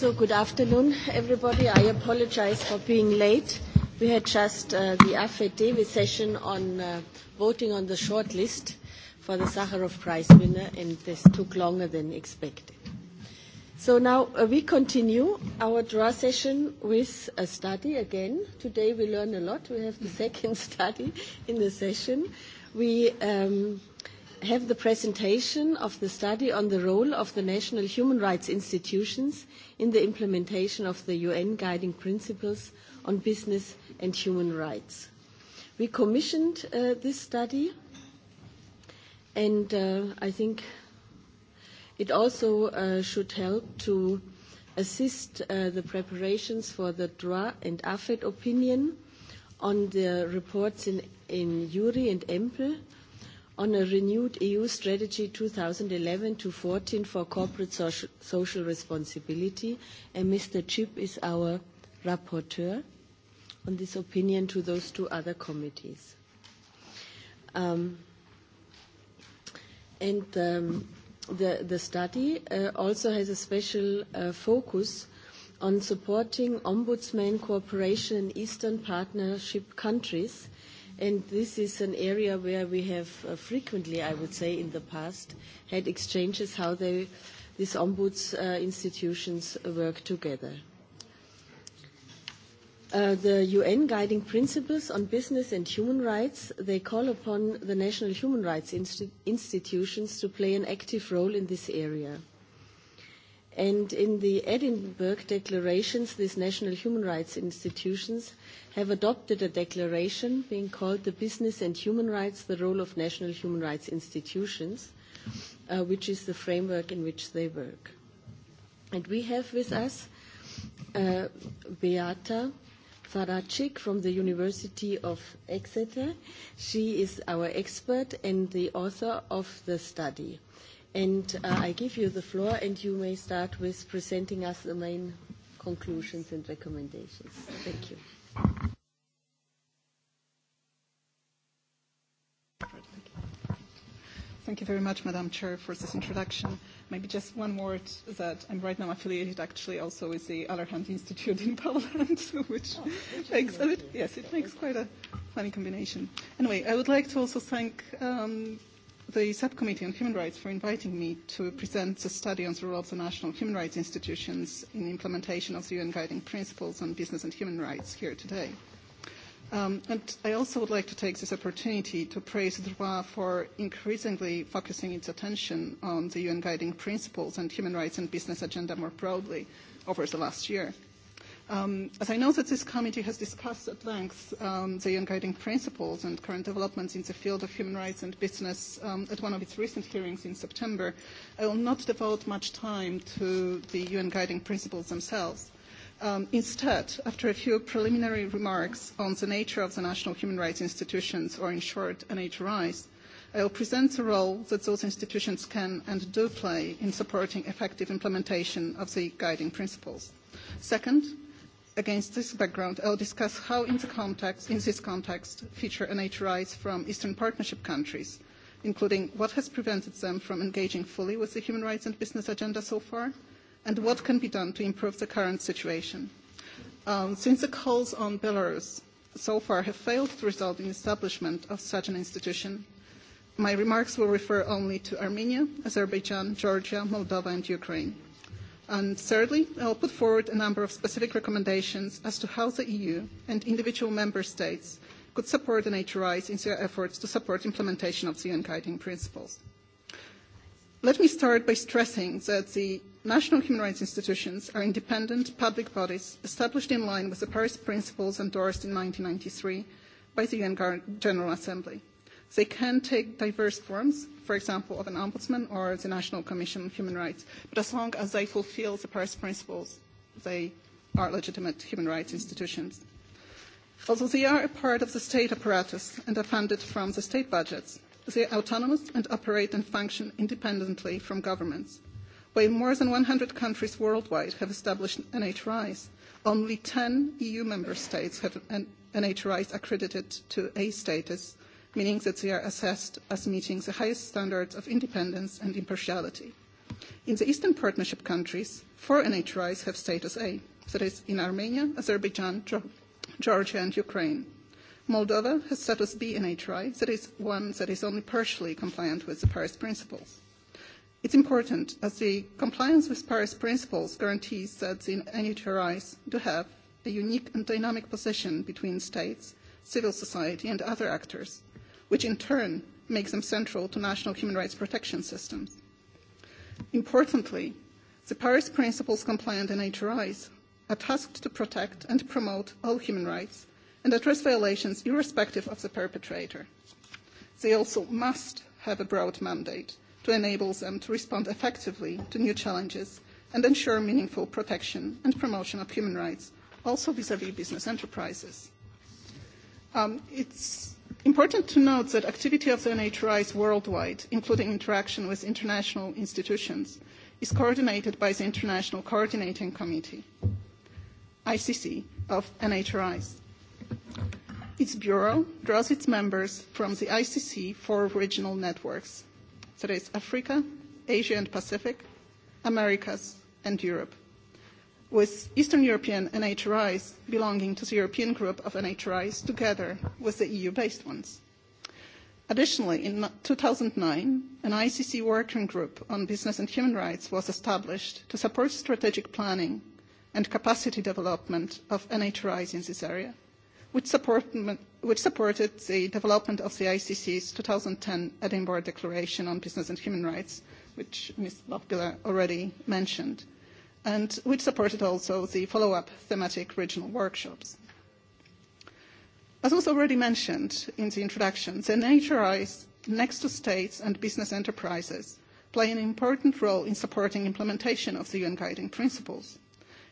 So good afternoon, everybody. I apologize for being late. We had just uh, the AFED Davis session on uh, voting on the shortlist for the Sakharov Prize winner, and this took longer than expected. So now uh, we continue our draw session with a study again. Today we learn a lot. We have the second study in the session. We um, have the presentation of the study on the role of the national human rights institutions in the implementation of the UN guiding principles on business and human rights. We commissioned uh, this study, and uh, I think it also uh, should help to assist uh, the preparations for the DRA and AFED opinion on the reports in, in URI and EMPL on a renewed EU strategy 2011-14 for corporate social, social responsibility, and Mr. Chip is our rapporteur on this opinion to those two other committees. Um, and um, the, the study uh, also has a special uh, focus on supporting ombudsman cooperation in Eastern Partnership countries – And this is an area where we have uh, frequently, I would say, in the past, had exchanges how they, these ombuds uh, institutions work together. Uh, the UN Guiding Principles on Business and Human Rights, they call upon the national human rights inst- institutions to play an active role in this area. Uh, And in the Edinburgh declarations, these national human rights institutions have adopted a declaration being called the Business and Human Rights, the Role of National Human Rights Institutions, uh, which is the framework in which they work. And we have with us uh, Beata Faracik from the University of Exeter. She is our expert and the author of the study. And uh, I give you the floor, and you may start with presenting us the main conclusions and recommendations. Thank you. Thank you very much, Madam Chair, for this introduction. Maybe just one word that I'm right now affiliated actually also with the Allerhand Institute in Poland, which oh, makes a bit, yes, it makes quite a funny combination. Anyway, I would like to also thank um, the Subcommittee on Human Rights for inviting me to present the study on the role of the national human rights institutions in the implementation of the UN Guiding Principles on Business and Human Rights here today. Um, and I also would like to take this opportunity to praise Droit for increasingly focusing its attention on the UN Guiding Principles and Human Rights and Business Agenda more broadly over the last year. Um, as I know that this committee has discussed at length um, the UN guiding principles and current developments in the field of human rights and business um, at one of its recent hearings in September, I will not devote much time to the UN guiding principles themselves. Um, instead, after a few preliminary remarks on the nature of the national human rights institutions, or in short, NHRIs, I will present the role that those institutions can and do play in supporting effective implementation of the guiding principles. Second, Against this background, I'll discuss how, in, the context, in this context, feature and aid rights from Eastern Partnership countries, including what has prevented them from engaging fully with the human rights and business agenda so far, and what can be done to improve the current situation. Um, since the calls on Belarus so far have failed to result in establishment of such an institution, my remarks will refer only to Armenia, Azerbaijan, Georgia, Moldova, and Ukraine. And thirdly, I will put forward a number of specific recommendations as to how the EU and individual member states could support the nature rights in their efforts to support implementation of the UN guiding principles. Let me start by stressing that the national human rights institutions are independent public bodies established in line with the Paris principles endorsed in 1993 by the UN General Assembly. They can take diverse forms, for example, of an ombudsman or the National Commission on Human Rights, but as long as they fulfill the Paris principles, they are legitimate human rights institutions. Although they are a part of the state apparatus and are funded from the state budgets, they are autonomous and operate and function independently from governments. While more than 100 countries worldwide have established NHRIs, only 10 EU member states have an NHRIs accredited to A status, meaning that they are assessed as meeting the highest standards of independence and impartiality. In the Eastern Partnership countries, four NHRIs have status A, that is, in Armenia, Azerbaijan, Georgia, and Ukraine. Moldova has status B NHRI, that is, one that is only partially compliant with the Paris Principles. It's important, as the compliance with Paris Principles guarantees that the NHRIs do have a unique and dynamic position between states, civil society, and other actors, which in turn makes them central to national human rights protection systems. Importantly, the Paris Principles compliant NHRIs are tasked to protect and promote all human rights and address violations irrespective of the perpetrator. They also must have a broad mandate to enable them to respond effectively to new challenges and ensure meaningful protection and promotion of human rights, also vis-à-vis -vis business enterprises. Um, it's Important to note that activity of the NHRIs worldwide, including interaction with international institutions, is coordinated by the International Coordinating Committee, ICC, of NHRIs. Its bureau draws its members from the ICC four regional networks, that is Africa, Asia and Pacific, Americas, and Europe with Eastern European NHRIs belonging to the European group of NHRIs together with the EU-based ones. Additionally, in 2009, an ICC working group on business and human rights was established to support strategic planning and capacity development of NHRIs in this area, which, support, which supported the development of the ICC's 2010 Edinburgh Declaration on Business and Human Rights, which Ms. Lochbihler already mentioned and which supported also the follow-up thematic regional workshops. As was already mentioned in the introduction, the NHRIs, next to states and business enterprises, play an important role in supporting implementation of the UN guiding principles.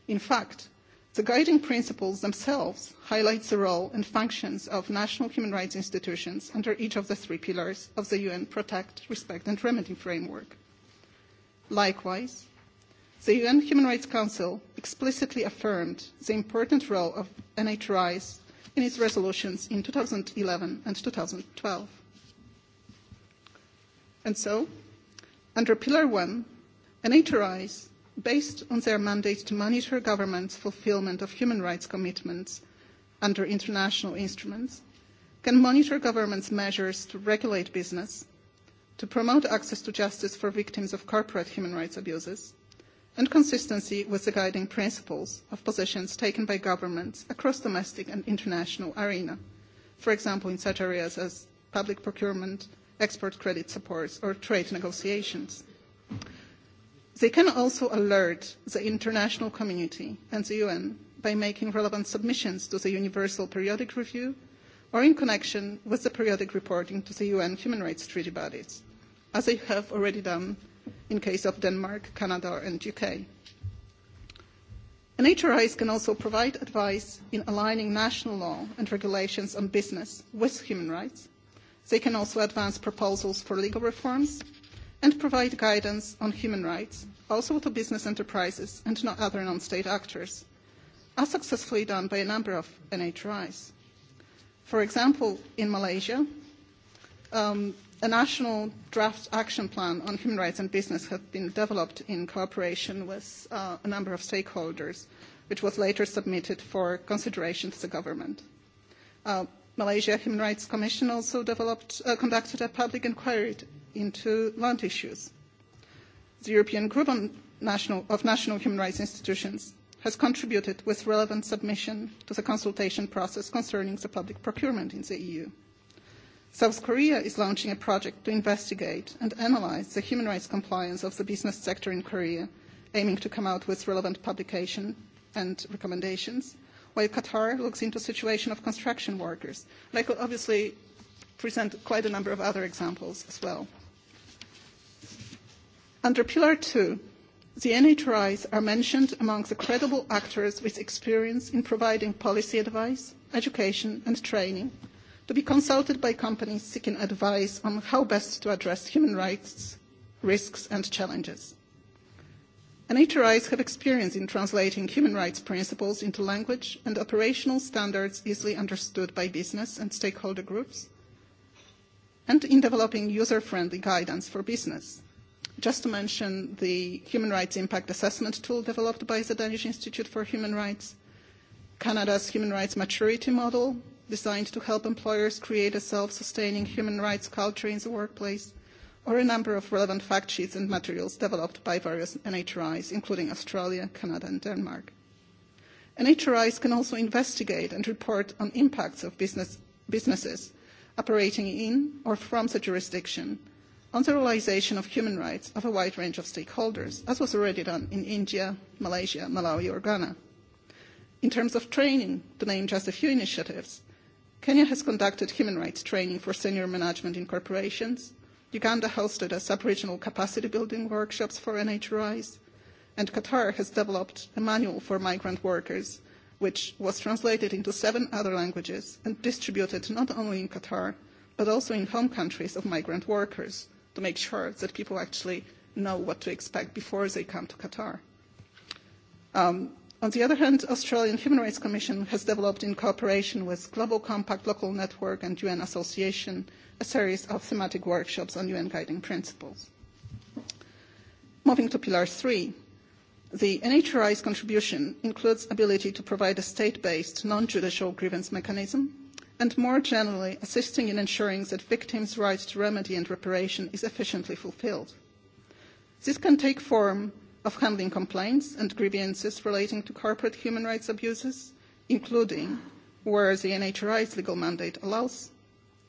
In fact, the guiding principles themselves highlight the role and functions of national human rights institutions under each of the three pillars of the UN Protect, Respect and Remedy framework. Likewise, The UN Human Rights Council explicitly affirmed the important role of NHRIs in its resolutions in 2011 and 2012. And so, under Pillar 1, NHRIs, based on their mandate to monitor governments' fulfillment of human rights commitments under international instruments, can monitor governments' measures to regulate business, to promote access to justice for victims of corporate human rights abuses, and consistency with the guiding principles of positions taken by governments across domestic and international arena, for example, in such areas as public procurement, export credit supports, or trade negotiations. They can also alert the international community and the UN by making relevant submissions to the Universal Periodic Review or in connection with the periodic reporting to the UN Human Rights Treaty bodies, as they have already done in case of Denmark, Canada and UK. And HRIs can also provide advice in aligning national law and regulations on business with human rights. They can also advance proposals for legal reforms and provide guidance on human rights, also to business enterprises and not other non-state actors, as successfully done by a number of NHRIs. For example, in Malaysia, um, a national draft action plan on human rights and business has been developed in cooperation with uh, a number of stakeholders, which was later submitted for consideration to the government. Uh, Malaysia Human Rights Commission also developed, uh, conducted a public inquiry into land issues. The European Group on national, of National Human Rights Institutions has contributed with relevant submission to the consultation process concerning the public procurement in the EU. South Korea is launching a project to investigate and analyze the human rights compliance of the business sector in Korea, aiming to come out with relevant publication and recommendations, while Qatar looks into the situation of construction workers. And I could obviously present quite a number of other examples as well. Under Pillar 2, the NHRIs are mentioned among the credible actors with experience in providing policy advice, education and training – to be consulted by companies seeking advice on how best to address human rights risks and challenges. And HRIs have experience in translating human rights principles into language and operational standards easily understood by business and stakeholder groups, and in developing user-friendly guidance for business. Just to mention the human rights impact assessment tool developed by the Danish Institute for Human Rights, Canada's human rights maturity model, designed to help employers create a self-sustaining human rights culture in the workplace, or a number of relevant fact sheets and materials developed by various NHRIs, including Australia, Canada, and Denmark. NHRIs can also investigate and report on impacts of business, businesses operating in or from the jurisdiction on the realization of human rights of a wide range of stakeholders, as was already done in India, Malaysia, Malawi, or Ghana. In terms of training, to name just a few initiatives, Kenya has conducted human rights training for senior management in corporations. Uganda hosted a sub-regional capacity building workshops for NHRIs. And Qatar has developed a manual for migrant workers, which was translated into seven other languages and distributed not only in Qatar, but also in home countries of migrant workers to make sure that people actually know what to expect before they come to Qatar. Um, On the other hand, Australian Human Rights Commission has developed in cooperation with Global Compact, Local Network and UN Association a series of thematic workshops on UN guiding principles. Moving to Pillar 3, the NHRI's contribution includes ability to provide a state-based non-judicial grievance mechanism and more generally assisting in ensuring that victims' right to remedy and reparation is efficiently fulfilled. This can take form of handling complaints and grievances relating to corporate human rights abuses, including where the NHRI's legal mandate allows,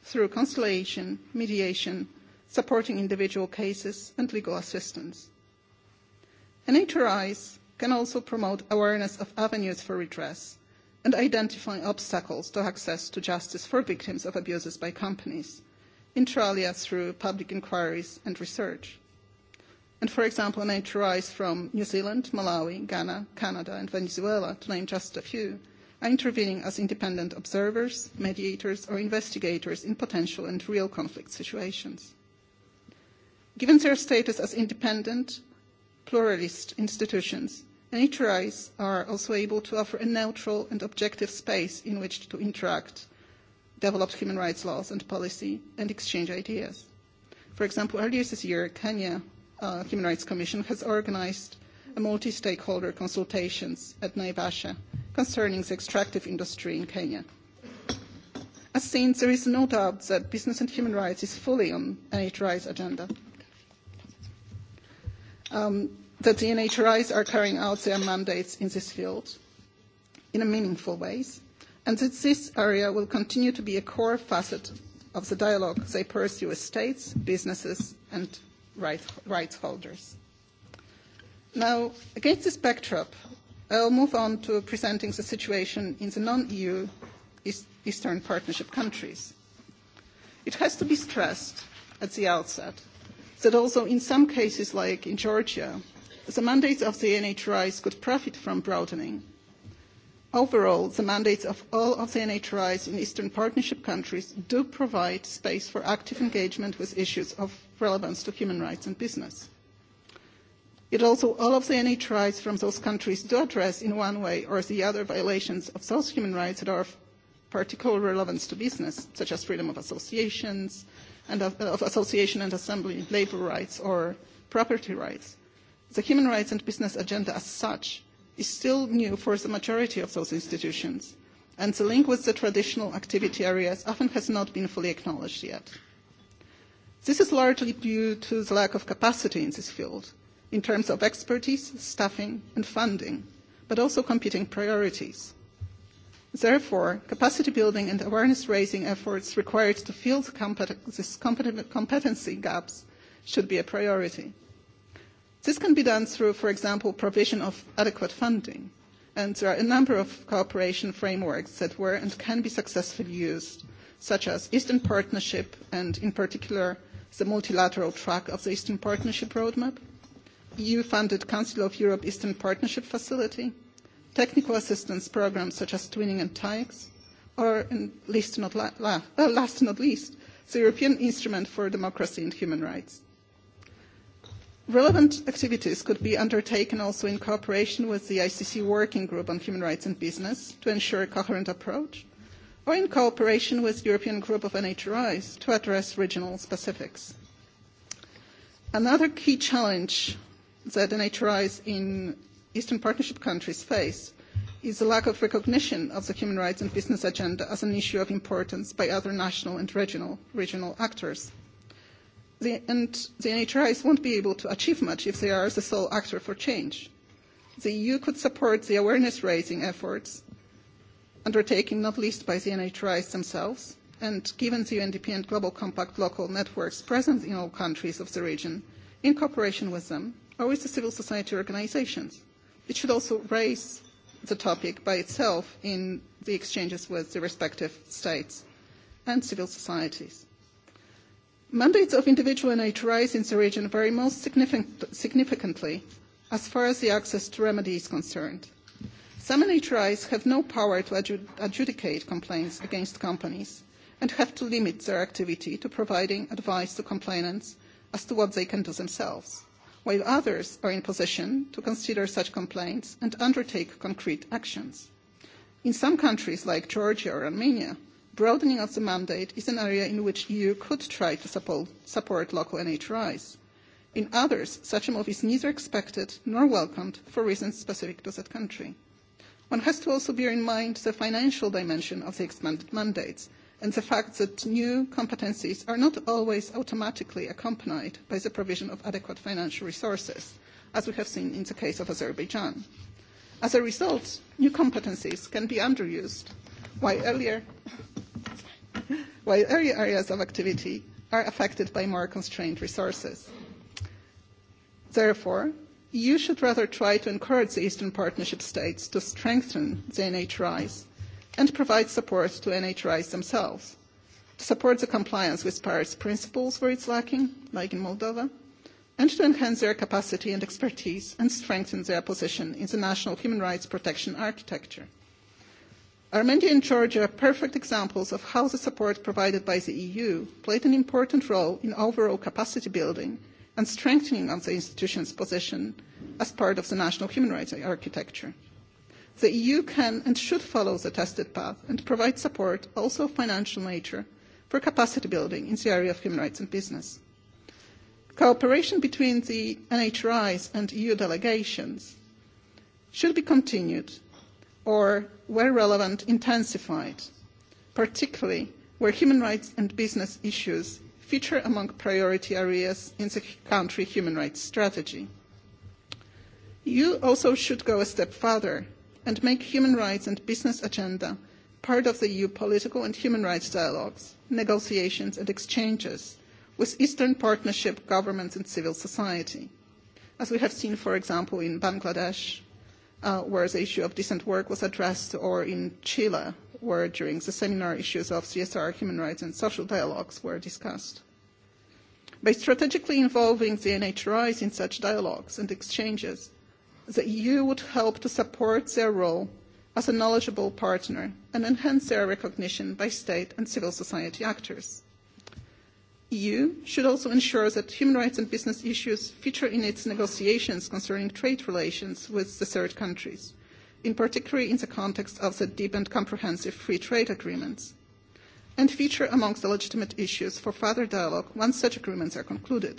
through conciliation, mediation, supporting individual cases, and legal assistance. NHRIs can also promote awareness of avenues for redress and identify obstacles to access to justice for victims of abuses by companies, inter alia through public inquiries and research. And for example, an entourage from New Zealand, Malawi, Ghana, Canada, and Venezuela, to name just a few, are intervening as independent observers, mediators, or investigators in potential and real conflict situations. Given their status as independent, pluralist institutions, NHRIs are also able to offer a neutral and objective space in which to interact, develop human rights laws and policy, and exchange ideas. For example, earlier this year, Kenya uh, Human Rights Commission has organized a multi-stakeholder consultations at Naivasha concerning the extractive industry in Kenya. As seen, there is no doubt that business and human rights is fully on NHRI's agenda. Um, that the NHRIs are carrying out their mandates in this field in a meaningful ways, and that this area will continue to be a core facet of the dialogue they pursue with states, businesses, and right, rights holders. Now, against this backdrop, I'll move on to presenting the situation in the non-EU Eastern Partnership countries. It has to be stressed at the outset that also in some cases, like in Georgia, the mandates of the NHRIs could profit from broadening. Overall, the mandates of all of the NHRIs in Eastern Partnership countries do provide space for active engagement with issues of relevance to human rights and business. Yet also all of the NA tries from those countries do address in one way or the other violations of those human rights that are of particular relevance to business, such as freedom of associations and of, of association and assembly, labor rights or property rights. The human rights and business agenda as such is still new for the majority of those institutions, and the link with the traditional activity areas often has not been fully acknowledged yet. This is largely due to the lack of capacity in this field in terms of expertise, staffing, and funding, but also competing priorities. Therefore, capacity building and awareness raising efforts required to fill these competency gaps should be a priority. This can be done through, for example, provision of adequate funding, and there are a number of cooperation frameworks that were and can be successfully used, such as Eastern Partnership and, in particular, the multilateral track of the Eastern Partnership Roadmap, EU-funded Council of Europe Eastern Partnership Facility, technical assistance programs such as twinning and TIEX, or and least not la- la- uh, last not least, the European Instrument for Democracy and Human Rights. Relevant activities could be undertaken also in cooperation with the ICC Working Group on Human Rights and Business to ensure a coherent approach or in cooperation with the European Group of NHRIs to address regional specifics. Another key challenge that NHRIs in Eastern Partnership countries face is the lack of recognition of the human rights and business agenda as an issue of importance by other national and regional, regional actors. The, and the NHRIs won't be able to achieve much if they are the sole actor for change. The EU could support the awareness raising efforts undertaken not least by the NHRIs themselves, and given the UNDP and Global Compact local networks present in all countries of the region, in cooperation with them or with the civil society organizations. It should also raise the topic by itself in the exchanges with the respective states and civil societies. Mandates of individual NHRIs in the region vary most significant, significantly as far as the access to remedy is concerned. Some NHRIs have no power to adjud adjudicate complaints against companies and have to limit their activity to providing advice to complainants as to what they can do themselves, while others are in position to consider such complaints and undertake concrete actions. In some countries like Georgia or Armenia, broadening of the mandate is an area in which EU could try to support, support local NHRIs. In others, such a move is neither expected nor welcomed for reasons specific to that country. One has to also bear in mind the financial dimension of the expanded mandates and the fact that new competencies are not always automatically accompanied by the provision of adequate financial resources, as we have seen in the case of Azerbaijan. As a result, new competencies can be underused, while earlier, while earlier areas of activity are affected by more constrained resources. Therefore, you should rather try to encourage the Eastern Partnership states to strengthen the NHRIs and provide support to NHRIs themselves to support the compliance with Paris principles where it's lacking, like in Moldova, and to enhance their capacity and expertise and strengthen their position in the national human rights protection architecture. Armenia and Georgia are perfect examples of how the support provided by the EU played an important role in overall capacity building and strengthening of the institution's position as part of the national human rights architecture. The EU can and should follow the tested path and provide support, also of financial nature, for capacity building in the area of human rights and business. Cooperation between the NHRIs and EU delegations should be continued or, where relevant, intensified, particularly where human rights and business issues feature among priority areas in the country human rights strategy. You also should go a step further and make human rights and business agenda part of the EU political and human rights dialogues, negotiations and exchanges with Eastern Partnership governments and civil society, as we have seen, for example, in Bangladesh, uh, where the issue of decent work was addressed, or in Chile, where during the seminar issues of CSR, human rights and social dialogues were discussed. By strategically involving the NHRIs in such dialogues and exchanges, the EU would help to support their role as a knowledgeable partner and enhance their recognition by state and civil society actors. EU should also ensure that human rights and business issues feature in its negotiations concerning trade relations with the third countries in particular in the context of the deep and comprehensive free trade agreements, and feature amongst the legitimate issues for further dialogue once such agreements are concluded.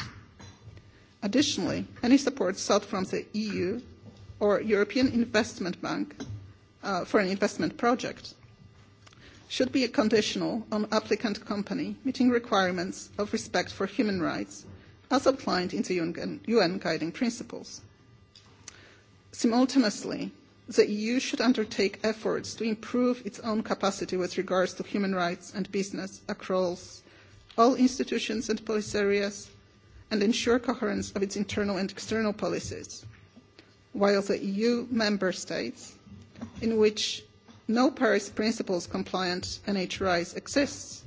Additionally, any support sought from the EU or European Investment Bank uh, for an investment project should be conditional on applicant company meeting requirements of respect for human rights as outlined in the UN, UN guiding principles. Simultaneously, the EU should undertake efforts to improve its own capacity with regards to human rights and business across all institutions and policy areas and ensure coherence of its internal and external policies, while the EU member states, in which no Paris Principles compliant NHRIs exists,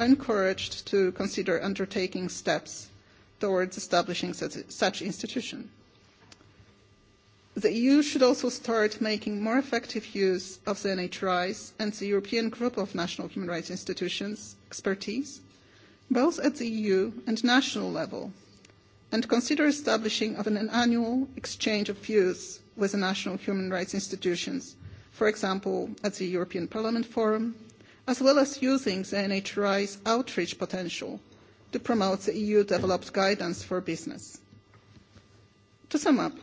are encouraged to consider undertaking steps towards establishing such, such institution. The EU should also start making more effective use of the NHRI's and the European Group of National Human Rights Institutions expertise, both at the EU and national level, and consider establishing of an annual exchange of views with the national human rights institutions, for example, at the European Parliament Forum, as well as using the NHRI's outreach potential to promote the EU-developed guidance for business. To sum up,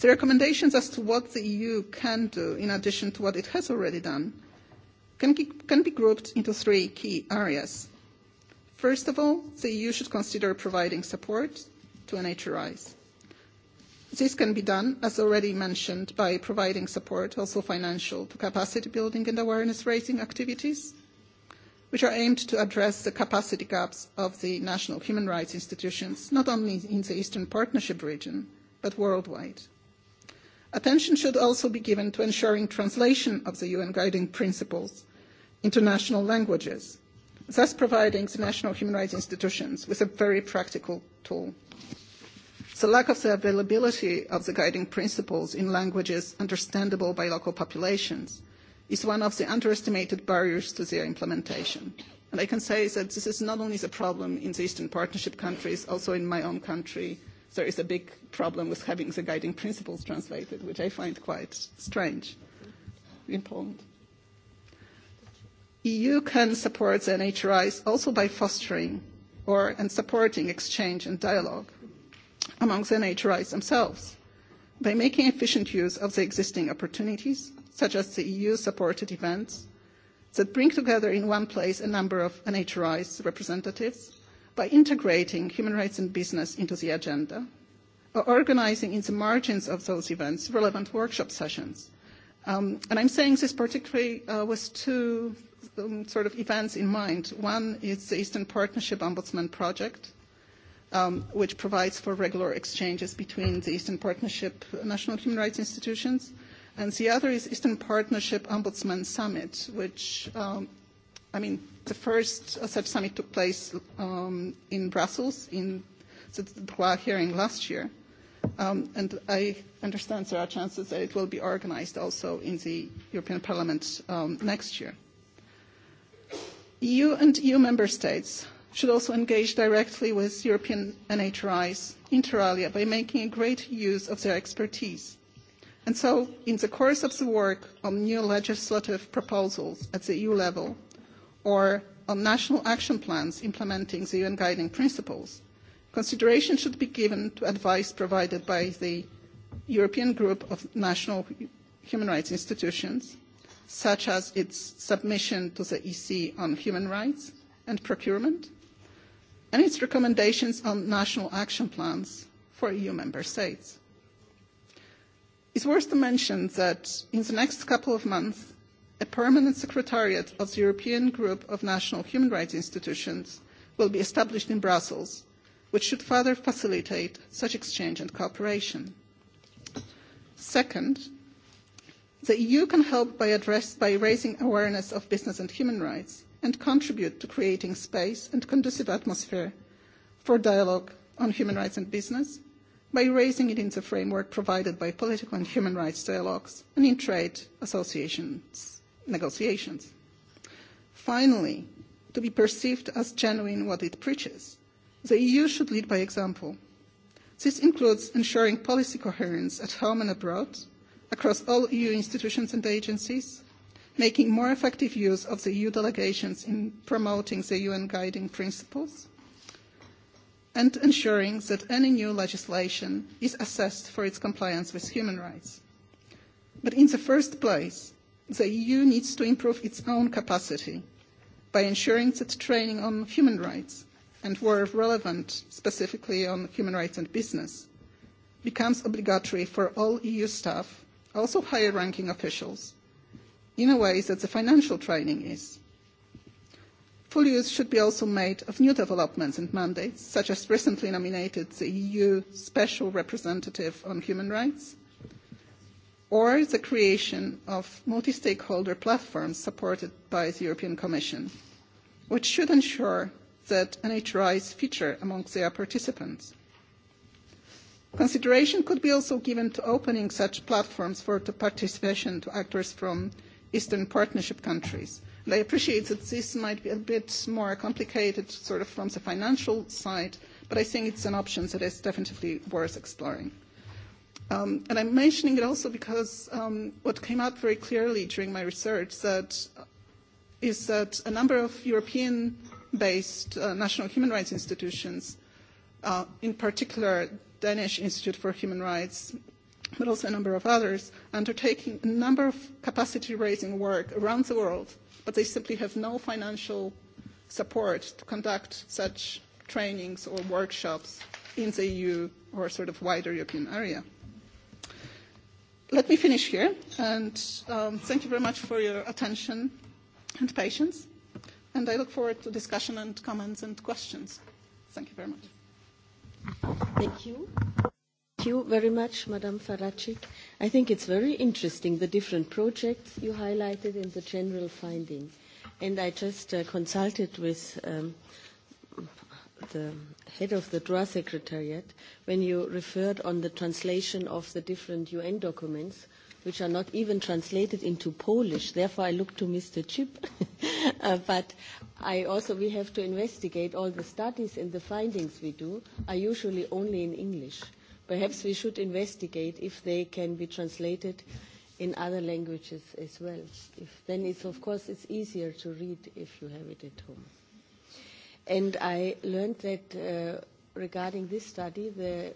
The recommendations as to what the EU can do, in addition to what it has already done, can, can be grouped into three key areas. First of all, the EU should consider providing support to NHRIs. This can be done, as already mentioned, by providing support, also financial, to capacity building and awareness raising activities, which are aimed to address the capacity gaps of the national human rights institutions, not only in the Eastern Partnership region, but worldwide. Attention should also be given to ensuring translation of the UN guiding principles into national languages, thus providing the national human rights institutions with a very practical tool. The lack of the availability of the guiding principles in languages understandable by local populations is one of the underestimated barriers to their implementation. And I can say that this is not only the problem in the Eastern Partnership countries, also in my own country, there is a big problem with having the guiding principles translated, which I find quite strange in Poland. EU can support the NHRIs also by fostering or and supporting exchange and dialogue among the NHRIs themselves by making efficient use of the existing opportunities, such as the EU-supported events that bring together in one place a number of NHRIs representatives by integrating human rights and business into the agenda, or organizing in the margins of those events relevant workshop sessions. Um, and I'm saying this particularly uh, with two um, sort of events in mind. One is the Eastern Partnership Ombudsman Project, um, which provides for regular exchanges between the Eastern Partnership national human rights institutions, and the other is Eastern Partnership Ombudsman Summit, which, um, I mean, The first such summit took place um, in Brussels in the Droit hearing last year. Um, and I understand there are chances that it will be organized also in the European Parliament um, next year. EU and EU member states should also engage directly with European NHRIs inter alia by making great use of their expertise. And so, in the course of the work on new legislative proposals at the EU level, or on national action plans implementing the UN guiding principles, consideration should be given to advice provided by the European group of national human rights institutions, such as its submission to the EC on human rights and procurement, and its recommendations on national action plans for EU member states. It's worth to mention that in the next couple of months, a permanent secretariat of the European Group of National Human Rights Institutions will be established in Brussels, which should further facilitate such exchange and cooperation. Second, the EU can help by, address, by raising awareness of business and human rights and contribute to creating space and conducive atmosphere for dialogue on human rights and business by raising it in the framework provided by political and human rights dialogues and in trade associations negotiations. Finally, to be perceived as genuine what it preaches, the EU should lead by example. This includes ensuring policy coherence at home and abroad, across all EU institutions and agencies, making more effective use of the EU delegations in promoting the e UN guiding principles, and ensuring that any new legislation is assessed for its compliance with human rights. But in the first place, the EU needs to improve its own capacity by ensuring that training on human rights, and where relevant, specifically on human rights and business, becomes obligatory for all EU staff, also higher ranking officials, in a way that the financial training is. Full use should be also made of new developments and mandates, such as recently nominated the EU Special Representative on Human Rights or the creation of multi-stakeholder platforms supported by the European Commission, which should ensure that NHRIs feature amongst their participants. Consideration could be also given to opening such platforms for the participation to actors from Eastern Partnership countries. And I appreciate that this might be a bit more complicated, sort of from the financial side, but I think it's an option that is definitely worth exploring. Um, and I'm mentioning it also because um, what came out very clearly during my research that, uh, is that a number of European-based uh, national human rights institutions, uh, in particular Danish Institute for Human Rights, but also a number of others, undertaking a number of capacity-raising work around the world, but they simply have no financial support to conduct such trainings or workshops in the EU or sort of wider European area. Let me finish here, and um, thank you very much for your attention and patience, and I look forward to discussion and comments and questions. Thank you very much. Thank you. Thank you very much, Madam Faracik. I think it's very interesting, the different projects you highlighted and the general finding. And I just uh, consulted with um, the head of the DRA secretariat when you referred on the translation of the different UN documents, which are not even translated into Polish. Therefore, I look to Mr. Chip. uh, but I also, we have to investigate all the studies and the findings we do are usually only in English. Perhaps we should investigate if they can be translated in other languages as well. If, then it's, of course, it's easier to read if you have it at home. And I learned that uh, regarding this study, the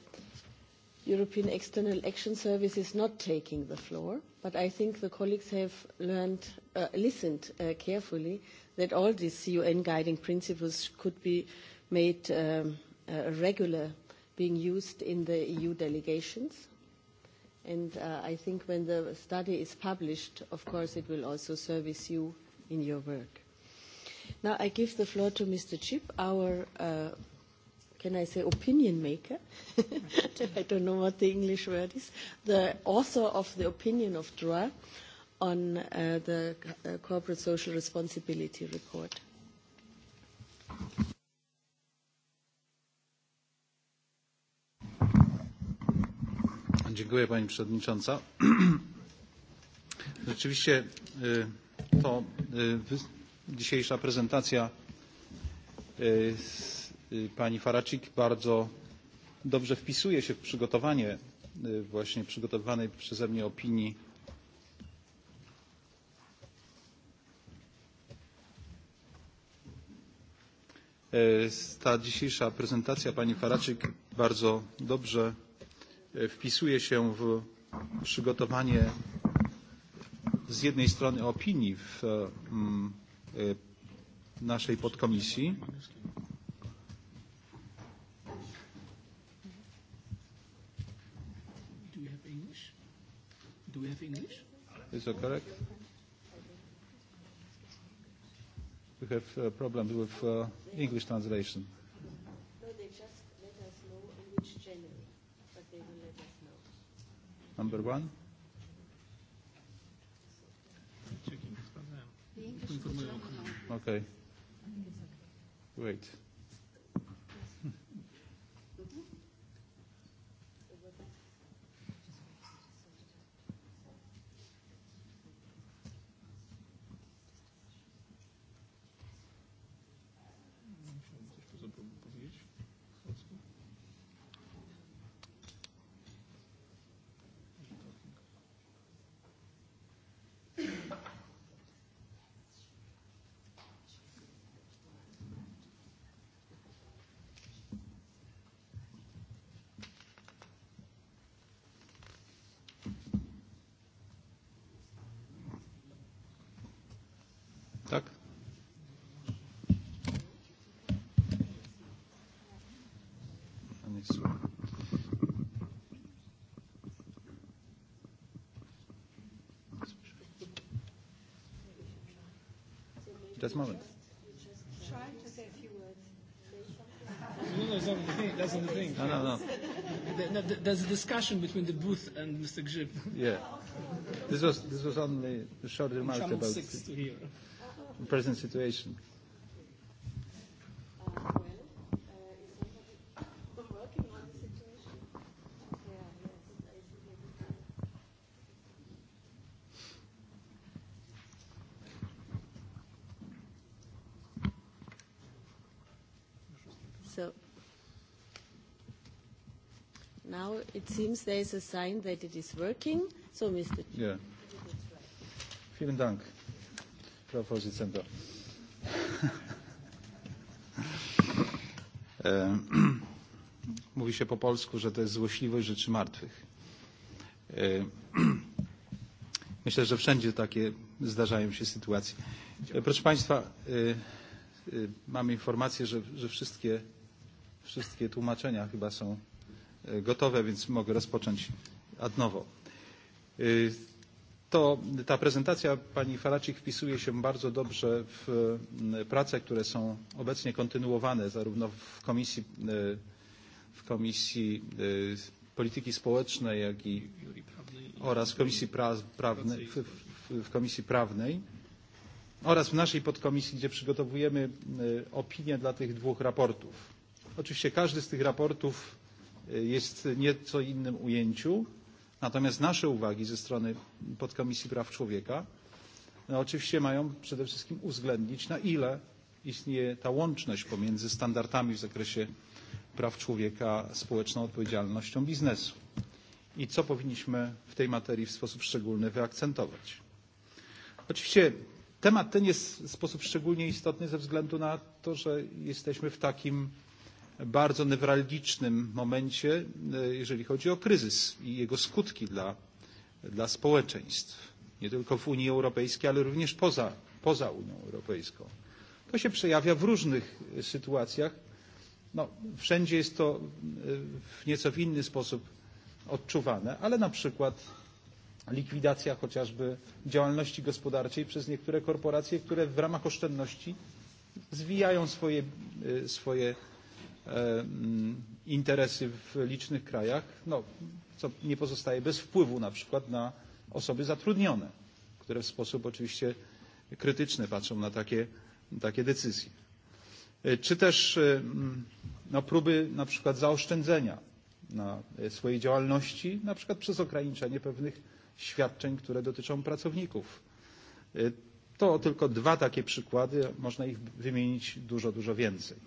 European External Action Service is not taking the floor, but I think the colleagues have learned, uh, listened uh, carefully that all these UN guiding principles could be made um, uh, regular, being used in the EU delegations. And uh, I think when the study is published, of course, it will also service you in your work. Now I give the floor to Mr. Chip, our, uh, can I say, opinion maker? I don't know what the English word is. The author of the opinion of DROA on uh, the uh, corporate social responsibility report. Dziękuję Pani Przewodnicząca. Rzeczywiście to dzisiejsza prezentacja e, e, pani Faracik bardzo dobrze wpisuje się w przygotowanie e, właśnie przygotowanej przeze mnie opinii ta dzisiejsza prezentacja pani Faraczyk bardzo dobrze wpisuje się w przygotowanie z jednej strony opinii w, mm, naszej podkomisji. Do we have English? Do we have English? Is that correct? We have uh, problems with uh, English translation. No, they just let us know in which January, but they will let us know. Number one? Okay. Great. this moment. Just try to say a few words. No, no, that's not the thing. That's not the thing. No, no, no. There's a discussion between the booth and Mr. Grzyb. Yeah. This was, this was only a short remark about the present situation. Uh, least there is a sign that it is working. So, Mr. Ja. Vielen Dank, Frau Vorsitzende. Mówi się po polsku, że to jest złośliwość rzeczy martwych. Myślę, że wszędzie takie zdarzają się sytuacje. E, proszę Państwa, e, e, mamy informację, że, że wszystkie, wszystkie tłumaczenia chyba są E, gotowe, więc mogę rozpocząć ad novo. E, to, ta prezentacja pani Faracik wpisuje się bardzo dobrze w prace, które są obecnie kontynuowane zarówno w Komisji, e, w komisji Polityki Społecznej, jak i oraz w Komisji pra, Prawnej, w, w, w Komisji Prawnej oraz w naszej podkomisji, gdzie przygotowujemy opinie dla tych dwóch raportów. Oczywiście każdy z tych raportów E, jest nieco innym ujęciu. Natomiast nasze uwagi ze strony Podkomisji Praw Człowieka no oczywiście mają przede wszystkim uwzględnić, na ile istnieje ta łączność pomiędzy standardami w zakresie praw człowieka, społeczną odpowiedzialnością biznesu i co powinniśmy w tej materii w sposób szczególny wyakcentować. Oczywiście temat ten jest w sposób szczególnie istotny ze względu na to, że jesteśmy w takim bardzo newralgicznym momencie, e, jeżeli chodzi o kryzys i jego skutki dla, dla społeczeństw, nie tylko w Unii Europejskiej, ale również poza, poza Unią Europejską. To się przejawia w różnych sytuacjach. No, wszędzie jest to e, w nieco w inny sposób odczuwane, ale na przykład likwidacja chociażby działalności gospodarczej przez niektóre korporacje, które w ramach oszczędności zwijają swoje, e, swoje interesy w licznych krajach, no, co nie pozostaje bez wpływu na przykład na osoby zatrudnione, które w sposób oczywiście krytyczny patrzą na takie, takie decyzje. E, czy też e, no, próby na przykład zaoszczędzenia na e, swojej działalności, na przykład przez ograniczenie pewnych świadczeń, które dotyczą pracowników. To tylko dwa takie przykłady, można ich wymienić dużo, dużo więcej.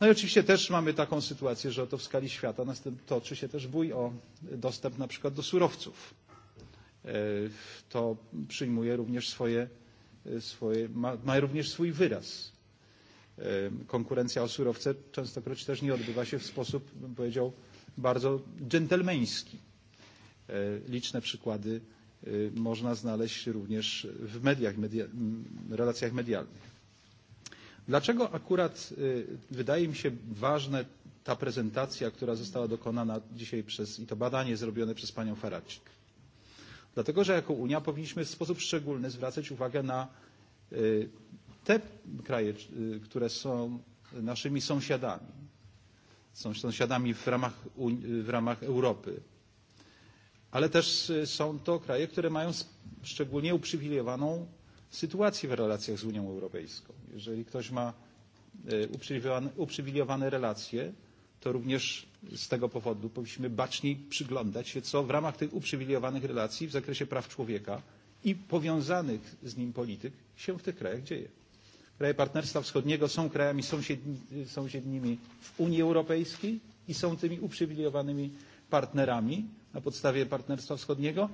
No i oczywiście też mamy taką sytuację, że oto w skali świata toczy się też bój o dostęp na przykład do surowców. E, to przyjmuje również swoje, e, swoje ma, ma również swój wyraz. E, konkurencja o surowce częstokroć też nie odbywa się w sposób, bym powiedział, bardzo dżentelmeński. Liczne przykłady można znaleźć również w mediach, media, relacjach medialnych. Dlaczego akurat y, wydaje mi się ważne ta prezentacja, która została dokonana dzisiaj przez i to badanie zrobione przez panią Faracik? Dlatego, że jako Unia powinniśmy w sposób szczególny zwracać uwagę na y, te kraje, y, które są naszymi sąsiadami, są sąsiadami w ramach, w ramach Europy. Ale też są to kraje, które mają szczególnie uprzywilejowaną sytuacji w relacjach z Unią Europejską. Jeżeli ktoś ma e, uprzywilejowane relacje, to również z tego powodu powinniśmy baczniej przyglądać się, co w ramach tych uprzywilejowanych relacji w zakresie praw człowieka i powiązanych z nim polityk się w tych krajach dzieje. Kraje Partnerstwa Wschodniego są krajami sąsiedni, sąsiednimi w Unii Europejskiej i są tymi uprzywilejowanymi partnerami na podstawie Partnerstwa Wschodniego,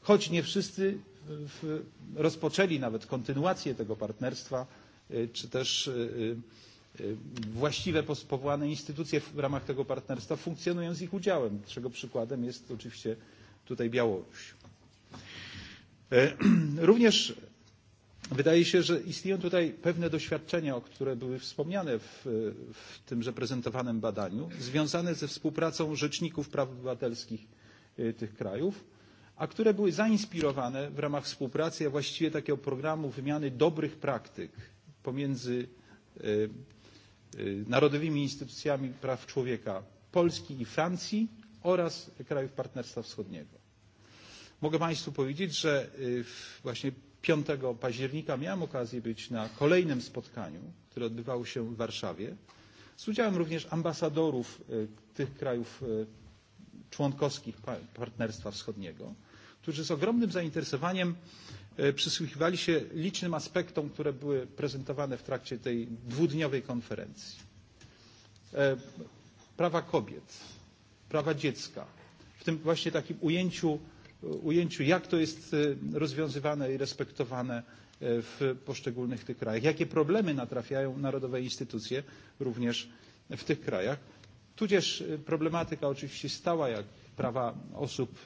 choć nie wszyscy w, rozpoczęli nawet kontynuację tego partnerstwa, czy też właściwe powołane instytucje w ramach tego partnerstwa funkcjonują z ich udziałem, czego przykładem jest oczywiście tutaj Białoruś. E, również wydaje się, że istnieją tutaj pewne doświadczenia, o które były wspomniane w, w tymże prezentowanym badaniu, związane ze współpracą rzeczników praw obywatelskich tych krajów a które były zainspirowane w ramach współpracy, a właściwie takiego programu wymiany dobrych praktyk pomiędzy y, e, y, e, narodowymi instytucjami praw człowieka Polski i Francji oraz krajów Partnerstwa Wschodniego. Mogę Państwu powiedzieć, że e, właśnie 5 października miałem okazję być na kolejnym spotkaniu, które odbywało się w Warszawie, z udziałem również ambasadorów tych krajów członkowskich Partnerstwa Wschodniego którzy z ogromnym zainteresowaniem e, przysłuchiwali się licznym aspektom, które były prezentowane w trakcie tej dwudniowej konferencji. E, prawa kobiet, prawa dziecka, w tym właśnie takim ujęciu, ujęciu jak to jest e, rozwiązywane i respektowane w poszczególnych tych krajach, jakie problemy natrafiają narodowe instytucje również w tych krajach, tudzież problematyka oczywiście stała, jak prawa osób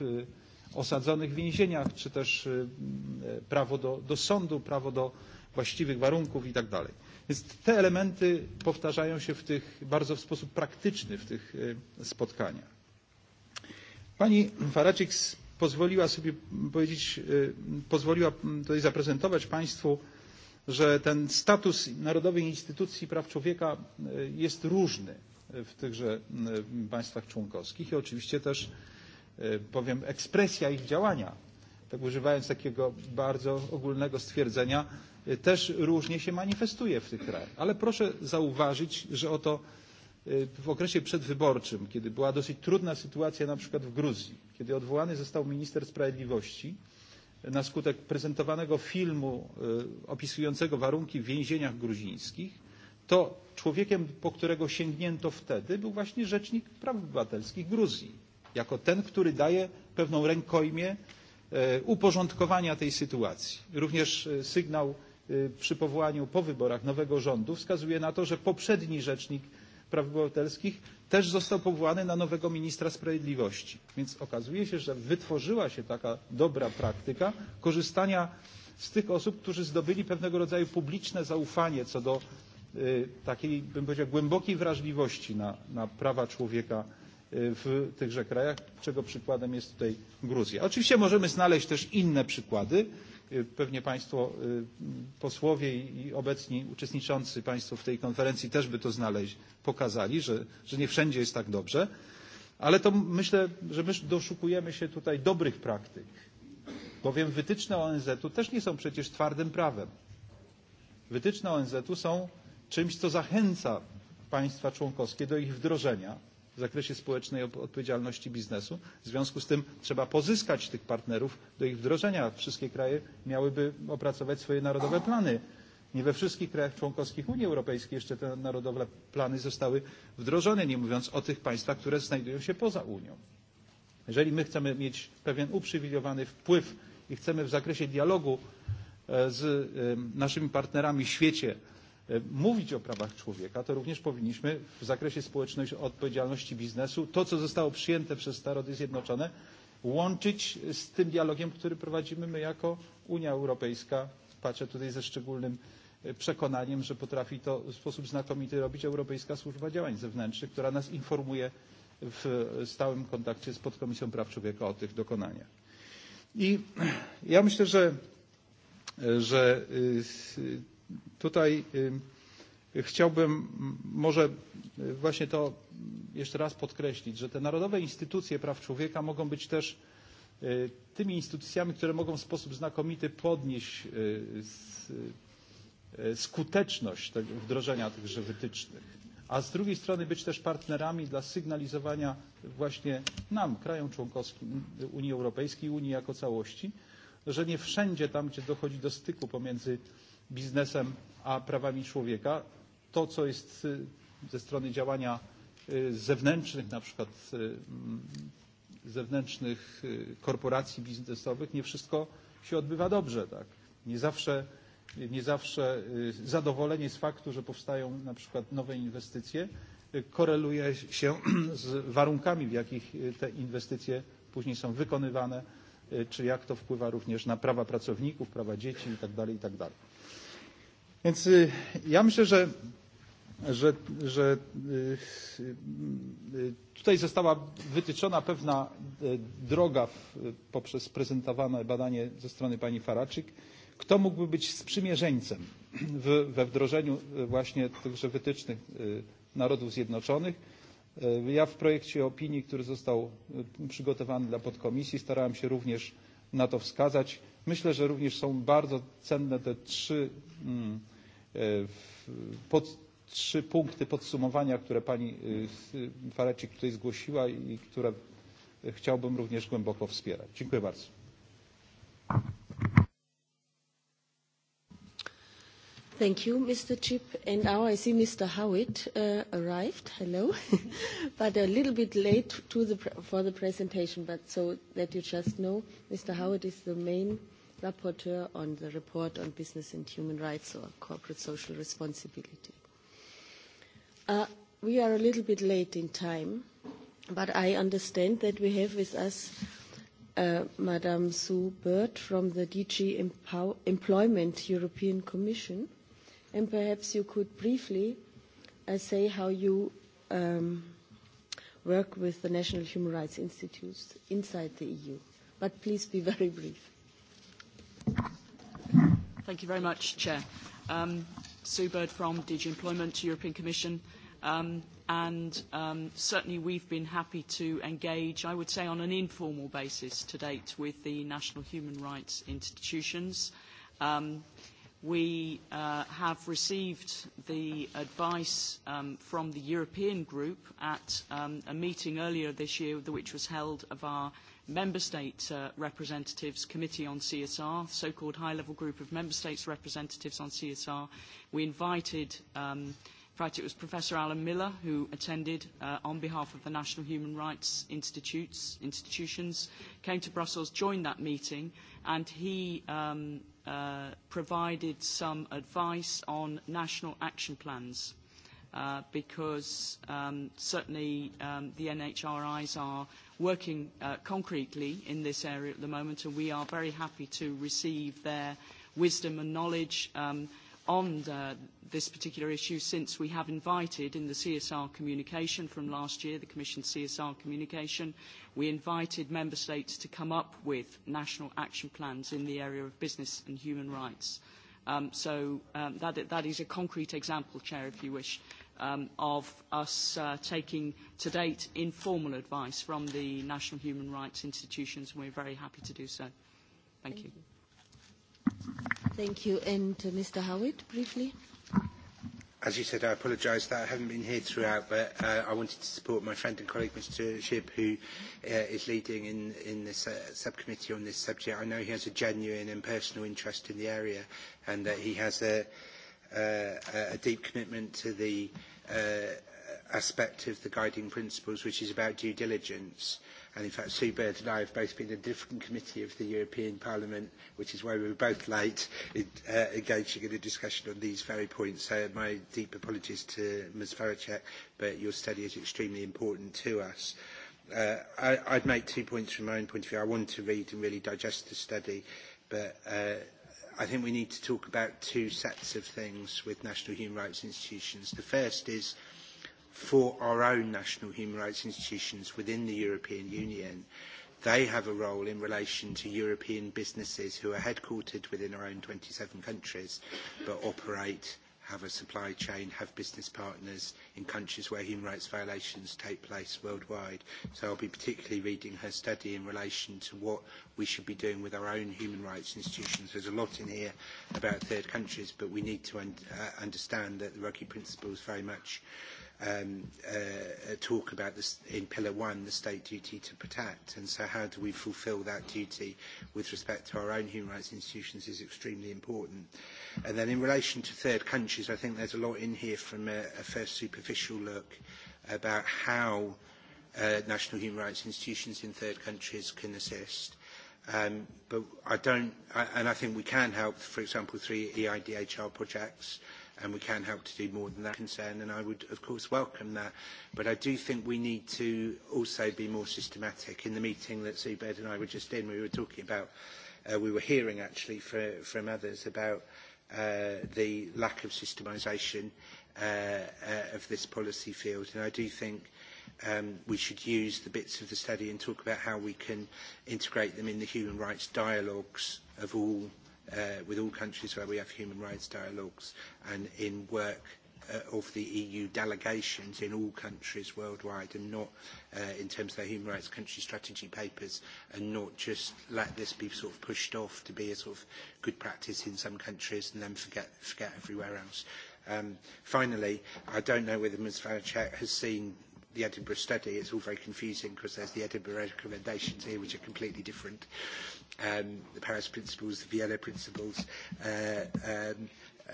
osadzonych w więzieniach, czy też prawo do, do sądu, prawo do właściwych warunków i tak dalej. Więc te elementy powtarzają się w tych bardzo w sposób praktyczny w tych spotkaniach. Pani Faracik pozwoliła sobie powiedzieć, pozwoliła tutaj zaprezentować Państwu, że ten status Narodowej Instytucji Praw Człowieka jest różny w tychże państwach członkowskich i oczywiście też E, powiem, ekspresja ich działania, tak używając takiego bardzo ogólnego stwierdzenia, e, też różnie się manifestuje w tych krajach. Ale proszę zauważyć, że oto e, w okresie przedwyborczym, kiedy była dosyć trudna sytuacja na przykład w Gruzji, kiedy odwołany został minister sprawiedliwości na skutek prezentowanego filmu opisującego warunki w więzieniach gruzińskich, to człowiekiem, po którego sięgnięto wtedy, był właśnie rzecznik praw obywatelskich Gruzji jako ten, który daje pewną rękojmię e, uporządkowania tej sytuacji. Również e, sygnał e, przy powołaniu po wyborach nowego rządu wskazuje na to, że poprzedni rzecznik praw obywatelskich też został powołany na nowego ministra sprawiedliwości. Więc okazuje się, że wytworzyła się taka dobra praktyka korzystania z tych osób, którzy zdobyli pewnego rodzaju publiczne zaufanie co do y, takiej, bym powiedział, głębokiej wrażliwości na, na prawa człowieka w tychże krajach, czego przykładem jest tutaj Gruzja. Oczywiście możemy znaleźć też inne przykłady. Pewnie Państwo posłowie i obecni uczestniczący Państwo w tej konferencji też by to znaleźć, pokazali, że, że nie wszędzie jest tak dobrze. Ale to myślę, że my doszukujemy się tutaj dobrych praktyk, bowiem wytyczne ONZ-u też nie są przecież twardym prawem. Wytyczne ONZ-u są czymś, co zachęca państwa członkowskie do ich wdrożenia w zakresie społecznej odpowiedzialności biznesu. W związku z tym trzeba pozyskać tych partnerów do ich wdrożenia. Wszystkie kraje miałyby opracować swoje narodowe plany. Nie we wszystkich krajach członkowskich Unii Europejskiej jeszcze te narodowe plany zostały wdrożone, nie mówiąc o tych państwach, które znajdują się poza Unią. Jeżeli my chcemy mieć pewien uprzywilejowany wpływ i chcemy w zakresie dialogu e, z e, naszymi partnerami w świecie E, mówić o prawach człowieka, to również powinniśmy w zakresie społecznej odpowiedzialności biznesu to, co zostało przyjęte przez Narody Zjednoczone, łączyć z tym dialogiem, który prowadzimy my jako Unia Europejska. Patrzę tutaj ze szczególnym e, przekonaniem, że potrafi to w sposób znakomity robić Europejska Służba Działań Zewnętrznych, która nas informuje w stałym kontakcie z Podkomisją Praw Człowieka o tych dokonaniach. I ja myślę, że, e, że Tutaj chciałbym może właśnie to jeszcze raz podkreślić, że te narodowe instytucje praw człowieka mogą być też tymi instytucjami, które mogą w sposób znakomity podnieść skuteczność tego, wdrożenia tychże wytycznych, a z drugiej strony być też partnerami dla sygnalizowania właśnie nam, krajom członkowskim Unii Europejskiej, Unii jako całości, że nie wszędzie tam, gdzie dochodzi do styku pomiędzy biznesem a prawami człowieka. To, co jest ze strony działania zewnętrznych, na przykład mm, zewnętrznych korporacji biznesowych, nie wszystko się odbywa dobrze. Tak? Nie zawsze nie zawsze zadowolenie z faktu, że powstają na przykład nowe inwestycje, koreluje się z warunkami, w jakich te inwestycje później są wykonywane, czy jak to wpływa również na prawa pracowników, prawa dzieci itd. itd. Więc ja myślę, że, że, że tutaj została wytyczona pewna droga w, poprzez prezentowane badanie ze strony pani Faraczyk, kto mógłby być sprzymierzeńcem w, we wdrożeniu właśnie tychże wytycznych Narodów Zjednoczonych. Ja w projekcie opinii, który został przygotowany dla podkomisji, starałem się również na to wskazać. Myślę, że również są bardzo cenne te trzy mm, E, pod, trzy punkty podsumowania, które pani e, Farecik tutaj zgłosiła i które chciałbym również głęboko wspierać. Dziękuję bardzo. Thank you, Mr. Chip. And now I see Mr. Howitt uh, arrived. Hello. but a little bit late to the, for the presentation, but so that you just know, Mr. Howitt is the main uh, rapporteur on the report on business and human rights or corporate social responsibility. Uh, we are a little bit late in time, but I understand that we have with us uh, Madame Sue Bird from the DG Empow Employment European Commission, and perhaps you could briefly uh, say how you um, work with the National Human Rights Institutes inside the EU. But please be very brief. Thank you very much, Chair. Um, Sue Bird from DG Employment, European Commission. Um, and um, certainly we've been happy to engage, I would say, on an informal basis to date with the national human rights institutions. Um, we uh, have received the advice um, from the European group at um, a meeting earlier this year, which was held of our uh, member state uh, representatives committee on CSR, so-called high-level group of member states representatives on CSR. We invited, um, in fact, it was Professor Alan Miller who attended uh, on behalf of the National Human Rights Institutes, institutions, came to Brussels, joined that meeting, and he um, uh, provided some advice on national action plans uh, because um, certainly um, the NHRIs are working uh, concretely in this area at the moment, and we are very happy to receive their wisdom and knowledge um, on the, this particular issue since we have invited in the CSR communication from last year, the Commission's CSR communication, we invited member states to come up with national action plans in the area of business and human rights. Um, so um, that, that is a concrete example, Chair, if you wish, uh, um, of us uh, taking to date informal advice from the national human rights institutions, and we're very happy to do so. Thank, Thank you. you. Thank you. And uh, Mr. Howard, briefly. As you said, I apologise that I haven't been here throughout, but uh, I wanted to support my friend and colleague, Mr. Ship, who uh, is leading in, in this uh, subcommittee on this subject. I know he has a genuine and personal interest in the area and that he has a, uh, a deep commitment to the uh, Uh, aspect of the guiding principles, which is about due diligence. And in fact, Sue Bird and I have both been in a different committee of the European Parliament, which is why we were both late in uh, engaging in a discussion on these very points. So my deep apologies to Ms. Faracek, but your study is extremely important to us. Uh, I, I'd make two points from my own point of view. I want to read and really digest the study, but uh, I think we need to talk about two sets of things with national human rights institutions. The first is for our own national human rights institutions within the European Union. They have a role in relation to European businesses who are headquartered within our own 27 countries but operate have a supply chain, have business partners in countries where human rights violations take place worldwide. So I'll be particularly reading her study in relation to what we should be doing with our own human rights institutions. There's a lot in here about third countries, but we need to un- uh, understand that the Ruggie principles very much uh, um, uh, uh, talk about this in Pillar 1, the state duty to protect. And so how do we fulfill that duty with respect to our own human rights institutions is extremely important. And then in relation to third countries, I think there's a lot in here from a, a first superficial look about how uh, national human rights institutions in third countries can assist. Um, but I don't, I, and I think we can help, for example, through e EIDHR projects, uh, and we can help to do more than that concern, and I would, of course, welcome that. But I do think we need to also be more systematic. In the meeting that Zubed and I were just in, we were talking about, uh, we were hearing actually for, from others about uh, the lack of systemisation uh, uh, of this policy field, and I do think um, we should use the bits of the study and talk about how we can integrate them in the human rights dialogues of all uh, with all countries where we have human rights dialogues and in work uh, of the EU delegations in all countries worldwide and not uh, in terms of their human rights country strategy papers and not just let this be sort of pushed off to be a sort of good practice in some countries and then forget, forget everywhere else. Um, finally, I don't know whether Ms Vanacek has seen the Edinburgh study. It's all very confusing because there's the Edinburgh recommendations here which are completely different. Uh, um, the Paris principles, the Vienna principles. Uh, um,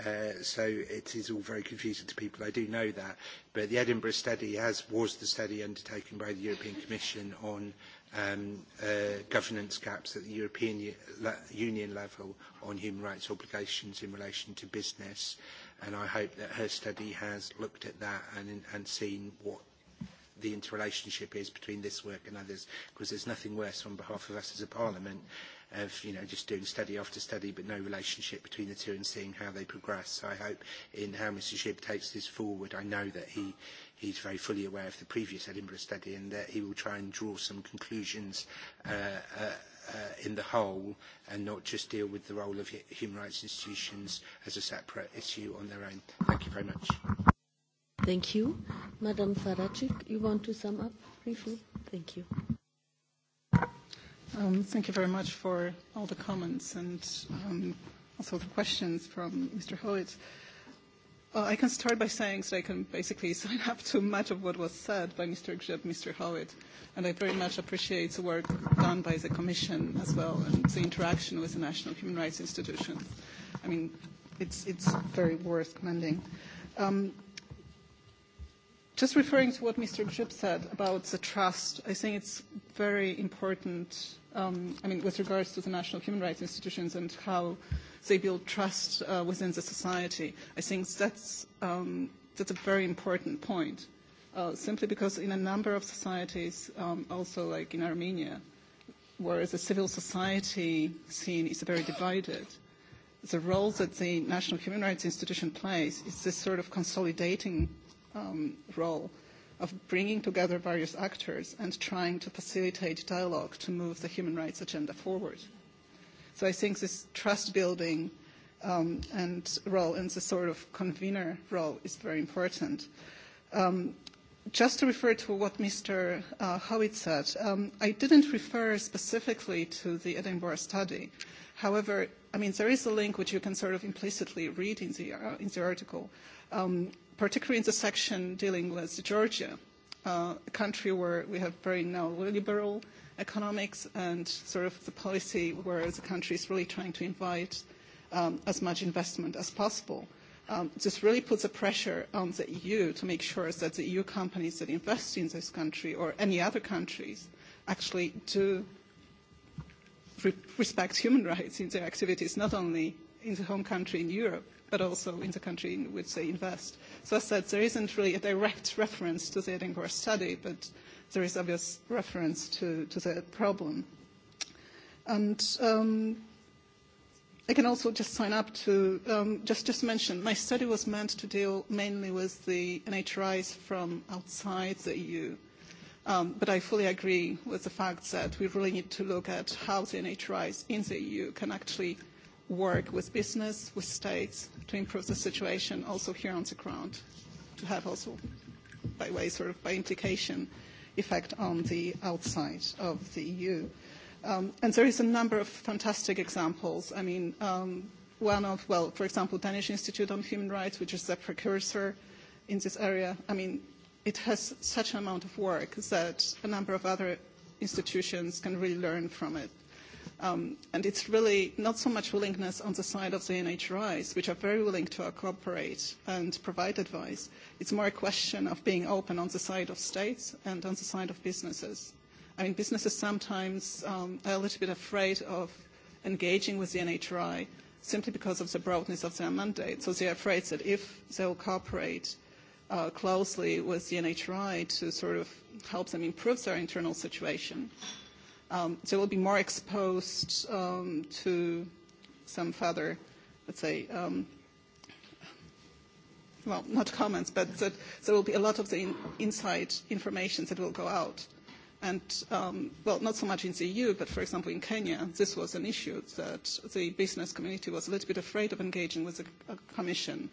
uh, so it is all very confusing to people. I do know that, but the Edinburgh study has was the study undertaken by the European Commission on um, uh, governance gaps at the European U le Union level on human rights obligations in relation to business. And I hope that her study has looked at that and, and seen what the interrelationship is between this work and others, because there's nothing worse on behalf of us as a parliament of you know just doing study after study but no relationship between the two and seeing how they progress. So I hope in how Mr Shib takes this forward, I know that he he's very fully aware of the previous Edinburgh study and that he will try and draw some conclusions uh, uh, uh, in the whole and not just deal with the role of human rights institutions as a separate issue on their own. Thank you very much. Thank you. Madam Farajik, you want to sum up briefly? Thank you. Um, thank you very much for all the comments and um, also the questions from Mr. Howitt. Uh, I can start by saying that I can basically sign up to much of what was said by Mr. Grzyb, Mr. Howitt, and I very much appreciate the work done by the Commission as well and the interaction with the national human rights institutions. I mean, it's, it's very worth commending. Um, Just referring to what Mr. Grzyb said about the trust, I think it's very important, um, I mean, with regards to the national human rights institutions and how they build trust uh, within the society. I think that's, um, that's a very important point, uh, simply because in a number of societies, um, also like in Armenia, where the civil society scene is very divided, the role that the national human rights institution plays is this sort of consolidating – um, role of bringing together various actors and trying to facilitate dialogue to move the human rights agenda forward. So I think this trust building um, and role and the sort of convener role is very important. Um, just to refer to what Mr. Uh, Howitt said, um, I didn't refer specifically to the Edinburgh study. However, I mean, there is a link which you can sort of implicitly read in the, uh, in the article. Um, particularly in the section dealing with Georgia, uh, a country where we have very now liberal economics and sort of the policy where the country is really trying to invite um, as much investment as possible. Um, this really puts a pressure on the EU to make sure that the EU companies that invest in this country or any other countries actually do re- respect human rights in their activities, not only in the home country in Europe, but also in the country in which they invest. So as said, there isn't really a direct reference to the Edinburgh study, but there is obvious reference to, to the problem. And um, I can also just sign up to um, just just mention my study was meant to deal mainly with the NHRIs from outside the EU, um, but I fully agree with the fact that we really need to look at how the NHRIs in the EU can actually work with business, with states, to improve the situation also here on the ground, to have also, by way, sort of by implication, effect on the outside of the EU. Um, and there is a number of fantastic examples. I mean, um, one of, well, for example, Danish Institute on Human Rights, which is a precursor in this area. I mean, it has such an amount of work that a number of other institutions can really learn from it. Um, and it's really not so much willingness on the side of the NHRIs, which are very willing to cooperate and provide advice. It's more a question of being open on the side of states and on the side of businesses. I mean, businesses sometimes um, are a little bit afraid of engaging with the NHRI simply because of the broadness of their mandate. So they're afraid that if they'll cooperate uh, closely with the NHRI to sort of help them improve their internal situation, uh, um, they will be more exposed um, to some further, let's say, um, well, not comments, but that there will be a lot of the in, inside information that will go out. And, um, well, not so much in the EU, but for example in Kenya, this was an issue that the business community was a little bit afraid of engaging with the uh, Commission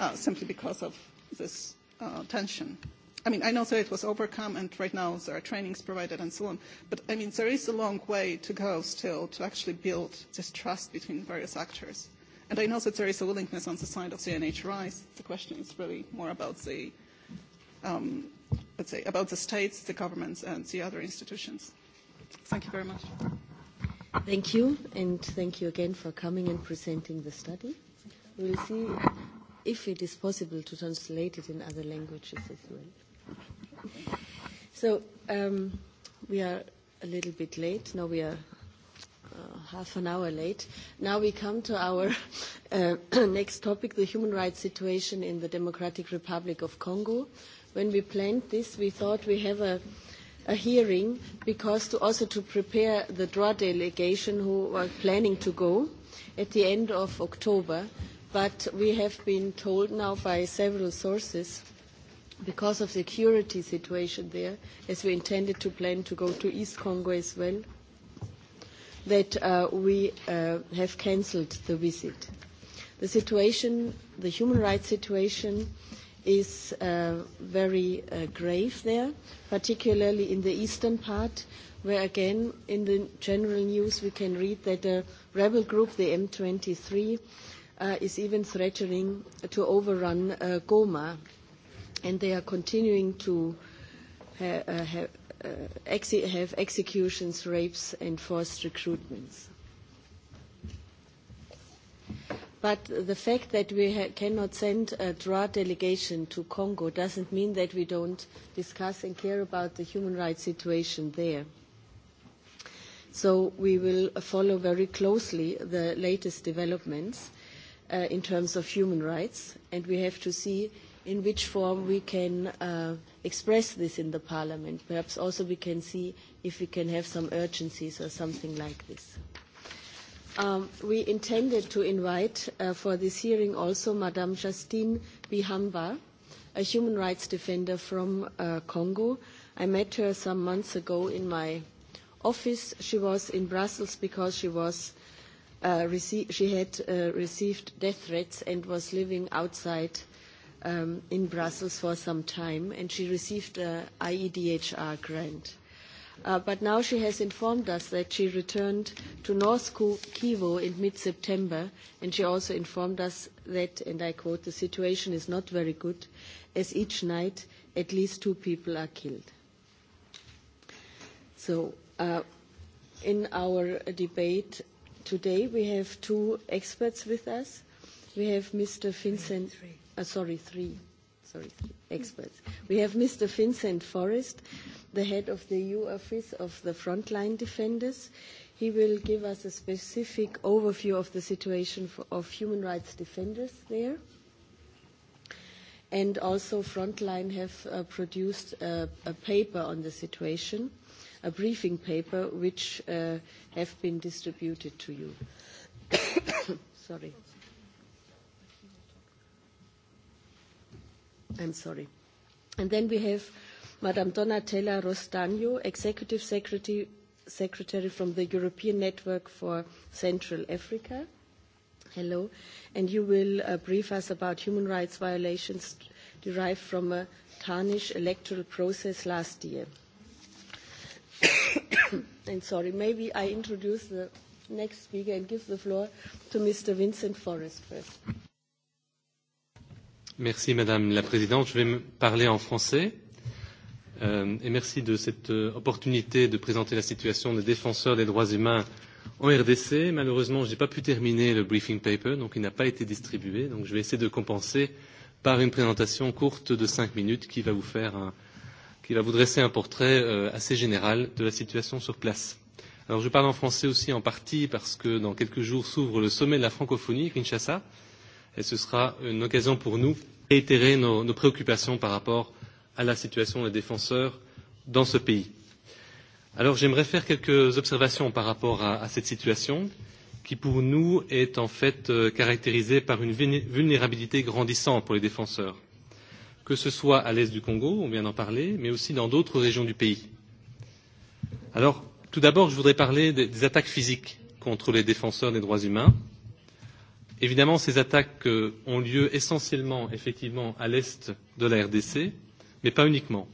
uh, simply because of this uh, tension. Uh, I mean, I know that it was overcome, and right now there are trainings provided and so on. But I mean, there is a long way to go still to actually build this trust between various actors. And I know that there is a willingness on the side of the NHRIs. The question is really more about the, um, let's say, about the states, the governments, and the other institutions. Thank you very much. Thank you, and thank you again for coming and presenting the study. We'll see if it is possible to translate it in other languages as well. So um, we are a little bit late. No, we are uh, half an hour late. Now we come to our uh, next topic, the human rights situation in the Democratic Republic of Congo. When we planned this, we thought we have a, a hearing because to also to prepare the draw delegation who are planning to go at the end of October. But we have been told now by several sources because of security situation there, as we intended to plan to go to East Congo as well, that uh, we uh, have cancelled the visit. The situation, the human rights situation, is uh, very uh, grave there, particularly in the eastern part, where again in the general news we can read that a rebel group, the M23, uh, is even threatening to overrun uh, Goma, and they are continuing to ha- uh, ha- uh, exe- have executions, rapes, and forced recruitments. But the fact that we ha- cannot send a DRA delegation to Congo doesn't mean that we don't discuss and care about the human rights situation there. So we will follow very closely the latest developments uh, in terms of human rights, and we have to see uh, in which form we can uh, express this in the Parliament. Perhaps also we can see if we can have some urgencies or something like this. Um, we intended to invite uh, for this hearing also Madame Justine Bihamba, a human rights defender from uh, Congo. I met her some months ago in my office. She was in Brussels because she was uh, rece- she had uh, received death threats and was living outside um, in Brussels for some time, and she received an IEDHR grant. Uh, but now she has informed us that she returned to North Kivu in mid-September, and she also informed us that, and I quote, the situation is not very good, as each night at least two people are killed. So uh, in our debate today, we have two experts with us. We have Mr. Vincent... Three uh, sorry, three, sorry, three experts. We have Mr. Vincent Forrest, the head of the EU Office of the Frontline Defenders. He will give us a specific overview of the situation for, of human rights defenders there. And also Frontline have uh, produced a, a paper on the situation, a briefing paper, which uh, have been distributed to you. Sorry. I'm sorry. And then we have Madame Donatella Rostagno, Executive Secretary, Secretary from the European Network for Central Africa. Hello. And you will uh, brief us about human rights violations derived from a tarnished electoral process last year. and sorry, maybe I introduce the next speaker and give the floor to Mr. Vincent Forrest first. Merci Madame la Présidente. Je vais me parler en français. Euh, et merci de cette euh, opportunité de présenter la situation des défenseurs des droits humains en RDC. Malheureusement, je n'ai pas pu terminer le briefing paper, donc il n'a pas été distribué. Donc je vais essayer de compenser par une présentation courte de cinq minutes qui va vous faire un, qui va vous dresser un portrait euh, assez général de la situation sur place. Alors je parle en français aussi en partie parce que dans quelques jours s'ouvre le sommet de la francophonie, Kinshasa, euh, et ce sera une occasion pour nous de réitérer nos, nos préoccupations par rapport à la situation des défenseurs dans ce pays. Alors j'aimerais faire quelques observations par rapport à, à cette situation qui pour nous est en fait euh, caractérisée par une vulnérabilité grandissante pour les défenseurs, que ce soit à l'est du Congo, on vient d'en parler, mais aussi dans d'autres régions du pays. Alors tout d'abord, je voudrais parler des, des attaques physiques contre les défenseurs des droits humains. Euh, Évidemment, ces attaques euh, ont lieu essentiellement, effectivement, à l'est de la RDC, mais pas uniquement.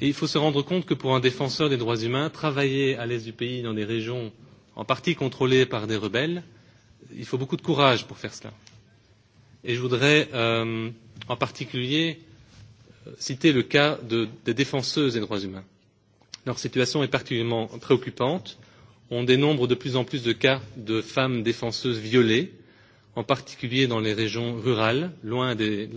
Et il faut se rendre compte que pour un défenseur des droits humains, travailler à l'est du pays dans des régions en partie contrôlées par des rebelles, il faut beaucoup de courage pour faire cela. Et je voudrais euh, en particulier euh, citer le cas de, des défenseuses des droits humains. Leur situation est particulièrement préoccupante. On dénombre de plus en plus de cas de femmes défenseuses violées en particulier dans les régions rurales, loin des,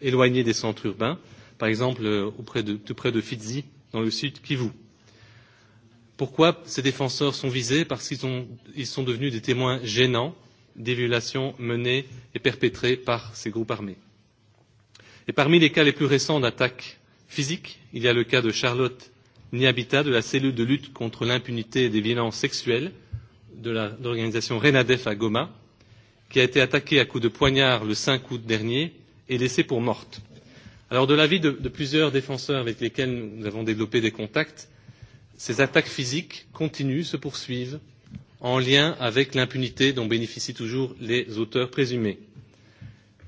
éloignées des centres urbains, par exemple euh, auprès de, tout près de Fidzi, dans le sud Kivu. Pourquoi ces défenseurs sont visés Parce qu'ils ils sont devenus des témoins gênants des violations menées et perpétrées par ces groupes armés. Et parmi les cas les plus récents d'attaques physiques, il y a le cas de Charlotte Niabita de la cellule de lutte contre l'impunité des violences sexuelles de l'organisation Renadef à Goma, qui a été attaquée à coups de poignard le 5 août dernier et laissée pour morte. Alors, de l'avis de, de plusieurs défenseurs avec lesquels nous avons développé des contacts, ces attaques physiques continuent, se poursuivent, en lien avec l'impunité dont bénéficient toujours les auteurs présumés.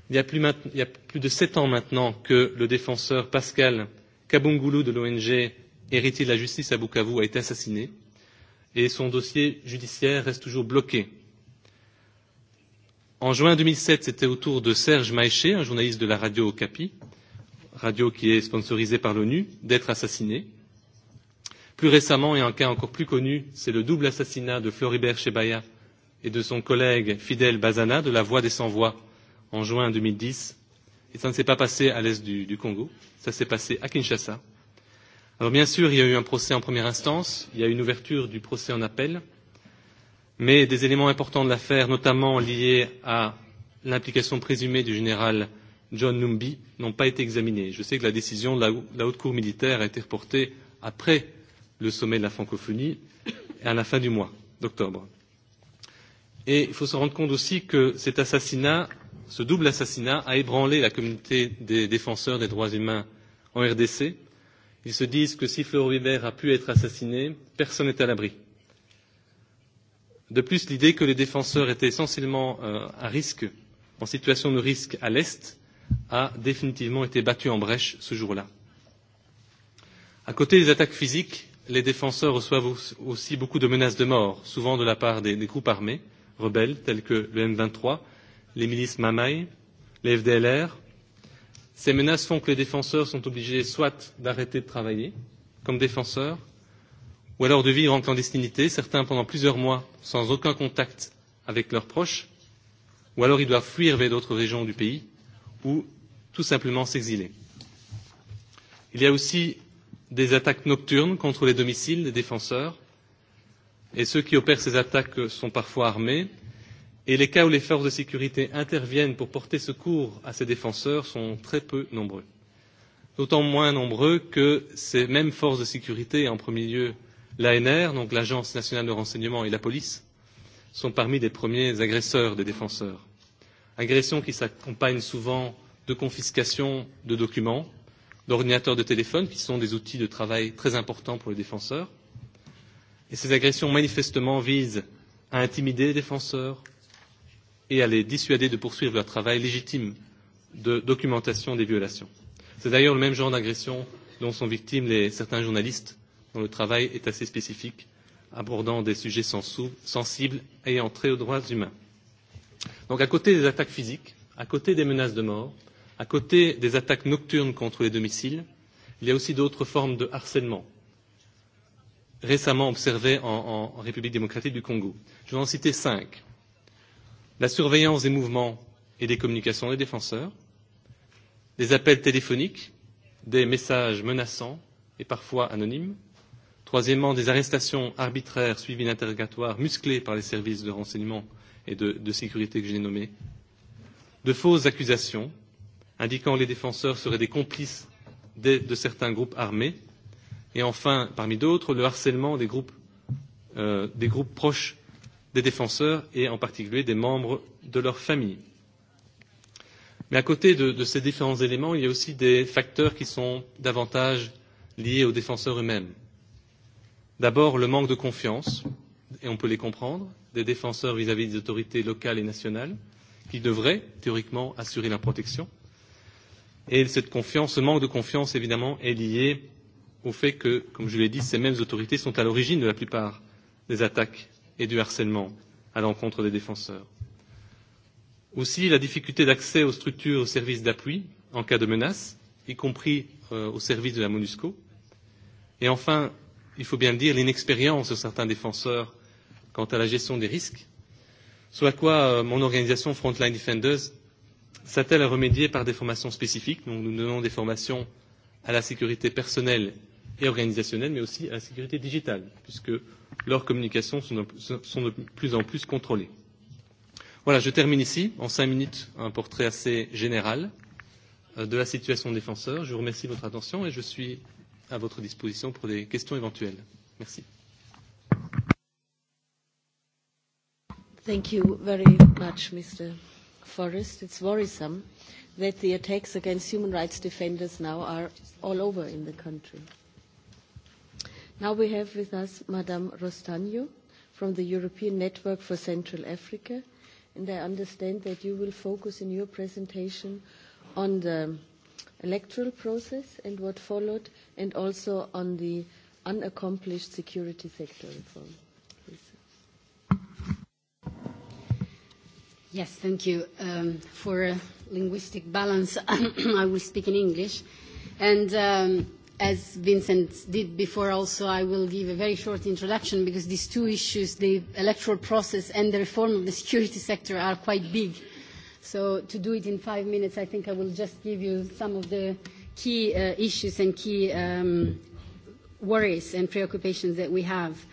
Il y a plus, ma... il y a plus de sept ans maintenant que le défenseur Pascal Kabungulu de l'ONG Héritier de la Justice à Bukavu a été assassiné et son dossier judiciaire reste toujours bloqué. En juin 2007, c'était au tour de Serge Maïché, un journaliste de la radio Okapi, radio qui est sponsorisée par l'ONU, d'être assassiné. Plus récemment, et un cas encore plus connu, c'est le double assassinat de Floribert Chebaya et de son collègue Fidel Bazana de la Voix des Sans-Voix en juin 2010. Et ça ne s'est pas passé à l'est du, du Congo, ça s'est passé à Kinshasa. Alors bien sûr, il y a eu un procès en première instance, il y a eu une ouverture du procès en appel, euh, mais des éléments importants de l'affaire, notamment liés à l'implication présumée du général John Numbi, n'ont pas été examinés. Je sais que la décision de la, la haute cour militaire a été reportée après le sommet de la francophonie à la fin du mois d'octobre. Et il faut se rendre compte aussi que cet assassinat, ce double assassinat, a ébranlé la communauté des défenseurs des droits humains en RDC. Ils se disent que si Fleur Weber a pu être assassiné, personne n'est à l'abri. De plus, l'idée que les défenseurs étaient essentiellement euh, à risque, en situation de risque à l'Est, a définitivement été battue en brèche ce jour-là. À côté des attaques physiques, les défenseurs reçoivent aussi beaucoup de menaces de mort, souvent de la part des, des groupes armés rebelles tels que le M23, les milices Mamaï, les FDLR. Ces menaces font que les défenseurs sont obligés soit d'arrêter de travailler comme défenseurs, ou alors de vivre en clandestinité, certains pendant plusieurs mois sans aucun contact avec leurs proches, ou alors ils doivent fuir vers d'autres régions du pays, ou tout simplement s'exiler. Il y a aussi des attaques nocturnes contre les domiciles des défenseurs, et ceux qui opèrent ces attaques sont parfois armés, et les cas où les forces de sécurité interviennent pour porter secours à ces défenseurs sont très peu nombreux. D'autant moins nombreux que ces mêmes forces de sécurité, et en premier lieu L'ANR, donc l'Agence nationale de renseignement et la police, sont parmi les premiers agresseurs des défenseurs. Agressions qui s'accompagnent souvent de confiscation de documents, d'ordinateurs de téléphone, qui sont des outils de travail très importants pour les défenseurs. Et ces agressions manifestement visent à intimider les défenseurs et à les dissuader de poursuivre leur travail légitime de documentation des violations. C'est d'ailleurs le même genre d'agression dont sont victimes les, certains journalistes dont le travail est assez spécifique, abordant des sujets sensibles ayant trait aux droits humains. Donc à côté des attaques physiques, à côté des menaces de mort, à côté des attaques nocturnes contre les domiciles, il y a aussi d'autres formes de harcèlement récemment observées en, en République démocratique du Congo. Je vais en citer cinq. La surveillance des mouvements et des communications des défenseurs, des appels téléphoniques, des messages menaçants et parfois anonymes, Troisièmement, des arrestations arbitraires suivies d'interrogatoires musclés par les services de renseignement et de, de sécurité que j'ai nommés. De fausses accusations indiquant que les défenseurs seraient des complices de, de certains groupes armés. Et enfin, parmi d'autres, le harcèlement des groupes, euh, des groupes proches des défenseurs et en particulier des membres de leur famille. Mais à côté de, de ces différents éléments, il y a aussi des facteurs qui sont davantage liés aux défenseurs eux-mêmes D'abord, le manque de confiance, et on peut les comprendre, des défenseurs vis-à-vis -vis des autorités locales et nationales, qui devraient, théoriquement, assurer la protection. Et cette confiance, ce manque de confiance, évidemment, est lié au fait que, comme je l'ai dit, ces mêmes autorités sont à l'origine de la plupart des attaques et du harcèlement à l'encontre des défenseurs. Aussi, la difficulté d'accès aux structures, aux services d'appui en cas de menace, y compris euh, au service de la MONUSCO. Et enfin, il faut bien le dire, l'inexpérience de certains défenseurs quant à la gestion des risques, ce à quoi euh, mon organisation Frontline Defenders s'attelle à remédier par des formations spécifiques. Donc nous donnons des formations à la sécurité personnelle et organisationnelle, mais aussi à la sécurité digitale, puisque leurs communications sont de, sont de plus en plus contrôlées. Voilà, je termine ici, en cinq minutes, un portrait assez général euh, de la situation défenseur. Je vous remercie de votre attention et je suis à votre disposition pour des questions éventuelles. Merci. Thank you very much, Mr. Forrest. It's worrisome that the attacks against human rights defenders now are all over in the country. Now we have with us Madame Rostagno from the European Network for Central Africa, and I understand that you will focus in your presentation on the electoral process and what followed, and also on the unaccomplished security sector reform. Yes, thank you. Um, for uh, linguistic balance, I will speak in English. And um, as Vincent did before also, I will give a very short introduction because these two issues, the electoral process and the reform of the security sector, are quite big. So to do it in five minutes, I think I will just give you some of the uh, key uh, issues and key um, worries and preoccupations that we have.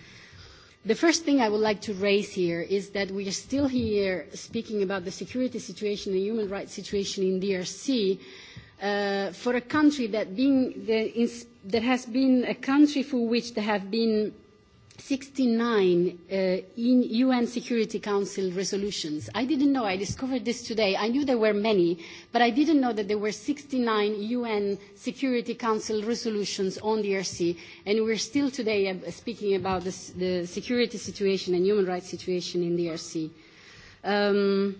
The first thing I would like to raise here is that we are still here speaking about the security situation and human rights situation in DRC uh, for a country that, being the, that has been a country for which there have been uh, 69 uh, in UN Security Council resolutions. I didn't know. I discovered this today. I knew there were many, but I didn't know that there were 69 UN Security Council resolutions on the RC, and we're still today uh, speaking about this, the security situation and human rights situation in the RC. Um,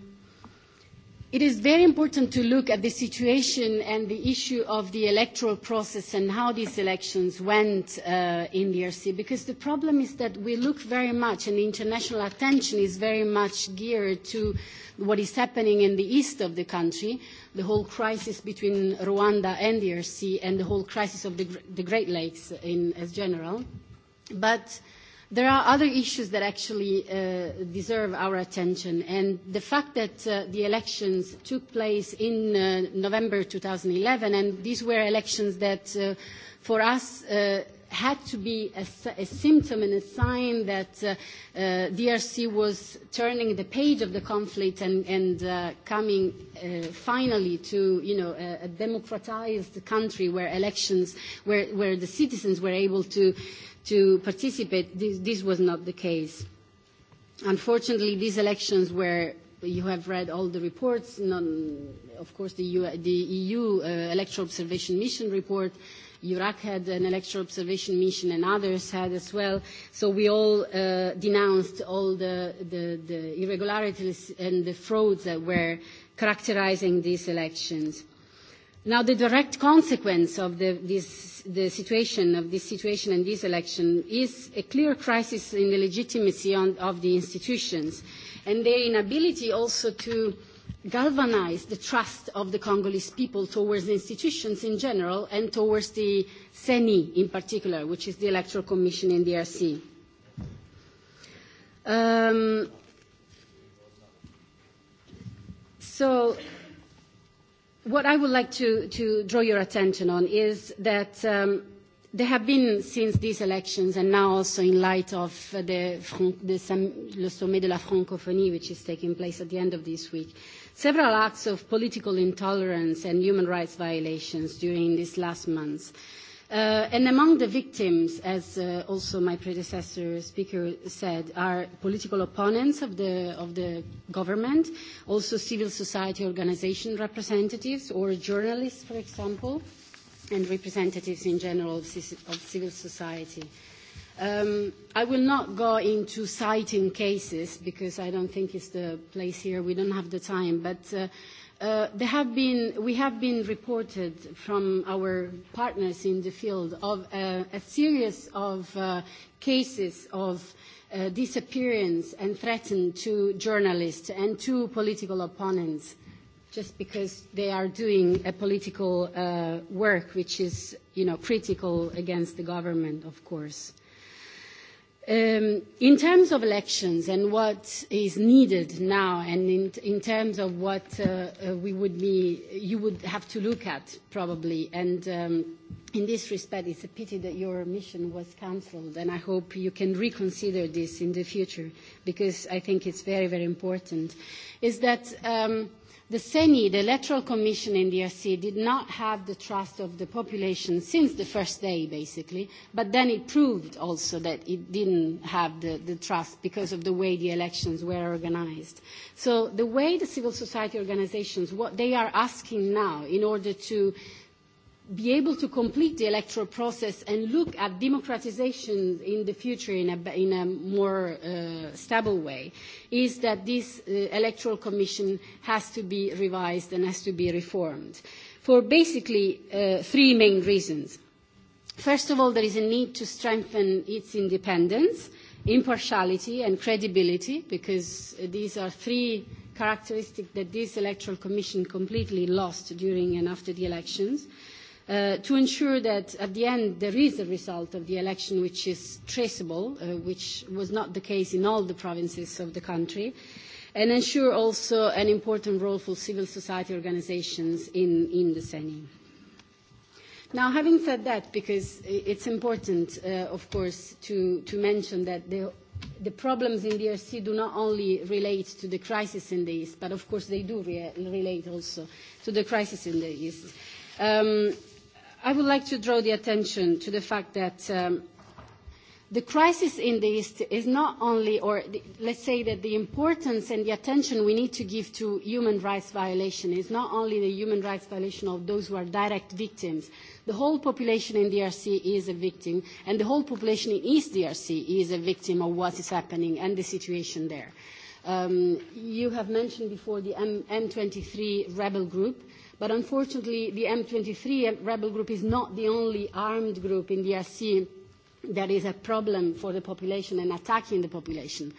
It is very important to look at the situation and the issue of the electoral process and how these elections went uh, in the RC, because the problem is that we look very much, and international attention is very much geared to what is happening in the east of the country, the whole crisis between Rwanda and the RC, and the whole crisis of the, the Great Lakes in, as general. But There are other issues that actually uh, deserve our attention, and the fact that uh, the elections took place in uh, November 2011, and these were elections that, uh, for us, uh, had to be a, a symptom and a sign that uh, uh, DRC was turning the page of the conflict and, and uh, coming uh, finally to you know a, a democratized country where elections, where, where the citizens were able to. Uh, to participate. This, this was not the case. Unfortunately, these elections were you have read all the reports, non, of course the EU, the EU uh, Electoral Observation Mission report, Iraq had an Electoral Observation Mission and others had as well. So we all uh, denounced all the, the, the irregularities and the frauds that were characterizing these elections. Uh, Now, the direct consequence of the, this, the situation of this situation and this election is a clear crisis in the legitimacy on, of the institutions and their inability also to galvanize the trust of the Congolese people towards the institutions in general and towards the CENI in particular, which is the Electoral Commission in DRC. Um, so what I would like to, to draw your attention on is that um, there have been, since these elections, and now also in light of uh, the, Fran- the Sam- Le Sommet de la Francophonie, which is taking place at the end of this week, several acts of political intolerance and human rights violations during these last months. Uh, Uh, and among the victims, as uh, also my predecessor speaker said, are political opponents of the, of the government, also civil society organization representatives or journalists, for example, and representatives in general of, of civil society. Um, I will not go into citing cases because I don't think it's the place here. We don't have the time. But uh, Uh, there have been, we have been reported from our partners in the field of uh, a series of uh, cases of uh, disappearance and threatened to journalists and to political opponents just because they are doing a political uh, work which is you know, critical against the government, of course. Uh, Um, in terms of elections and what is needed now, and in, in terms of what uh, uh, we would be, you would have to look at probably, and um, in this respect, it's a pity that your mission was cancelled, and I hope you can reconsider this in the future, because I think it's very, very important, is that um, The CENI, the Electoral Commission in the DRC, did not have the trust of the population since the first day, basically, but then it proved also that it didn't have the, the trust because of the way the elections were organized. So the way the civil society organizations, what they are asking now in order to uh, be able to complete the electoral process and look at democratization in the future in a, in a more uh, stable way is that this uh, electoral commission has to be revised and has to be reformed for basically uh, three main reasons. First of all, there is a need to strengthen its independence, impartiality and credibility because uh, these are three characteristics that this electoral commission completely lost during and after the elections. Uh, uh, to ensure that at the end there is a result of the election which is traceable, uh, which was not the case in all the provinces of the country, and ensure also an important role for civil society organizations in, in the CENI. Now, having said that, because it's important, uh, of course, to, to mention that the the problems in DRC do not only relate to the crisis in the East, but of course they do re- relate also to the crisis in the East. Um, I would like to draw the attention to the fact that um, the crisis in the East is not only, or the, let's say that the importance and the attention we need to give to human rights violation is not only the human rights violation of those who are direct victims. The whole population in DRC is a victim, and the whole population in East DRC is a victim of what is happening and the situation there. Um, you have mentioned before the M- M23 rebel group But unfortunately, the M23 rebel group is not the only armed group in the DRC that is a problem for the population and attacking the population.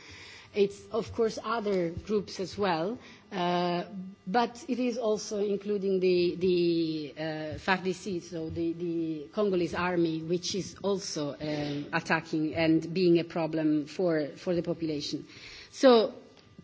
It's, of course, other groups as well, uh, but it is also including the, the uh, FARDC, so the, the Congolese army, which is also um, attacking and being a problem for, for the population. So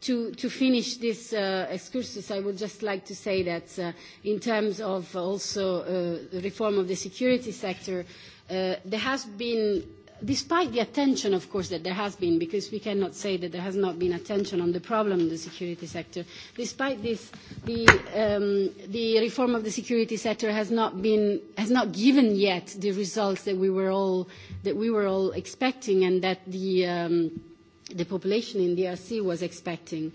to, to finish this uh, excursus, I would just like to say that uh, in terms of also uh, reform of the security sector, uh, there has been despite the attention, of course, that there has been, because we cannot say that there has not been attention on the problem in the security sector, despite this, the, um, the reform of the security sector has not, been, has not given yet the results that we were all, that we were all expecting and that the... Um, the population in DRC was expecting.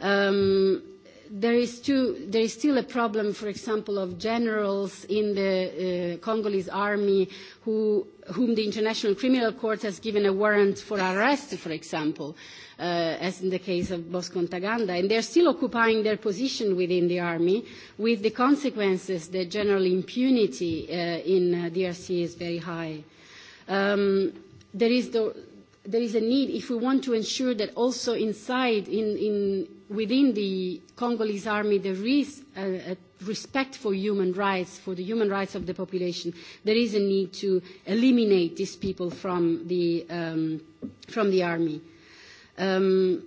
Um, there is, too, there is still a problem, for example, of generals in the uh, Congolese army who, whom the International Criminal Court has given a warrant for arrest, for example, uh, as in the case of Bosco Ntaganda. And they're still occupying their position within the army with the consequences that general impunity uh, in uh, DRC is very high. Um, there is the there is a need, if we want to ensure that also inside, in, in, within the Congolese army, there is a, a respect for human rights, for the human rights of the population, there is a need to eliminate these people from the, um, from the army. Um,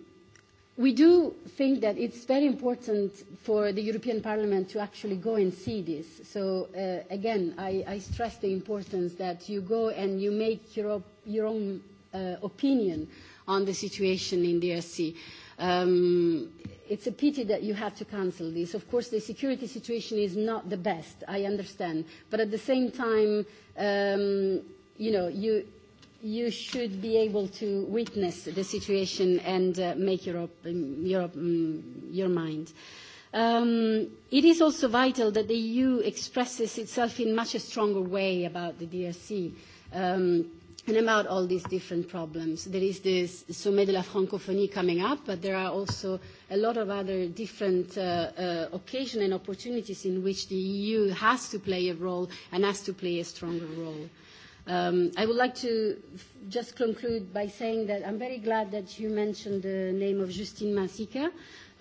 we do think that it's very important for the European Parliament to actually go and see this. So uh, again, I, I stress the importance that you go and you make your, op- your own uh, opinion on the situation in the DRC. Um, it's a pity that you have to cancel this. Of course, the security situation is not the best, I understand. But at the same time, um, you know, you, you should be able to witness the situation and uh, make your, op- um, your, um, your mind. Um, it is also vital that the EU expresses itself in much a stronger way about the DRC. Um, and about all these different problems. There is this Sommet de la Francophonie coming up, but there are also a lot of other different uh, uh, occasions and opportunities in which the EU has to play a role and has to play a stronger role. Um, I would like to f- just conclude by saying that I'm very glad that you mentioned the name of Justine Masika.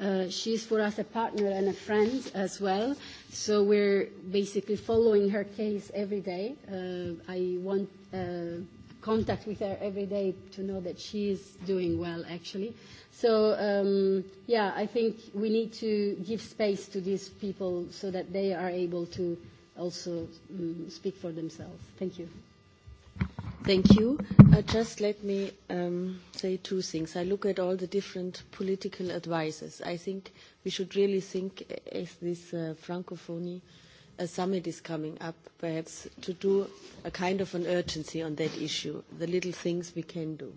Uh, she is for us a partner and a friend as well. So we're basically following her case every day. Uh, I want uh, contact with her every day to know that she is doing well, actually. So, um, yeah, I think we need to give space to these people so that they are able to also um, speak for themselves. Thank you. Thank you. Uh, just let me um, say two things. I look at all the different political advices. I think we should really think uh, as this uh, Francophonie uh, a summit is coming up, perhaps to do a kind of an urgency on that issue, the little things we can do.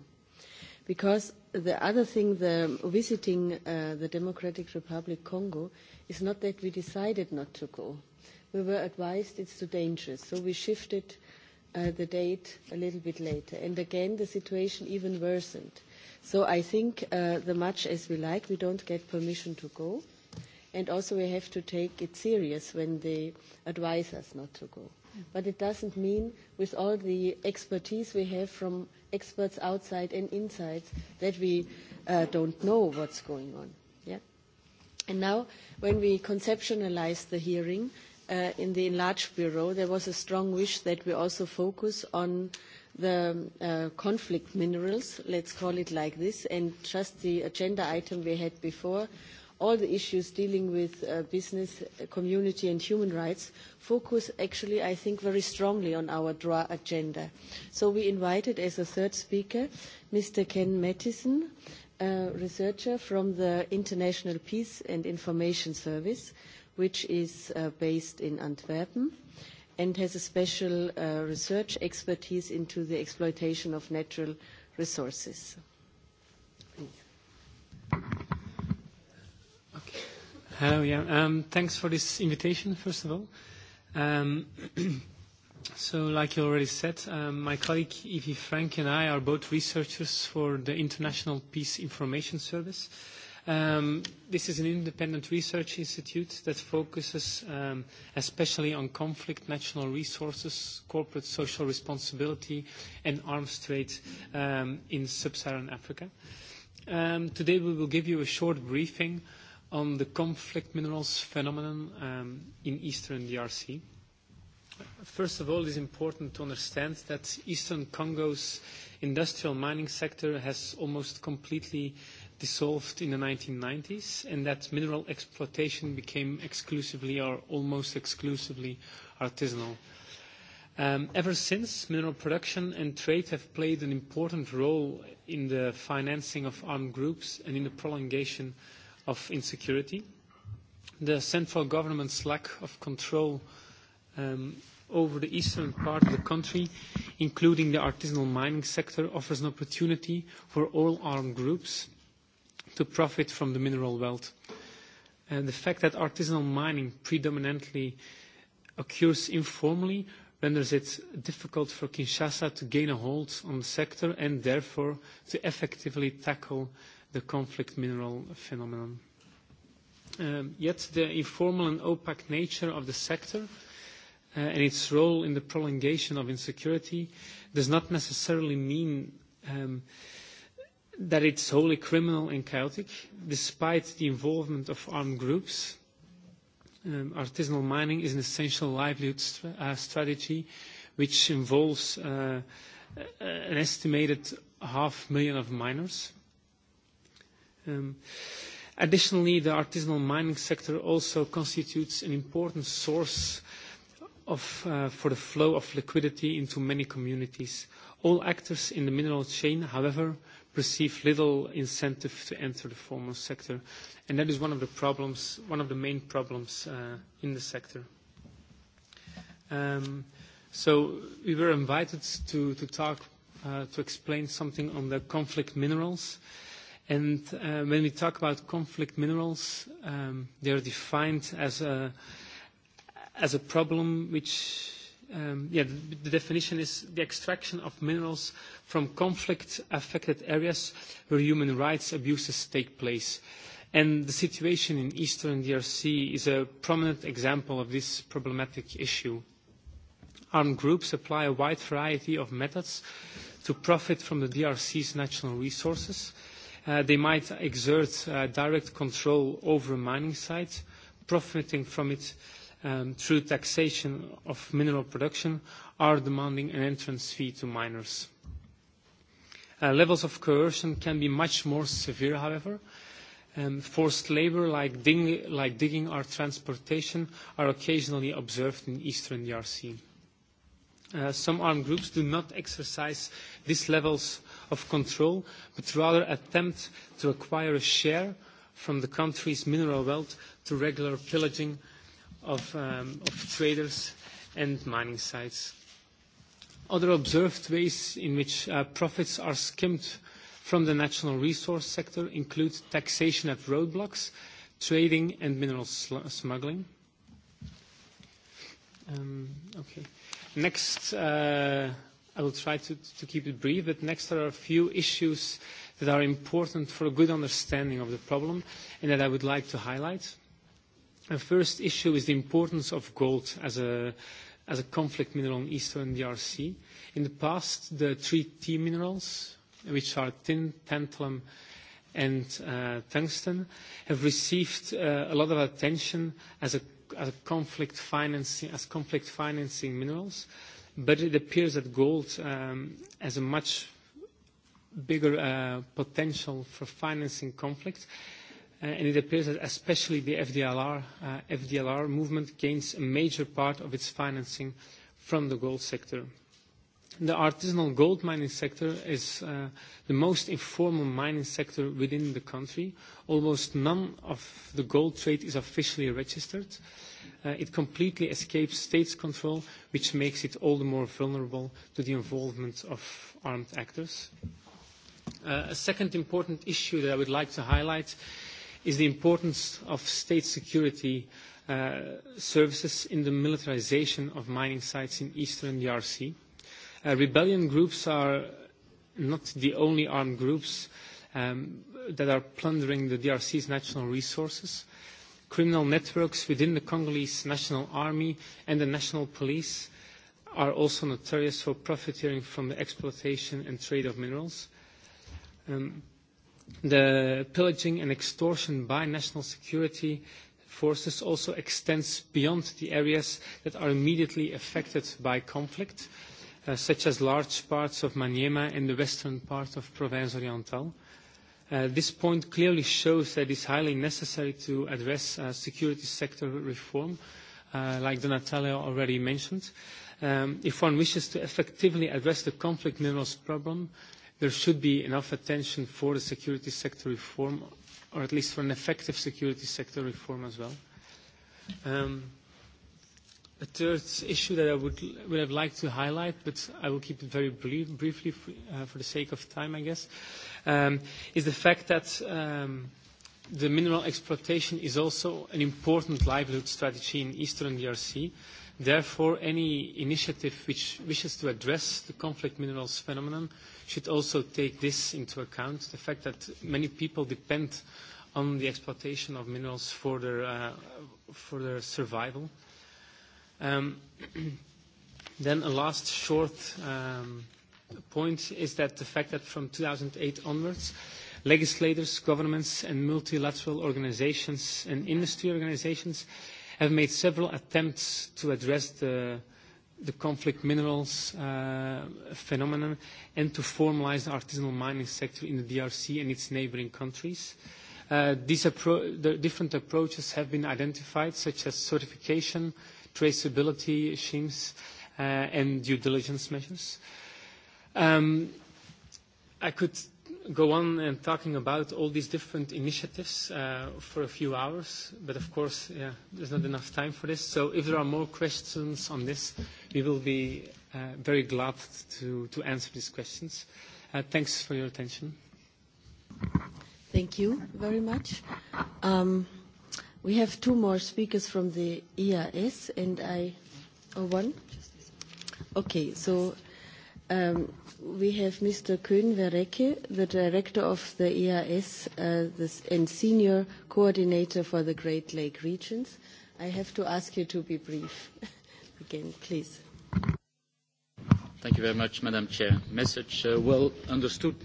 Because the other thing, the visiting uh, the Democratic Republic Congo, is not that we decided not to go. We were advised it's too dangerous, so we shifted uh, the date a little bit later. And again, the situation even worsened. So I think uh, the much as we like, we don't get permission to go. Uh, and also we have to take it serious when they advise us not to go. But it doesn't mean, with all the expertise we have from experts outside and inside, that we uh, don't know what's going on. Yeah? And now, when we conceptualized the hearing uh, in the enlarged bureau, there was a strong wish that we also focus on the uh, conflict minerals, let's call it like this, and just the agenda item we had before all the issues dealing with uh, business, uh, community and human rights focus actually, I think, very strongly on our DRA agenda. So we invited as a third speaker Mr. Ken Mattison, a researcher from the International Peace and Information Service, which is uh, based in Antwerpen and has a special uh, research expertise into the exploitation of natural resources. Thank you. Hello, yeah. Um, thanks for this invitation, first of all. Um, so, like you already said, um, my colleague Evie Frank and I are both researchers for the International Peace Information Service. Um, this is an independent research institute that focuses um, especially on conflict, natural resources, corporate social responsibility, and arms trade um, in sub-Saharan Africa. Um, today we will give you a short briefing uh, on the conflict minerals phenomenon um, in eastern DRC. First of all, it is important to understand that eastern Congo's industrial mining sector has almost completely dissolved in the 1990s, and that mineral exploitation became exclusively or almost exclusively artisanal. Um, ever since, mineral production and trade have played an important role in the financing of armed groups and in the prolongation of of insecurity, the central government's lack of control um, over the eastern part of the country, including the artisanal mining sector, offers an opportunity for all armed groups to profit from the mineral wealth. And the fact that artisanal mining predominantly occurs informally renders it difficult for Kinshasa to gain a hold on the sector and therefore to effectively tackle uh, the conflict mineral phenomenon. Um, yet the informal and opaque nature of the sector uh, and its role in the prolongation of insecurity does not necessarily mean um, that it's wholly criminal and chaotic, despite the involvement of armed groups. Um, artisanal mining is an essential livelihood st- uh, strategy which involves uh, an estimated half million of miners Um, additionally, the artisanal mining sector also constitutes an important source of, uh, for the flow of liquidity into many communities. All actors in the mineral chain, however, perceive little incentive to enter the formal sector, and that is one of the problems, one of the main problems uh, in the sector. Um, so we were invited to, to talk, uh, to explain something on the conflict minerals. Uh, And uh, when we talk about conflict minerals, um, they are defined as a, as a problem which, um, yeah, the, the definition is the extraction of minerals from conflict-affected areas where human rights abuses take place. And the situation in eastern DRC is a prominent example of this problematic issue. Armed groups apply a wide variety of methods to profit from the DRC's natural resources – Uh, they might exert uh, direct control over mining sites, profiting from it um, through taxation of mineral production or demanding an entrance fee to miners. Uh, levels of coercion can be much more severe, however. Um, forced labor like, ding like digging or transportation are occasionally observed in eastern DRC. E uh, some armed groups do not exercise these levels of control, but rather attempt to acquire a share from the country's mineral wealth through regular pillaging of, um, of traders and mining sites. Other observed ways in which uh, profits are skimmed from the national resource sector include taxation at roadblocks, trading, and mineral smuggling. Um, okay. Next, uh, I will try to, to keep it brief, but next there are a few issues that are important for a good understanding of the problem and that I would like to highlight. The first issue is the importance of gold as a, as a conflict mineral in eastern DRC. In the past, the three T minerals, which are tin, tantalum, and uh, tungsten, have received uh, a lot of attention as a, as a conflict financing, as conflict financing minerals. Uh, But it appears that gold um, has a much bigger uh, potential for financing conflict. Uh, and it appears that especially the FDLR, uh, FDLR movement gains a major part of its financing from the gold sector. The artisanal gold mining sector is uh, the most informal mining sector within the country. Almost none of the gold trade is officially registered. Uh, Uh, it completely escapes states' control, which makes it all the more vulnerable to the involvement of armed actors. Uh, a second important issue that I would like to highlight is the importance of state security uh, services in the militarization of mining sites in eastern DRC. E uh, rebellion groups are not the only armed groups um, that are plundering the DRC's e national resources. Uh, criminal networks within the Congolese National Army and the National Police are also notorious for profiteering from the exploitation and trade of minerals. Um, the pillaging and extortion by national security forces also extends beyond the areas that are immediately affected by conflict, uh, such as large parts of Maniema and the western part of Provence Orientale. Uh, Uh, this point clearly shows that it's highly necessary to address uh, security sector reform, uh, like Donatello already mentioned. Um, if one wishes to effectively address the conflict minerals problem, there should be enough attention for the security sector reform, or at least for an effective security sector reform as well. Um, a third issue that I would, would have liked to highlight, but I will keep it very brief, briefly for, uh, for the sake of time, I guess, um, is the fact that um, the mineral exploitation is also an important livelihood strategy in eastern DRC. Therefore, any initiative which wishes to address the conflict minerals phenomenon should also take this into account, the fact that many people depend on the exploitation of minerals for their, uh, for their survival. Uh, Um, then a last short um, point is that the fact that from 2008 onwards, legislators, governments, and multilateral organizations and industry organizations have made several attempts to address the, the conflict minerals uh, phenomenon and to formalize the artisanal mining sector in the DRC and its neighboring countries. Uh, these appro- the different approaches have been identified, such as certification, uh, traceability schemes uh, and due diligence measures. Um, I could go on and talking about all these different initiatives uh, for a few hours, but of course, yeah, there's not enough time for this. So if there are more questions on this, we will be uh, very glad to, to answer these questions. Uh, thanks for your attention. Thank you very much. Um, We have two more speakers from the EIS, and I... Or oh, one? Okay, so um, we have Mr. Koen Verrecke, the director of the EIS uh, this, and senior coordinator for the Great Lake regions. I have to ask you to be brief again, please. Thank you very much, Madam Chair. Message uh, well understood,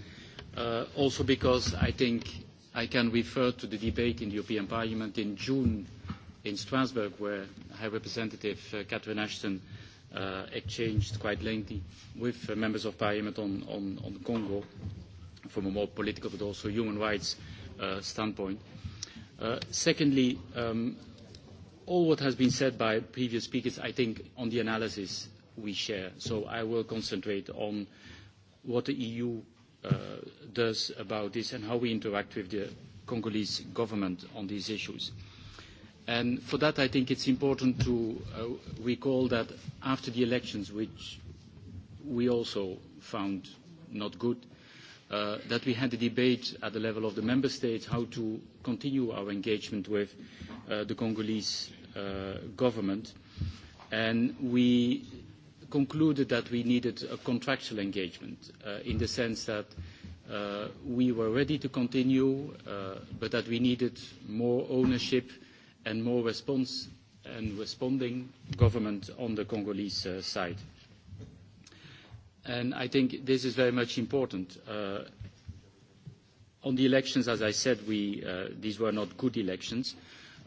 uh, also because I think I can refer to the debate in the European Parliament in June in Strasbourg, where High Representative uh, Catherine Ashton uh, exchanged quite lengthy with uh, members of Parliament on, on, on Congo from a more political but also human rights uh, standpoint. Uh, secondly, um, all what has been said by previous speakers, I think, on the analysis we share. So I will concentrate on what the EU uh, does about this and how we interact with the Congolese government on these issues. And for that, I think it's important to uh, recall that after the elections, which we also found not good, uh, that we had a debate at the level of the member states how to continue our engagement with uh, the Congolese uh, government. And we concluded that we needed a contractual engagement uh, in the sense that uh, we were ready to continue, uh, but that we needed more ownership and more response and responding government on the Congolese uh, side. And I think this is very much important. Uh, on the elections, as I said, we, uh, these were not good elections,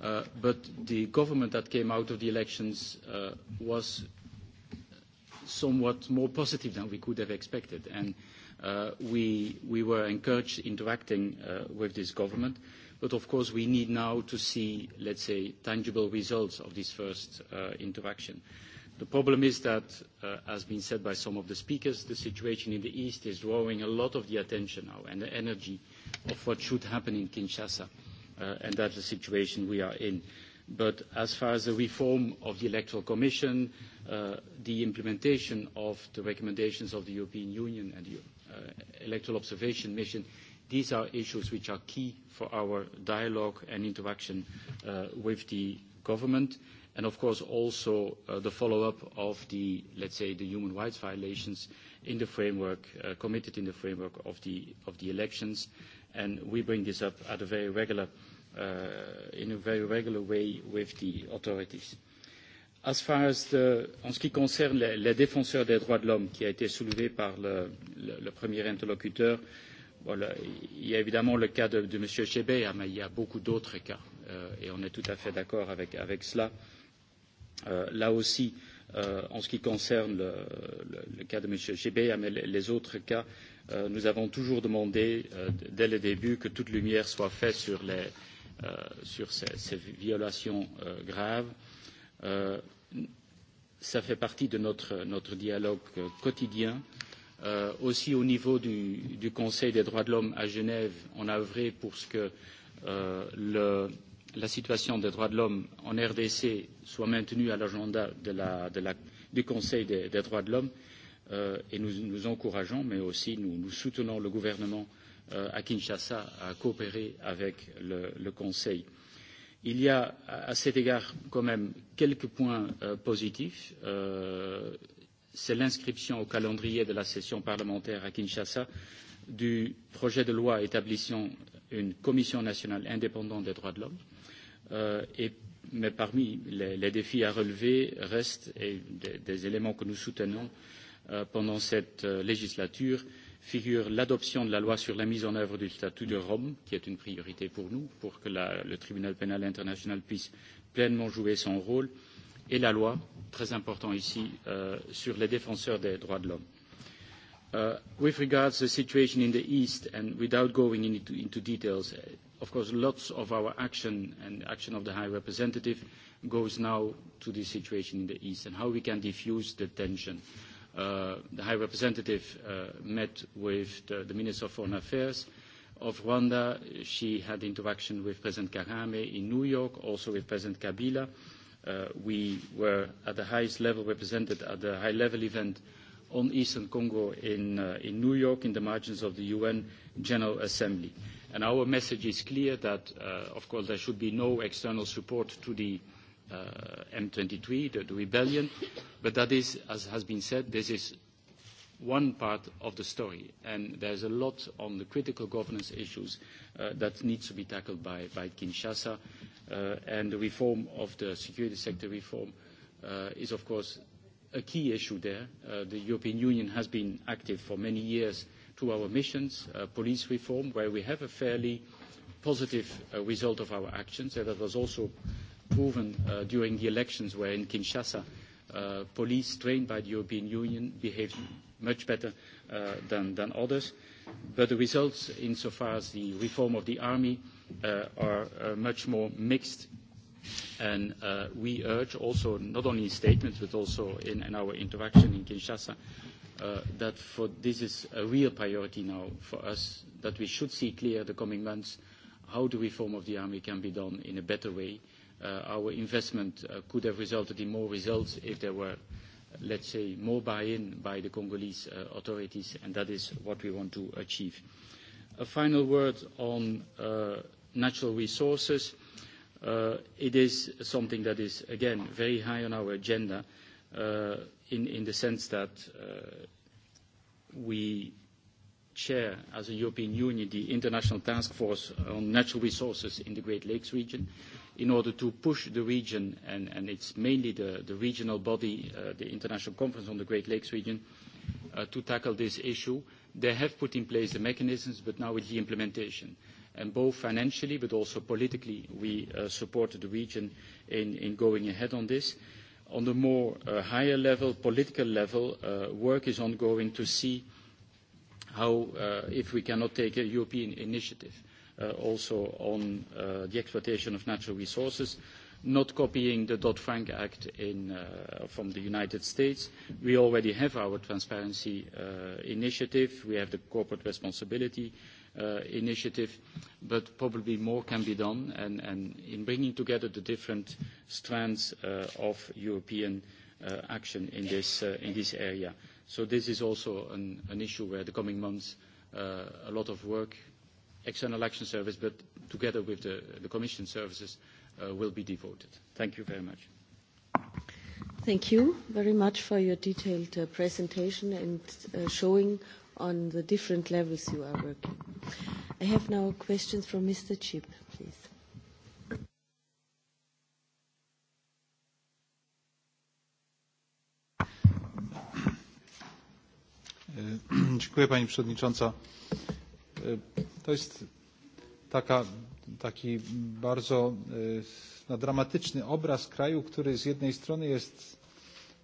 uh, but the government that came out of the elections uh, was somewhat more positive than we could have expected. And uh, we, we were encouraged interacting uh, with this government. But of course, we need now to see, let's say, tangible results of this first uh, interaction. The problem is that, uh, as been said by some of the speakers, the situation in the East is drawing a lot of the attention now and the energy of what should happen in Kinshasa, uh, and that's the situation we are in. Uh, But as far as the reform of the Electoral Commission, uh, the implementation of the recommendations of the European Union and the uh, Electoral Observation Mission, these are issues which are key for our dialogue and interaction uh, with the government. And of course, also uh, the follow-up of the, let's say, the human rights violations in the framework, uh, committed in the framework of the, of the elections. And we bring this up at a very regular basis Uh, in a very regular way with the authorities. As far as the, en ce qui concerne les, les défenseurs des droits de l'homme, qui a été soulevé par le, le, le premier interlocuteur, bon, le, il y a évidemment le cas de, de M. Chebeya, mais il y a beaucoup d'autres cas, euh, et on est tout à fait d'accord avec, avec cela. Euh, là aussi, euh, en ce qui concerne le, le, le cas de M. Chebeya, mais les, les autres cas, euh, nous avons toujours demandé, euh, dès le début, que toute lumière soit faite sur les, euh, euh, sur ces, ces violations euh, graves. Euh, ça fait partie de notre, notre dialogue quotidien. Euh, aussi au niveau du, du Conseil des droits de l'homme à Genève, on a œuvré pour ce que euh, le, la situation des droits de l'homme en RDC soit maintenue à l'agenda de la, de la, du Conseil des, des droits de l'homme euh, et nous nous encourageons, mais aussi nous, nous soutenons le gouvernement euh, à Kinshasa à coopérer avec le, le Conseil. Il y a à cet égard quand même quelques points euh, positifs. Euh, C'est l'inscription au calendrier de la session parlementaire à Kinshasa du projet de loi établissant une commission nationale indépendante des droits de l'homme. Euh, et, mais parmi les, les défis à relever restent et des, des éléments que nous soutenons euh, pendant cette euh, législature euh, figure l'adoption de la loi sur la mise en œuvre du statut de Rome, qui est une priorité pour nous, pour que la, le tribunal pénal international puisse pleinement jouer son rôle, et la loi, très important ici, euh, sur les défenseurs des droits de l'homme. Uh, with regards to the situation in the East, and without going into, into details, uh, of course, lots of our action and action of the High Representative goes now to the situation in the East and how we can diffuse the tension. Uh, uh, the High Representative uh, met with the, the Minister of Foreign Affairs of Rwanda. She had interaction with President Kagame in New York, also with President Kabila. Uh, we were at the highest level represented at the high-level event on Eastern Congo in, uh, in New York in the margins of the UN General Assembly. And our message is clear that, uh, of course, there should be no external support to the uh, uh, M23, the, the rebellion. But that is, as has been said, this is one part of the story, and there's a lot on the critical governance issues uh, that needs to be tackled by, by Kinshasa. Uh, and the reform of the security sector reform uh, is, of course, a key issue there. Uh, the European Union has been active for many years through our missions, uh, police reform, where we have a fairly positive uh, result of our actions, and that was also uh, proven uh, during the elections, where in Kinshasa, uh, police trained by the European Union behaved much better uh, than, than others. But the results, insofar as the reform of the army, uh, are uh, much more mixed. And uh, we urge also, not only in statements, but also in, in our interaction in Kinshasa, uh, that for this is a real priority now for us, that we should see clear the coming months how the reform of the army can be done in a better way, uh, uh, our investment uh, could have resulted in more results if there were, let's say, more buy-in by the Congolese uh, authorities, and that is what we want to achieve. A final word on uh, natural resources. Uh, it is something that is, again, very high on our agenda, uh, in, in the sense that we chair, as a European Union, the International Task Force on Natural Resources in the Great Lakes region. Uh, in order to push the region, and, and it's mainly the, the regional body, uh, the International Conference on the Great Lakes region, uh, to tackle this issue. They have put in place the mechanisms, but now it's the implementation. And both financially but also politically, we uh, supported the region in, in going ahead on this. On the more uh, higher level, political level, uh, work is ongoing to see how, uh, if we cannot take a European initiative uh, also on uh, the exploitation of natural resources, not copying the Dodd-Frank Act in, uh, from the United States. We already have our transparency uh, initiative. We have the corporate responsibility uh, initiative, but probably more can be done. And, and in bringing together the different strands uh, of European uh, action in this, uh, in this area. So this is also an, an issue where the coming months, uh, a lot of work External Action Service, but together with the, the Commission services, uh, will be devoted. Thank you very much. Thank you very much for your detailed uh, presentation and uh, showing on the different levels you are working. I have now questions from Mr. Chip, please. Dziękuję Pani Przewodnicząca. E, To jest taka, taki bardzo e, no, dramatyczny obraz kraju, który z jednej strony jest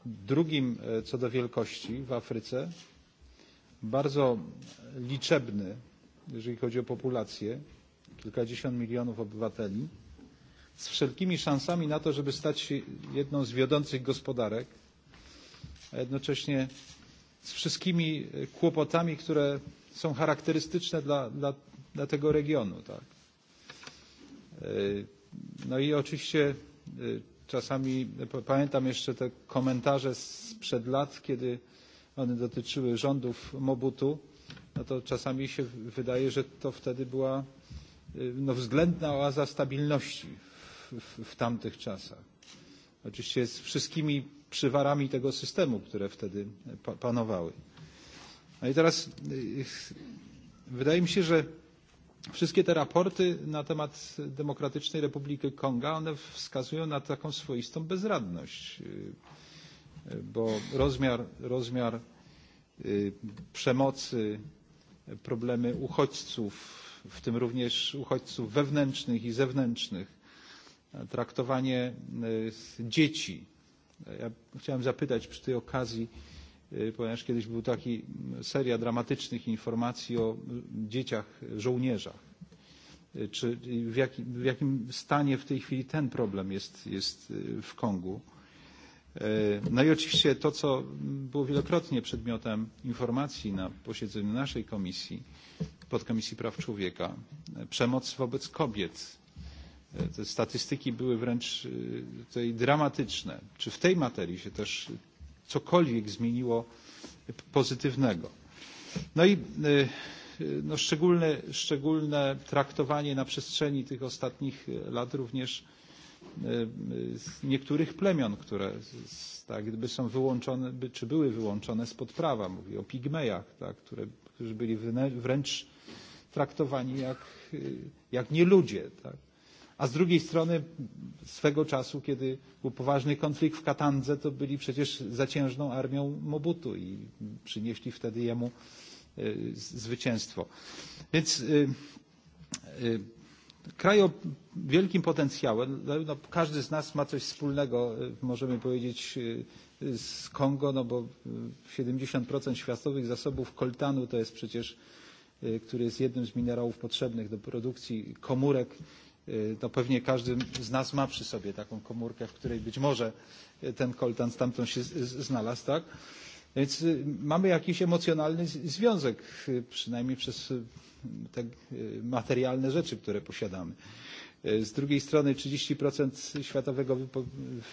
drugim e, co do wielkości w Afryce, bardzo liczebny, jeżeli chodzi o populację, kilkadziesiąt milionów obywateli, z wszelkimi szansami na to, żeby stać się jedną z wiodących gospodarek, a jednocześnie z wszystkimi e, kłopotami, które są charakterystyczne dla, dla dla tego regionu. Tak? E, no i oczywiście e, czasami pamiętam jeszcze te komentarze sprzed lat, kiedy one dotyczyły rządów Mobutu, no to czasami się wydaje, że to wtedy była e, no, względna oaza stabilności w, w, w tamtych czasach. Oczywiście z wszystkimi przywarami tego systemu, które wtedy pa panowały. No i teraz wydaje mi się, że Wszystkie te raporty na temat Demokratycznej Republiki Konga, one wskazują na taką swoistą bezradność, bo rozmiar, rozmiar przemocy, problemy uchodźców, w tym również uchodźców wewnętrznych i zewnętrznych, traktowanie dzieci. Ja chciałem zapytać przy tej okazji, E, ponieważ kiedyś był taki seria dramatycznych informacji o dzieciach żołnierzach. E, czy w, jak, w jakim stanie w tej chwili ten problem jest, jest e, w Kongu? No i oczywiście to, co było wielokrotnie przedmiotem informacji na posiedzeniu naszej komisji, podkomisji praw człowieka, przemoc wobec kobiet. Te statystyki były wręcz tutaj dramatyczne. Czy w tej materii się też cokolwiek zmieniło pozytywnego. No i no szczególne, szczególne traktowanie na przestrzeni tych ostatnich lat również niektórych plemion, które tak gdyby są wyłączone, by, czy były wyłączone spod prawa. Mówię o pigmejach, tak, które, którzy byli wręcz traktowani jak, jak nie ludzie. Tak. A z drugiej strony swego czasu, kiedy był poważny konflikt w Katandze, to byli przecież zaciężną armią Mobutu i przynieśli wtedy jemu zwycięstwo. Więc y, y, kraj o wielkim potencjale, no, każdy z nas ma coś wspólnego, możemy powiedzieć, z Kongo, no bo 70% światowych zasobów koltanu to jest przecież, który jest jednym z minerałów potrzebnych do produkcji komórek no pewnie każdy z nas ma przy sobie taką komórkę, w której być może ten koltan stamtąd się znalazł, tak? Więc mamy jakiś emocjonalny związek, przynajmniej przez te materialne rzeczy, które posiadamy. Z drugiej strony 30% światowego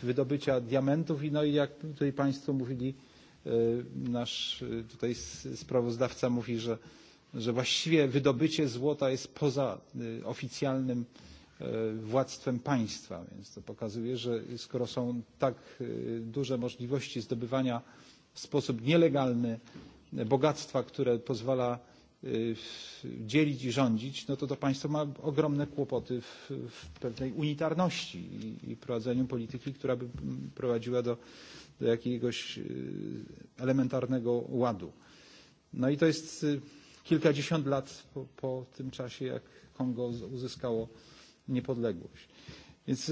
wydobycia diamentów i no i jak tutaj Państwo mówili, nasz tutaj sprawozdawca mówi, że, że właściwie wydobycie złota jest poza oficjalnym y, E, władztwem państwa. Więc to pokazuje, że skoro są tak e, duże możliwości zdobywania w sposób nielegalny bogactwa, które pozwala e, dzielić i rządzić, no to to państwo ma ogromne kłopoty w, w pewnej unitarności i, i prowadzeniu polityki, która by prowadziła do, do jakiegoś elementarnego ładu. No i to jest kilkadziesiąt lat po, po tym czasie, jak Kongo uzyskało niepodległość. Więc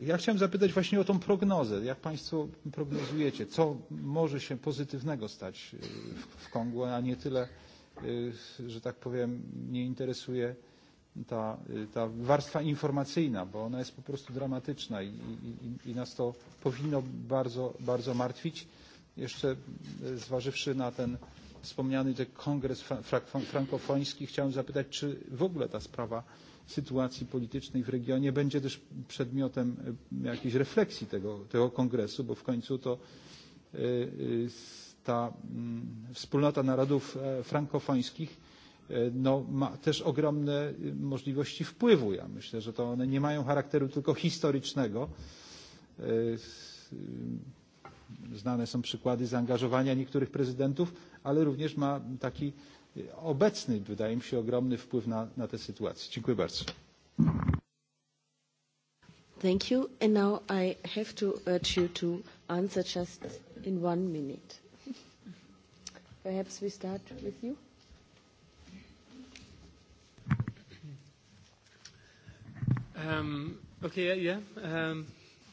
ja chciałem zapytać właśnie o tą prognozę. Jak Państwo prognozujecie, co może się pozytywnego stać w, w Kongu, a nie tyle, że tak powiem, nie interesuje ta, ta warstwa informacyjna, bo ona jest po prostu dramatyczna i, i, i nas to powinno bardzo, bardzo martwić. Jeszcze zważywszy na ten wspomniany ten kongres frank frankofoński, chciałem zapytać, czy w ogóle ta sprawa sytuacji politycznej w regionie będzie też przedmiotem e, jakiejś refleksji tego, tego kongresu, bo w końcu to e, e, ta mm, wspólnota narodów frankofońskich no, ma też ogromne możliwości wpływu. Ja myślę, że to one nie mają charakteru tylko historycznego. Znane są przykłady zaangażowania niektórych prezydentów, ale również ma taki obecny, wydaje mi się, ogromny wpływ na, na tę sytuację. Dziękuję bardzo. Thank you. And now I have to urge you to answer just in one minute. Perhaps we start with you. Um, okay, yeah. yeah. Um,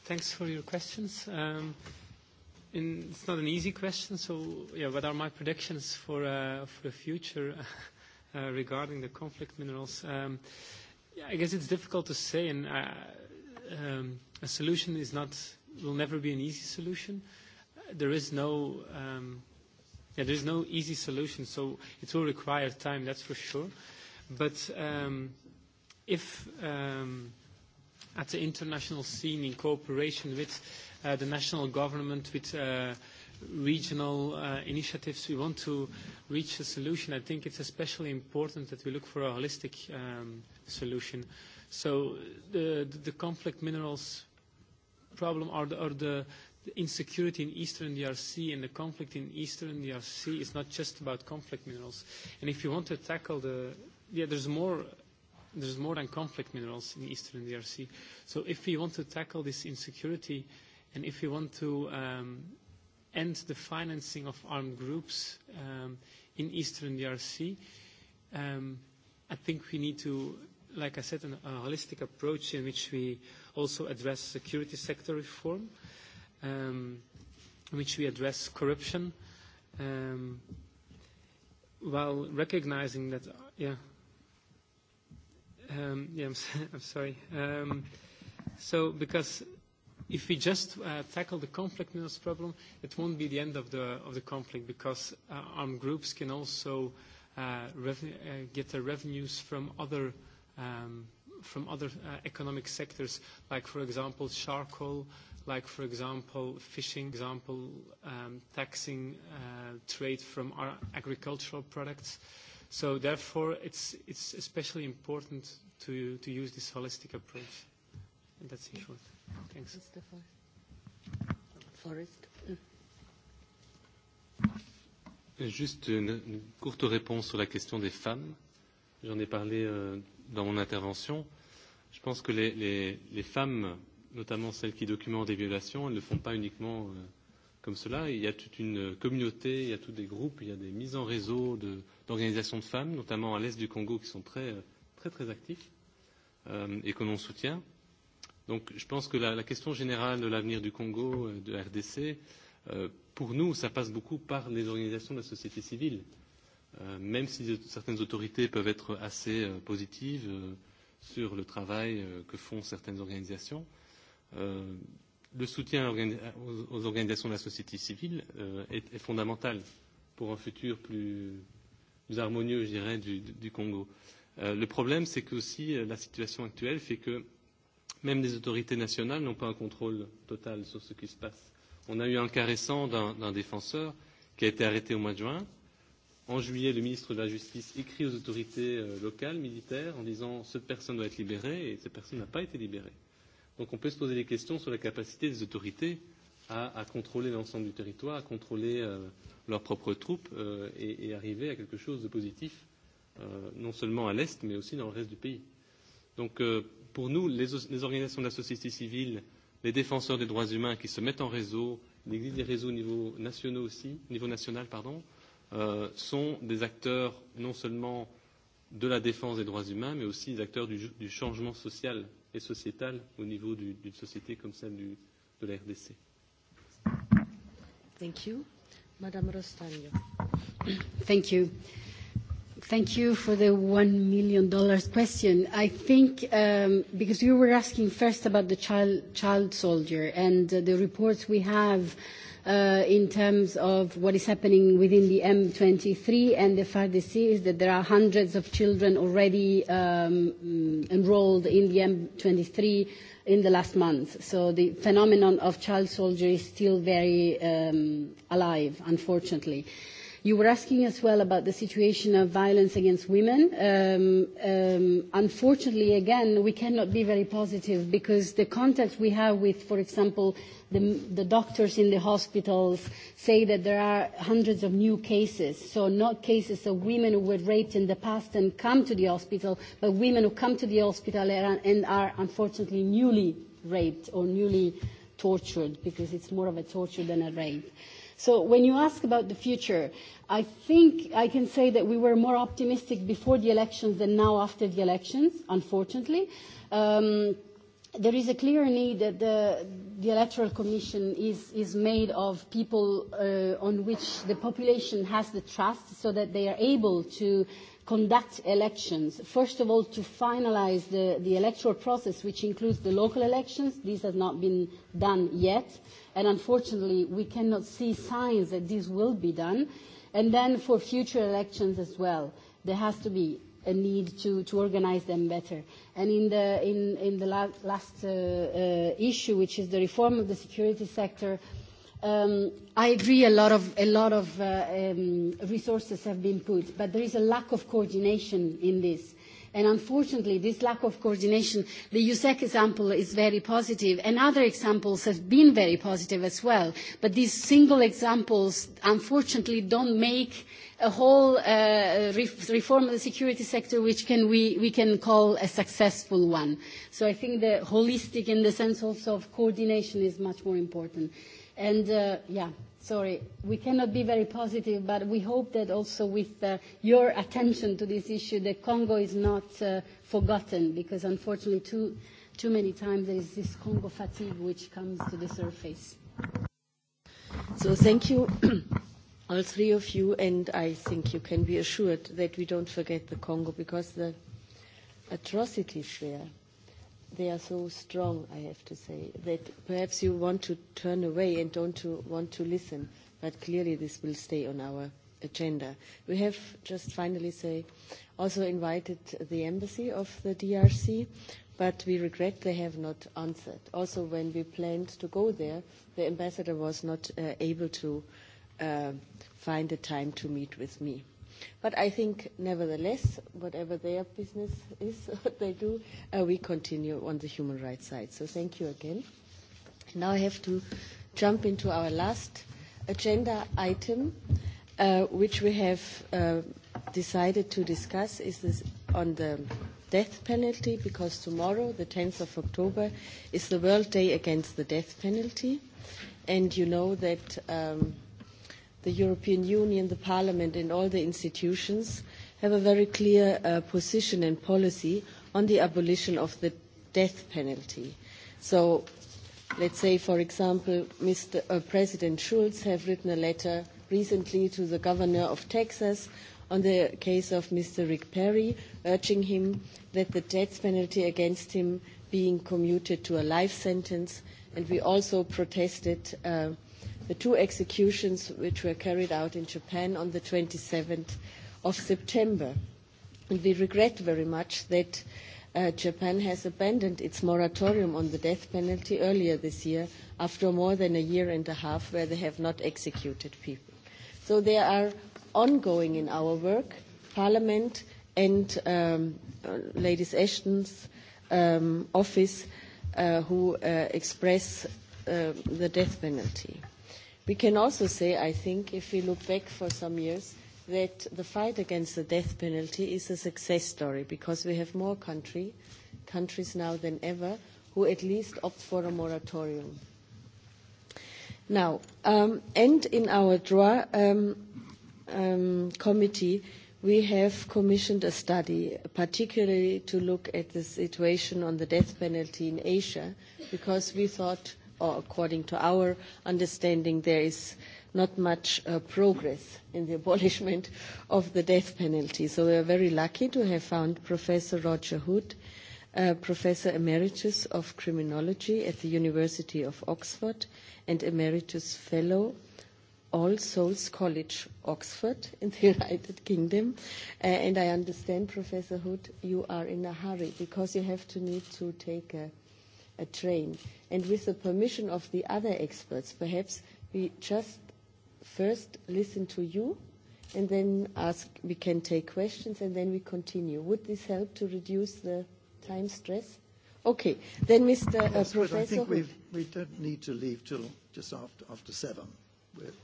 thanks for your questions. Um, in, it's not an easy question. So yeah, what are my predictions for uh, for the future uh, regarding the conflict minerals? Um, yeah, I guess it's difficult to say, and uh, um, a solution is not will never be an easy solution. There is no um, yeah, there is no easy solution, so it will require time, that's for sure. But um, if um, at the international scene in cooperation with uh, the national government, with uh, regional uh, initiatives. We want to reach a solution. I think it's especially important that we look for a holistic um, solution. So the, the conflict minerals problem or the, or the insecurity in eastern DRC and the conflict in eastern DRC is not just about conflict minerals. And if you want to tackle the, yeah, there's more there's more than conflict minerals in eastern DRC. So if we want to tackle this insecurity and if we want to um, end the financing of armed groups um, in eastern DRC, um, I think we need to, like I said, an, a holistic approach in which we also address security sector reform, um, in which we address corruption, um, while recognizing that, uh, yeah, Um, yeah, I'm, I'm sorry. Um, so because if we just uh, tackle the conflict minerals problem, it won't be the end of the, of the conflict because uh, armed groups can also uh, uh get their revenues from other, um, from other uh, economic sectors, like, for example, charcoal, like, for example, fishing, example, um, taxing uh, trade from agricultural products. So therefore, it's, it's especially important to, to use this holistic approach. And that's in short. Thanks. Mr. Forrest. Juste une, une courte réponse sur la question des femmes. J'en ai parlé euh, dans mon intervention. Je pense que les, les, les femmes, notamment celles qui documentent des violations, elles ne le font pas uniquement euh, comme cela. Il y a toute une communauté, il y a tous des groupes, il y a des mises en réseau d'organisations de, de femmes, notamment à l'est du Congo, qui sont très, très, très actifs euh, et que l'on soutient. Donc je pense que la, la question générale de l'avenir du Congo, euh, de la RDC, euh, pour nous, ça passe beaucoup par les organisations de la société civile. Euh, même si certaines autorités peuvent être assez euh, positives euh, sur le travail euh, que font certaines organisations, euh, le soutien aux organisations de la société civile euh, est, est fondamental pour un futur plus, plus harmonieux, je dirais, du, du Congo. Euh, le problème, c'est que aussi euh, la situation actuelle fait que même les autorités nationales n'ont pas un contrôle total sur ce qui se passe. On a eu un cas récent d'un défenseur qui a été arrêté au mois de juin. En juillet, le ministre de la Justice écrit aux autorités euh, locales, militaires, en disant cette personne doit être libérée et cette personne n'a pas été libérée. Donc on peut se poser des questions sur la capacité des autorités à, à contrôler l'ensemble du territoire, à contrôler euh, leurs propres troupes euh, et, et arriver à quelque chose de positif, euh, non seulement à l'Est, mais aussi dans le reste du pays. Donc euh, pour nous, les, les organisations de la société civile, les défenseurs des droits humains qui se mettent en réseau, il existe des réseaux au niveau, nationaux aussi, niveau national, pardon, euh, sont des acteurs non seulement de la défense des droits humains, mais aussi des acteurs du, du changement social et sociétale au niveau d'une du, société comme celle du, de la RDC. Thank you. Madame Rostagno. Thank you. Thank you for the $1 million question. I think, um, because you were asking first about the child, child soldier, and uh, the reports we have uh, in terms of what is happening within the M23 and the fact they see is that there are hundreds of children already um, mm, enrolled in the M23 in the last month. So the phenomenon of child soldier is still very um, alive, unfortunately. Uh, You were asking as well about the situation of violence against women. Um, um, unfortunately, again, we cannot be very positive because the contacts we have with, for example, the, the doctors in the hospitals say that there are hundreds of new cases. So not cases of women who were raped in the past and come to the hospital, but women who come to the hospital and, and are unfortunately newly raped or newly tortured because it's more of a torture than a rape. Uh, So when you ask about the future, I think I can say that we were more optimistic before the elections than now after the elections, unfortunately. Um, there is a clear need that the, the electoral commission is, is made of people uh, on which the population has the trust so that they are able to uh, conduct elections. First of all, to finalize the, the electoral process, which includes the local elections. This has not been done yet. And unfortunately, we cannot see signs that this will be done. And then for future elections as well, there has to be a need to, to organize them better. And in the, in, in the la- last uh, uh, issue, which is the reform of the security sector, uh, um, I agree a lot of, a lot of uh, um, resources have been put, but there is a lack of coordination in this. And unfortunately, this lack of coordination, the USEC example is very positive, and other examples have been very positive as well. But these single examples, unfortunately, don't make a whole uh, re- reform of the security sector, which can we, we can call a successful one. So I think the holistic, in the sense also of coordination, is much more important. Uh, And uh, yeah, sorry, we cannot be very positive, but we hope that also with uh, your attention to this issue, that Congo is not uh, forgotten, because unfortunately too, too many times there is this Congo fatigue which comes to the surface. So thank you, all three of you, and I think you can be assured that we don't forget the Congo because the atrocities there they are so strong, I have to say, that perhaps you want to turn away and don't to want to listen. But clearly, this will stay on our agenda. We have just finally say also invited the embassy of the DRC, but we regret they have not answered. Also, when we planned to go there, the ambassador was not uh, able to uh, find a time to meet with me. But I think, nevertheless, whatever their business is, what they do, uh, we continue on the human rights side. So thank you again. Now I have to jump into our last agenda item, uh, which we have uh, decided to discuss, is this on the death penalty, because tomorrow, the 10th of October, is the World Day Against the Death Penalty. And you know that. Um, the European Union, the Parliament and all the institutions have a very clear uh, position and policy on the abolition of the death penalty. So let's say, for example, Mr. Uh, President Schulz have written a letter recently to the governor of Texas on the case of Mr. Rick Perry, urging him that the death penalty against him being commuted to a life sentence. And we also protested uh, the two executions which were carried out in Japan on the 27th of September. And we regret very much that uh, Japan has abandoned its moratorium on the death penalty earlier this year after more than a year and a half where they have not executed people. So there are ongoing in our work, Parliament and um, uh, Ladies Ashton's um, office, uh, who uh, express uh, the death penalty. We can also say, I think, if we look back for some years, that the fight against the death penalty is a success story because we have more country, countries now than ever who at least opt for a moratorium. Now, um, and in our DROA um, um, committee, we have commissioned a study, particularly to look at the situation on the death penalty in Asia, because we thought – or according to our understanding, there is not much uh, progress in the abolishment of the death penalty. So we are very lucky to have found Professor Roger Hood, uh, Professor Emeritus of Criminology at the University of Oxford and Emeritus Fellow All Souls College, Oxford, in the United Kingdom. Uh, and I understand, Professor Hood, you are in a hurry because you have to need to take a a train. And with the permission of the other experts, perhaps we just first listen to you and then ask, we can take questions and then we continue. Would this help to reduce the time stress? Okay, then Mr. Uh, yes, uh, Professor. I think we've, we don't need to leave till just after, after seven.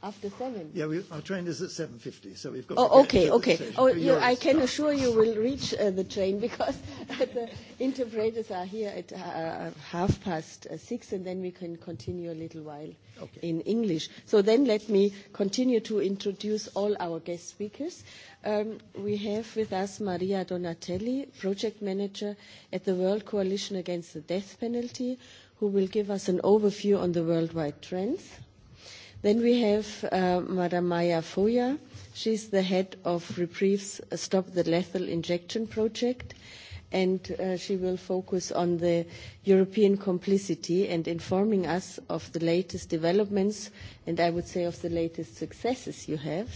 After seven. Yeah, we, our train is at 7:50, so we've got. Oh, okay, okay. Oh, you, I can start. assure you we'll reach uh, the train because the interpreters are here at uh, half past uh, six, and then we can continue a little while okay. in English. So then let me continue to introduce all our guest speakers. Um, we have with us Maria Donatelli, project manager at the World Coalition Against the Death Penalty, who will give us an overview on the worldwide trends. Then we have uh, Madam Maya Foya. She's the head of Reprieve's Stop the Lethal Injection project, and uh, she will focus on the European complicity and informing us of the latest developments and I would say of the latest successes you have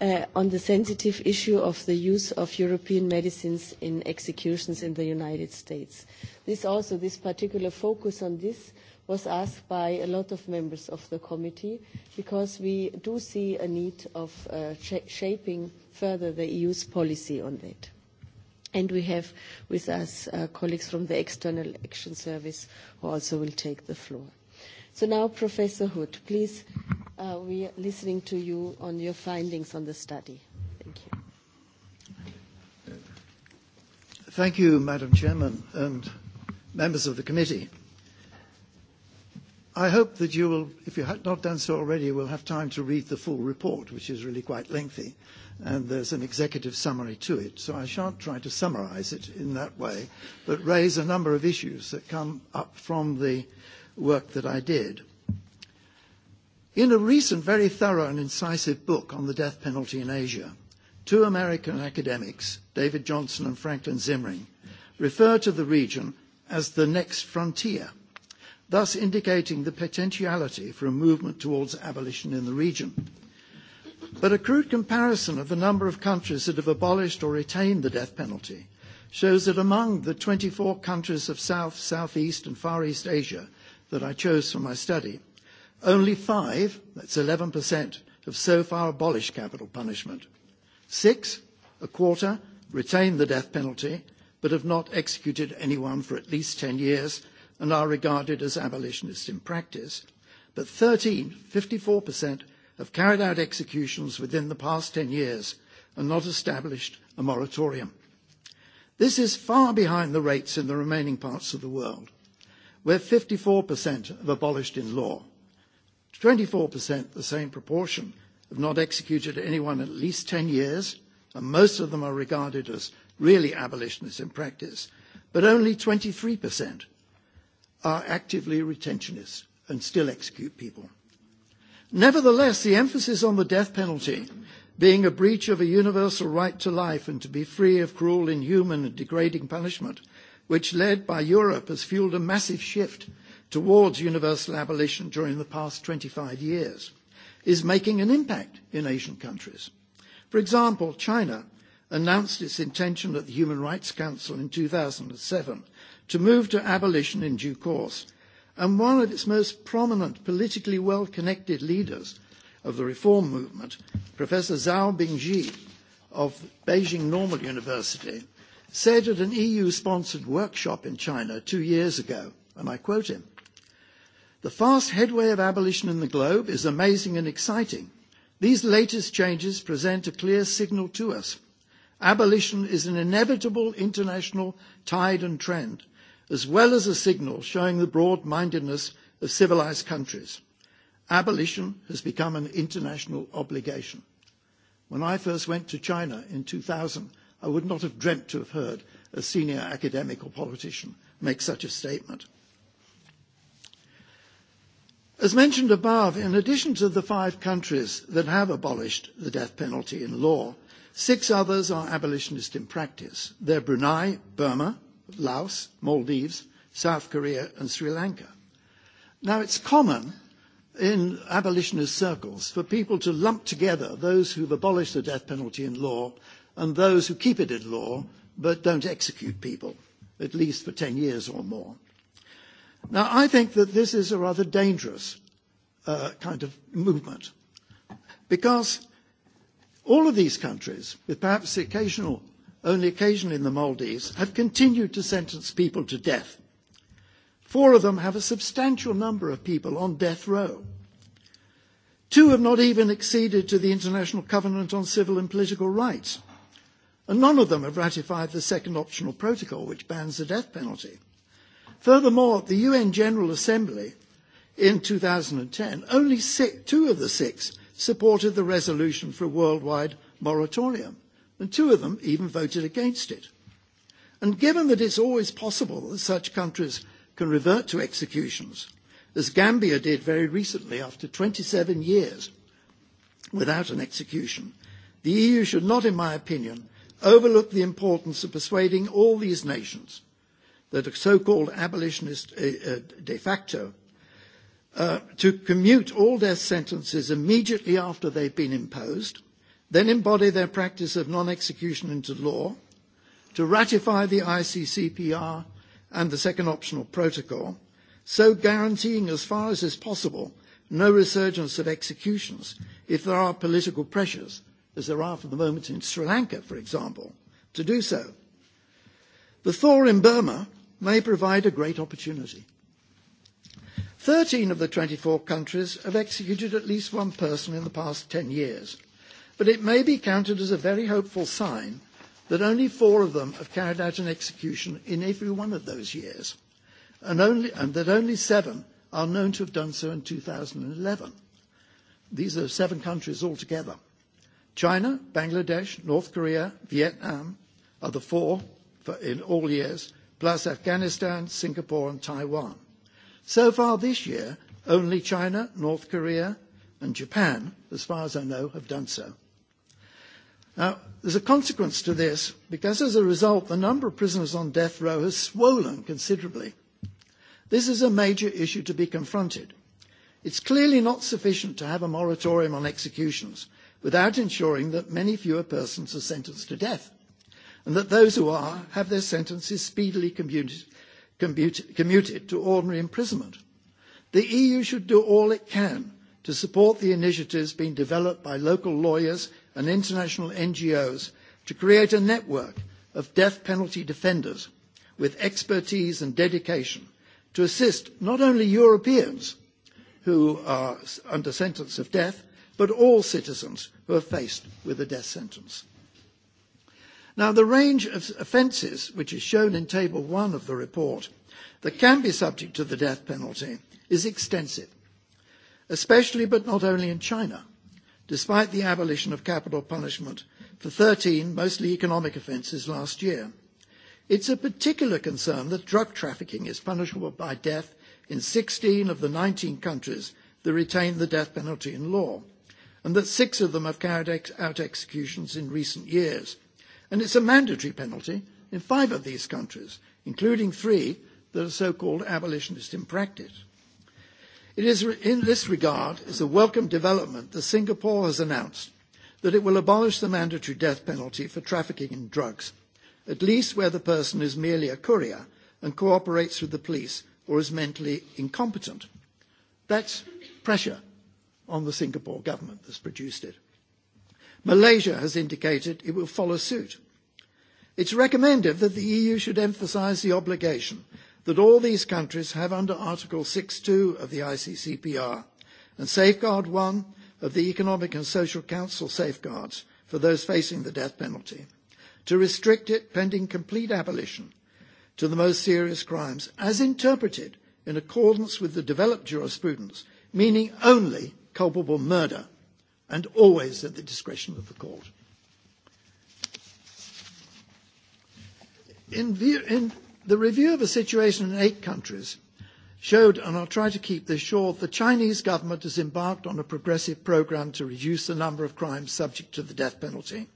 uh, on the sensitive issue of the use of European medicines in executions in the United States. This also, this particular focus on this was asked by a lot of members of the committee because we do see a need of uh, sh- shaping further the EU's policy on that. And we have with us uh, colleagues from the External Action Service who also will take the floor. So now, Professor Hood, please, uh, we are listening to you on your findings on the study. Thank you. Thank you, Madam Chairman and members of the committee. I hope that you will, if you have not done so already, will have time to read the full report, which is really quite lengthy, and there's an executive summary to it. So I shan't try to summarize it in that way, but raise a number of issues that come up from the work that I did. In a recent, very thorough and incisive book on the death penalty in Asia, two American academics, David Johnson and Franklin Zimmering, refer to the region as the next frontier – thus indicating the potentiality for a movement towards abolition in the region. But a crude comparison of the number of countries that have abolished or retained the death penalty shows that among the 24 countries of South, Southeast and Far East Asia that I chose for my study, only five, that's 11%, have so far abolished capital punishment. Six, a quarter, retain the death penalty, but have not executed anyone for at least 10 years, and are regarded as abolitionist in practice, but 13, 54%, have carried out executions within the past 10 years and not established a moratorium. This is far behind the rates in the remaining parts of the world, where 54% have abolished in law. 24%, the same proportion, have not executed anyone at least 10 years, and most of them are regarded as really abolitionists in practice, but only 23% are actively retentionists and still execute people. Nevertheless, the emphasis on the death penalty being a breach of a universal right to life and to be free of cruel, inhuman, and degrading punishment, which led by Europe has fueled a massive shift towards universal abolition during the past 25 years, is making an impact in Asian countries. For example, China announced its intention at the Human Rights Council in 2007 to move to abolition in due course, and one of its most prominent politically well-connected leaders of the reform movement, Professor Zhao Bingji of Beijing Normal University, said at an EU-sponsored workshop in China two years ago, and I quote him, the fast headway of abolition in the globe is amazing and exciting. These latest changes present a clear signal to us. Abolition is an inevitable international tide and trend as well as a signal showing the broad-mindedness of civilized countries. Abolition has become an international obligation. When I first went to China in 2000, I would not have dreamt to have heard a senior academic or politician make such a statement. As mentioned above, in addition to the five countries that have abolished the death penalty in law, six others are abolitionist in practice. They're Brunei, Burma, Laos, Maldives, South Korea, and Sri Lanka. Now, it's common in abolitionist circles for people to lump together those who've abolished the death penalty in law and those who keep it in law but don't execute people, at least for 10 years or more. Now, I think that this is a rather dangerous uh, kind of movement because all of these countries, with perhaps the occasional only occasionally in the Maldives, have continued to sentence people to death. Four of them have a substantial number of people on death row. Two have not even acceded to the International Covenant on Civil and Political Rights, and none of them have ratified the second optional protocol, which bans the death penalty. Furthermore, the UN General Assembly in 2010, only six, two of the six supported the resolution for a worldwide moratorium and two of them even voted against it. And given that it's always possible that such countries can revert to executions, as Gambia did very recently after 27 years without an execution, the EU should not, in my opinion, overlook the importance of persuading all these nations that a so-called abolitionist uh, uh, de facto uh, to commute all death sentences immediately after they've been imposed – then embody their practice of non-execution into law, to ratify the ICCPR and the second optional protocol, so guaranteeing as far as is possible no resurgence of executions if there are political pressures, as there are for the moment in Sri Lanka, for example, to do so. The thaw in Burma may provide a great opportunity. 13 of the 24 countries have executed at least one person in the past 10 years – But it may be counted as a very hopeful sign that only four of them have carried out an execution in every one of those years, and, only, and that only seven are known to have done so in 2011. These are seven countries altogether. China, Bangladesh, North Korea, Vietnam are the four for, in all years, plus Afghanistan, Singapore, and Taiwan. So far this year, only China, North Korea, and Japan, as far as I know, have done so. Now, there's a consequence to this, because as a result, the number of prisoners on death row has swollen considerably. This is a major issue to be confronted. It's clearly not sufficient to have a moratorium on executions without ensuring that many fewer persons are sentenced to death, and that those who are have their sentences speedily commuted, commuted, commuted to ordinary imprisonment. The EU should do all it can to support the initiatives being developed by local lawyers and international NGOs to create a network of death penalty defenders with expertise and dedication to assist not only Europeans who are under sentence of death, but all citizens who are faced with a death sentence. Now, the range of offences which is shown in Table 1 of the report that can be subject to the death penalty is extensive especially but not only in China, despite the abolition of capital punishment for 13 mostly economic offences last year. It's a particular concern that drug trafficking is punishable by death in 16 of the 19 countries that retain the death penalty in law, and that six of them have carried ex- out executions in recent years. And it's a mandatory penalty in five of these countries, including three that are so-called abolitionist in practice. It is in this regard is a welcome development that Singapore has announced that it will abolish the mandatory death penalty for trafficking in drugs, at least where the person is merely a courier and cooperates with the police or is mentally incompetent. That's pressure on the Singapore government that's produced it. Malaysia has indicated it will follow suit. It's recommended that the EU should emphasize the obligation that all these countries have under Article 6.2 of the ICCPR and Safeguard 1 of the Economic and Social Council safeguards for those facing the death penalty to restrict it pending complete abolition to the most serious crimes as interpreted in accordance with the developed jurisprudence, meaning only culpable murder and always at the discretion of the court. In, view, in The review of the situation in eight countries showed, and I'll try to keep this short, the Chinese government has embarked on a progressive program to reduce the number of crimes subject to the death penalty,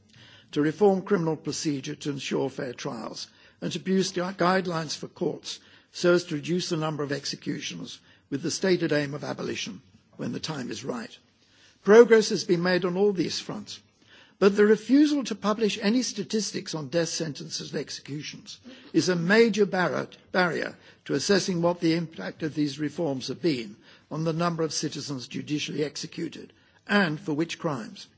to reform criminal procedure to ensure fair trials, and to produce guidelines for courts so as to reduce the number of executions with the stated aim of abolition when the time is right. Progress has been made on all these fronts, But the refusal to publish any statistics on death sentences and executions is a major bar barrier to assessing what the impact of these reforms have been on the number of citizens judicially executed and for which crimes.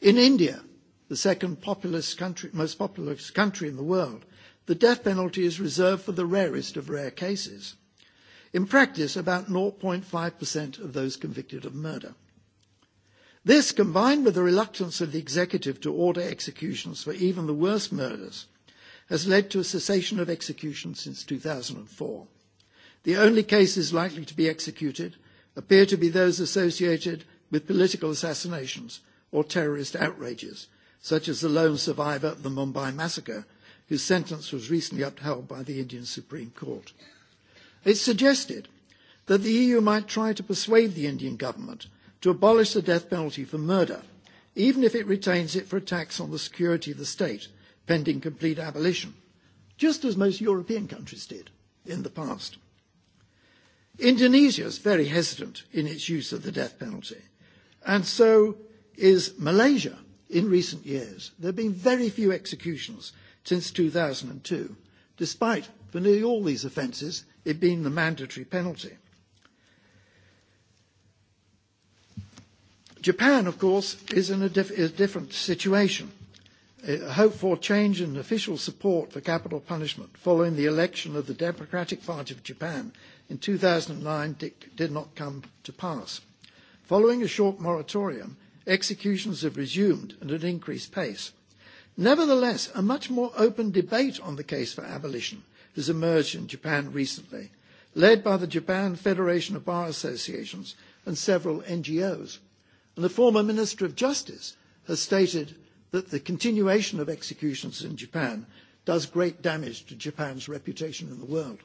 In India, the second populous country, most populous country in the world, the death penalty is reserved for the rarest of rare cases. In practice, about 0.5% of those convicted of murder. This, combined with the reluctance of the executive to order executions for even the worst murders, has led to a cessation of execution since 2004. The only cases likely to be executed appear to be those associated with political assassinations or terrorist outrages, such as the lone survivor of the Mumbai massacre, whose sentence was recently upheld by the Indian Supreme Court. It's suggested that the EU might try to persuade the Indian government to abolish the death penalty for murder, even if it retains it for attacks on the security of the state, pending complete abolition, just as most European countries did in the past. Indonesia is very hesitant in its use of the death penalty, and so is Malaysia in recent years. There have been very few executions since 2002, despite, for nearly all these offences, it being the mandatory penalty. Japan, of course, is in a, diff- is a different situation. A hope for change in official support for capital punishment following the election of the Democratic Party of Japan in 2009 did, did not come to pass. Following a short moratorium, executions have resumed at an increased pace. Nevertheless, a much more open debate on the case for abolition has emerged in Japan recently, led by the Japan Federation of Bar Associations and several NGOs. And the former Minister of Justice has stated that the continuation of executions in Japan does great damage to Japan's reputation in the world.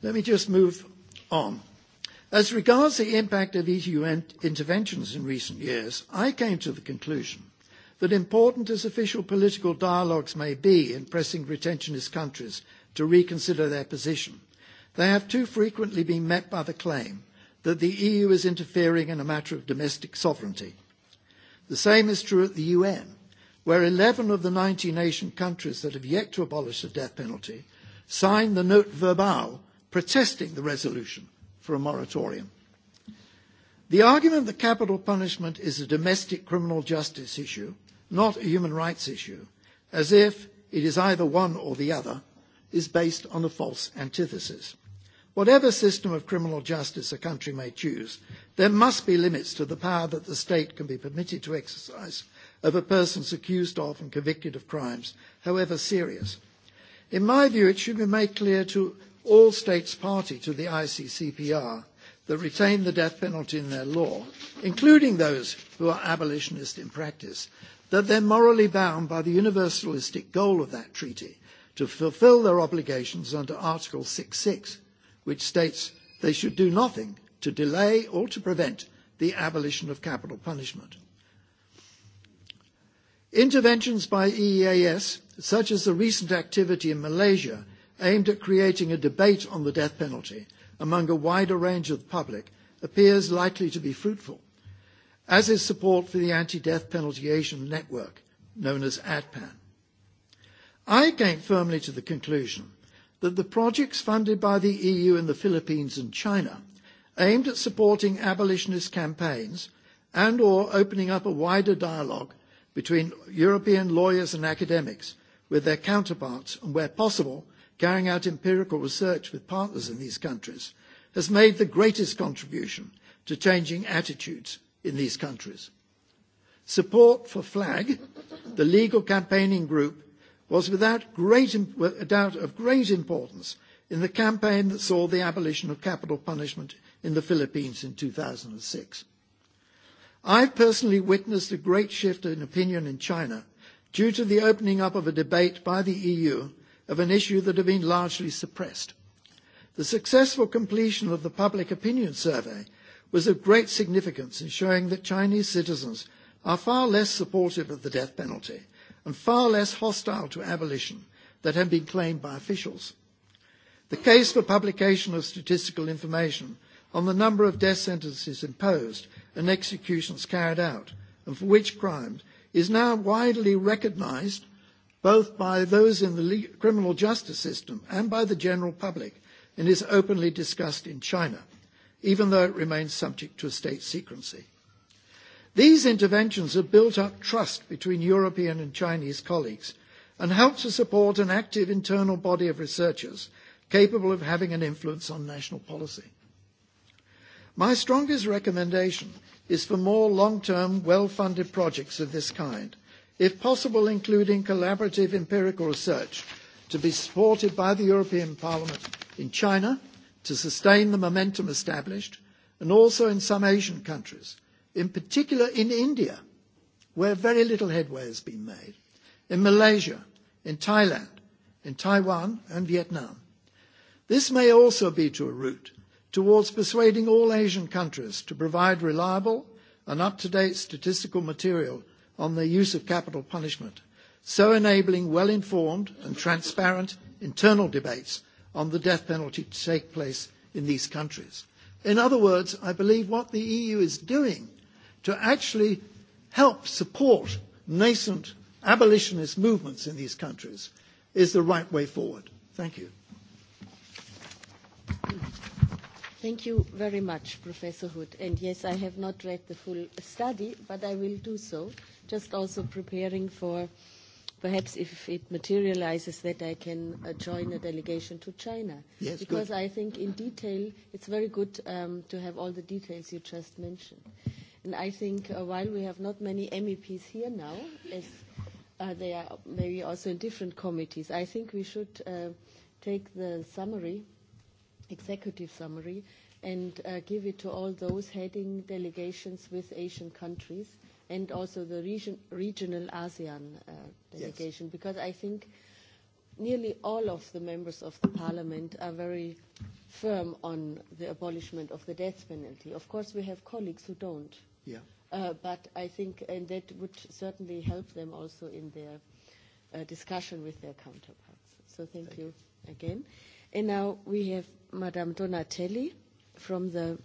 Let me just move on. As regards the impact of EU interventions in recent years, I came to the conclusion that important as official political dialogues may be in pressing retentionist countries to reconsider their position, they have too frequently been met by the claim that the EU is interfering in a matter of domestic sovereignty. The same is true at the UN, where 11 of the 90 nation countries that have yet to abolish the death penalty signed the note verbal protesting the resolution for a moratorium. The argument that capital punishment is a domestic criminal justice issue, not a human rights issue, as if it is either one or the other, is based on a false antithesis. Whatever system of criminal justice a country may choose, there must be limits to the power that the state can be permitted to exercise over persons accused of and convicted of crimes, however serious. In my view, it should be made clear to all states party to the ICCPR that retain the death penalty in their law, including those who are abolitionist in practice, that they're morally bound by the universalistic goal of that treaty to fulfill their obligations under Article 66 which states they should do nothing to delay or to prevent the abolition of capital punishment. Interventions by EEAS, such as the recent activity in Malaysia aimed at creating a debate on the death penalty among a wider range of the public, appears likely to be fruitful, as is support for the Anti-Death Penalty Asian Network, known as ADPAN. I came firmly to the conclusion that the projects funded by the EU in the Philippines and China, aimed at supporting abolitionist campaigns and or opening up a wider dialogue between European lawyers and academics with their counterparts and where possible, carrying out empirical research with partners in these countries, has made the greatest contribution to changing attitudes in these countries. Support for FLAG, the legal campaigning group was without great, without doubt of great importance in the campaign that saw the abolition of capital punishment in the Philippines in 2006. I've personally witnessed a great shift in opinion in China due to the opening up of a debate by the EU of an issue that had been largely suppressed. The successful completion of the public opinion survey was of great significance in showing that Chinese citizens are far less supportive of the death penalty and far less hostile to abolition that have been claimed by officials. The case for publication of statistical information on the number of death sentences imposed and executions carried out, and for which crimes, is now widely recognised both by those in the legal, criminal justice system and by the general public, and is openly discussed in China, even though it remains subject to state secrecy. These interventions have built up trust between European and Chinese colleagues and helped to support an active internal body of researchers capable of having an influence on national policy. My strongest recommendation is for more long-term, well-funded projects of this kind, if possible including collaborative empirical research to be supported by the European Parliament in China to sustain the momentum established and also in some Asian countries – in particular in India, where very little headway has been made, in Malaysia, in Thailand, in Taiwan, and Vietnam. This may also be to a route towards persuading all Asian countries to provide reliable and up-to-date statistical material on the use of capital punishment, so enabling well-informed and transparent internal debates on the death penalty to take place in these countries. In other words, I believe what the EU is doing to actually help support nascent abolitionist movements in these countries is the right way forward. Thank you. Thank you very much, Professor Hood. And yes, I have not read the full study, but I will do so, just also preparing for perhaps if it materializes that I can uh, join a delegation to China. Yes, because good. I think in detail, it's very good um, to have all the details you just mentioned. Uh, And I think uh, while we have not many MEPs here now, as uh, they are maybe also in different committees, I think we should uh, take the summary, executive summary, and uh, give it to all those heading delegations with Asian countries and also the region, regional ASEAN uh, delegation, yes. because I think nearly all of the members of the parliament are very firm on the abolishment of the death penalty. Of course, we have colleagues who don't, Yeah. Uh, but I think, and that would certainly help them also in their uh, discussion with their counterparts. So thank, thank you, you again. And now we have Madame Donatelli from the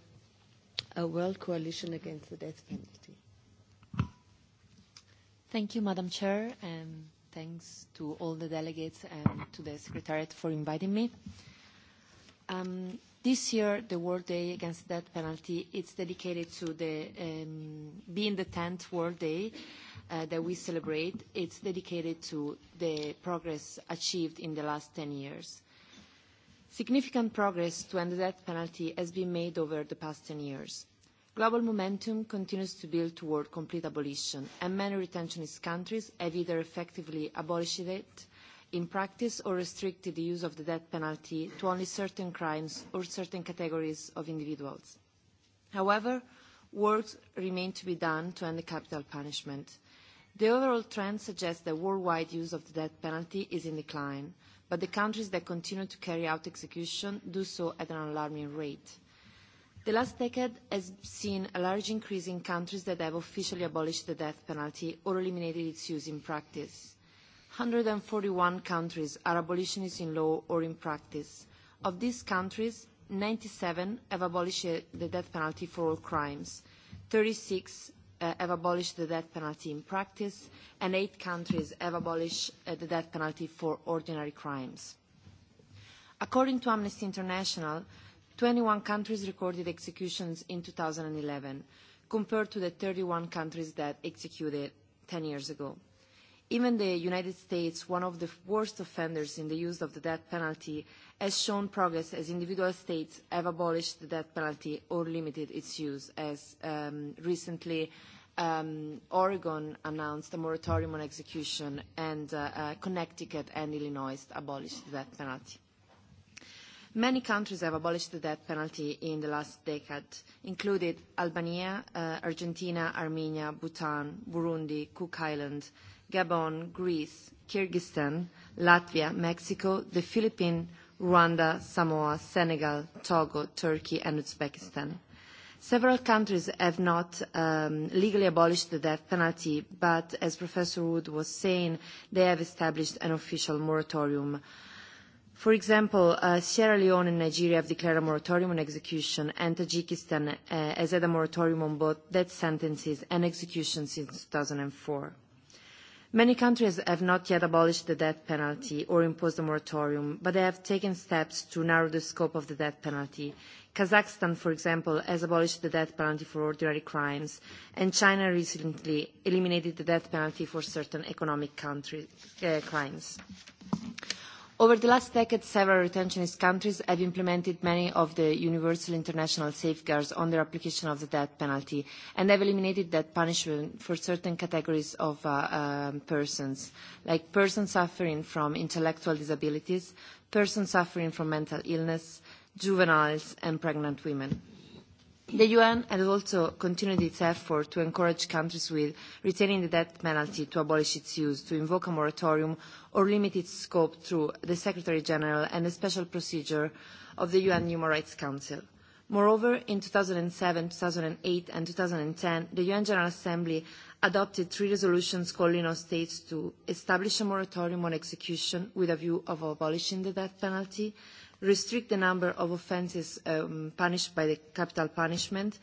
uh, World Coalition Against the Death Penalty. Thank you, Madam Chair, and thanks to all the delegates and to the Secretariat for inviting me. Um, This year, the World Day Against Death Penalty, it's dedicated to the um, being the 10th World Day uh, that we celebrate. It's dedicated to the progress achieved in the last 10 years. Significant progress to end the death penalty has been made over the past 10 years. Global momentum continues to build toward complete abolition, and many retentionist countries have either effectively abolished it in practice or restricted the use of the death penalty to only certain crimes or certain categories of individuals. However, work remains to be done to end the capital punishment. The overall trend suggests that worldwide use of the death penalty is in decline, but the countries that continue to carry out execution do so at an alarming rate. The last decade has seen a large increase in countries that have officially abolished the death penalty or eliminated its use in practice. 141 countries are abolitionists in law or in practice. Of these countries, 97 have abolished the death penalty for all crimes, 36 uh, have abolished the death penalty in practice, and eight countries have abolished uh, the death penalty for ordinary crimes. According to Amnesty International, 21 countries recorded executions in 2011, compared to the 31 countries that executed 10 years ago. Even the United States, one of the worst offenders in the use of the death penalty, has shown progress as individual states have abolished the death penalty or limited its use, as um, recently um, Oregon announced a moratorium on execution and uh, uh, Connecticut and Illinois abolished the death penalty. Many countries have abolished the death penalty in the last decade, including Albania, uh, Argentina, Armenia, Bhutan, Burundi, Cook Islands, Gabon, Greece, Kyrgyzstan, Latvia, Mexico, the Philippines, Rwanda, Samoa, Senegal, Togo, Turkey, and Uzbekistan. Several countries have not um, legally abolished the death penalty, but as Professor Wood was saying, they have established an official moratorium. For example, uh, Sierra Leone and Nigeria have declared a moratorium on execution, and Tajikistan uh, has had a moratorium on both death sentences and execution since 2004. Many countries have not yet abolished the death penalty or imposed a moratorium, but they have taken steps to narrow the scope of the death penalty. Kazakhstan, for example, has abolished the death penalty for ordinary crimes, and China recently eliminated the death penalty for certain economic country, uh, crimes. Over the last decade, several retentionist countries have implemented many of the universal international safeguards on their application of the death penalty and have eliminated that punishment for certain categories of uh, um, persons, like persons suffering from intellectual disabilities, persons suffering from mental illness, juveniles, and pregnant women. The UN has also continued its effort to encourage countries with retaining the death penalty to abolish its use, to invoke a moratorium or limit its scope through the Secretary-General and the special procedure of the UN Human Rights Council. Moreover, in 2007, 2008 and 2010, the UN General Assembly adopted three resolutions calling on states to establish a moratorium on execution with a view of abolishing the death penalty, uh, restrict the number of offences um, punished by the capital punishment,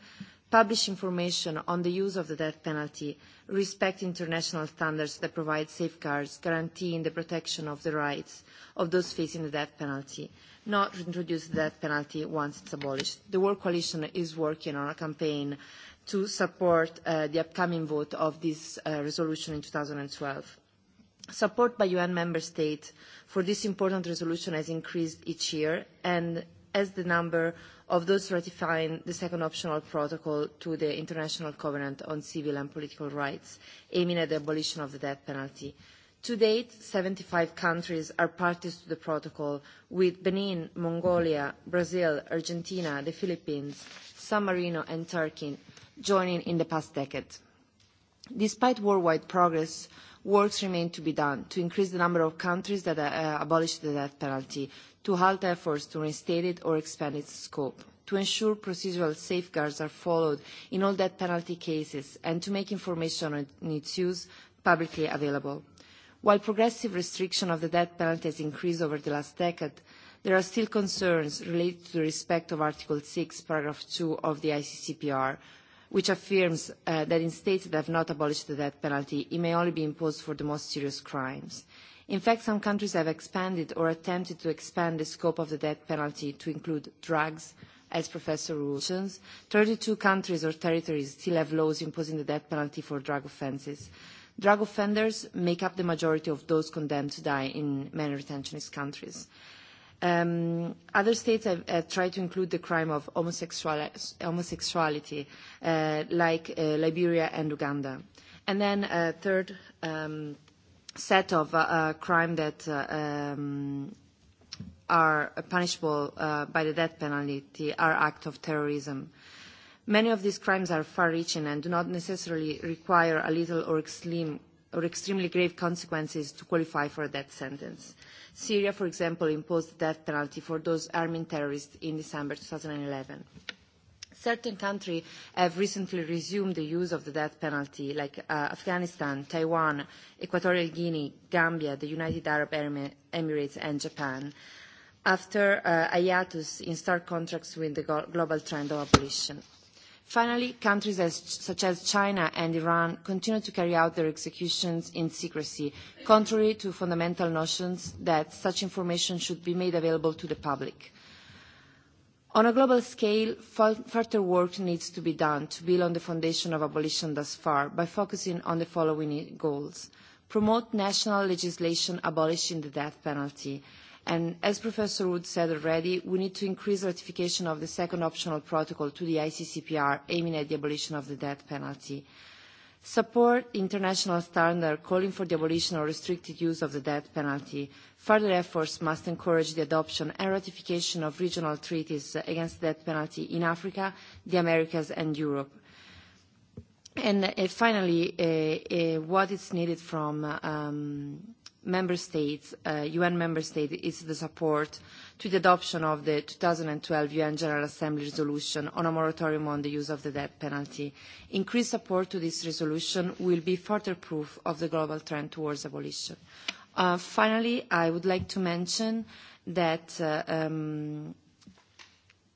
publish information on the use of the death penalty, respect international standards that provide safeguards guaranteeing the protection of the rights of those facing the death penalty, not introduce the death penalty once it's abolished. The World Coalition is working on a campaign to support uh, the upcoming vote of this uh, resolution in 2012. Support by UN member states for this important resolution has increased each year, and as the number of those ratifying the second optional protocol to the International Covenant on Civil and Political Rights, aiming at the abolition of the death penalty. To date, 75 countries are parties to the protocol, with Benin, Mongolia, Brazil, Argentina, the Philippines, San Marino, and Turkey joining in the past decade. Despite worldwide progress, uh, works remain to be done to increase the number of countries that uh, uh, abolish the death penalty, to halt efforts to reinstate it or expand its scope, to ensure procedural safeguards are followed in all death penalty cases, and to make information on its use publicly available. While progressive restriction of the death penalty has increased over the last decade, there are still concerns related to the respect of Article 6, paragraph 2 of the ICCPR, which affirms uh, that in states that have not abolished the death penalty, it may only be imposed for the most serious crimes. In fact, some countries have expanded or attempted to expand the scope of the death penalty to include drugs, as Professor Rules. 32 countries or territories still have laws imposing the death penalty for drug offenses. Drug offenders make up the majority of those condemned to die in many retentionist countries. Mm-hmm. Um, other states have, have tried to include the crime of homosexual, homosexuality, uh, like uh, Liberia and Uganda. And then a third um, set of uh, uh, crime that uh, um, are punishable uh, by the death penalty are acts of terrorism. Many of these crimes are far-reaching and do not necessarily require a little or, extreme, or extremely grave consequences to qualify for a death sentence. Uh, Syria, for example, imposed the death penalty for those arming terrorists in December 2011. Certain countries have recently resumed the use of the death penalty, like uh, Afghanistan, Taiwan, Equatorial Guinea, Gambia, the United Arab Emirates, and Japan, after uh, hiatus in stark contrast with the global trend of abolition. Finally, countries as, such as China and Iran continue to carry out their executions in secrecy, contrary to fundamental notions that such information should be made available to the public. On a global scale, further work needs to be done to build on the foundation of abolition thus far by focusing on the following goals. Promote national legislation abolishing the death penalty, And as Professor Wood said already, we need to increase ratification of the second optional protocol to the ICCPR, aiming at the abolition of the death penalty. Support international standard calling for the abolition or restricted use of the death penalty. Further efforts must encourage the adoption and ratification of regional treaties against the death penalty in Africa, the Americas and Europe. And uh, finally, uh, uh, what is needed from um, member states, uh, UN member state is the support to the adoption of the 2012 UN General Assembly resolution on a moratorium on the use of the death penalty. Increased support to this resolution will be further proof of the global trend towards abolition. Uh, finally, I would like to mention that uh, um,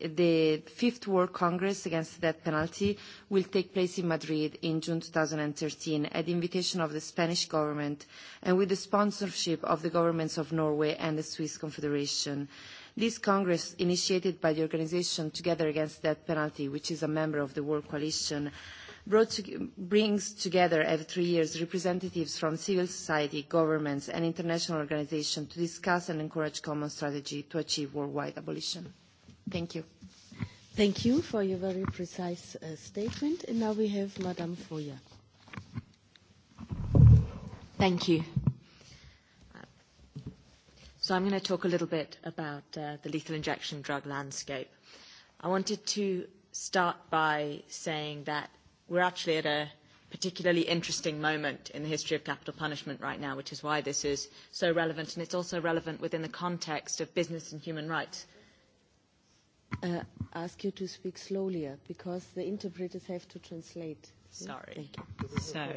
The fifth World Congress against the death penalty will take place in Madrid in June 2013 at the invitation of the Spanish government and with the sponsorship of the governments of Norway and the Swiss Confederation. This Congress, initiated by the organization Together Against the Death Penalty, which is a member of the World Coalition, brought to, brings together every three years representatives from civil society, governments and international organizations to discuss and encourage common strategy to achieve worldwide abolition. Thank you. Thank you for your very precise uh, statement. And now we have Madame Foya. Thank you. So I'm going to talk a little bit about uh, the lethal injection drug landscape. I wanted to start by saying that we're actually at a particularly interesting moment in the history of capital punishment right now, which is why this is so relevant. And it's also relevant within the context of business and human rights uh, ask you to speak slowly uh, because the interpreters have to translate. Hmm? Sorry. So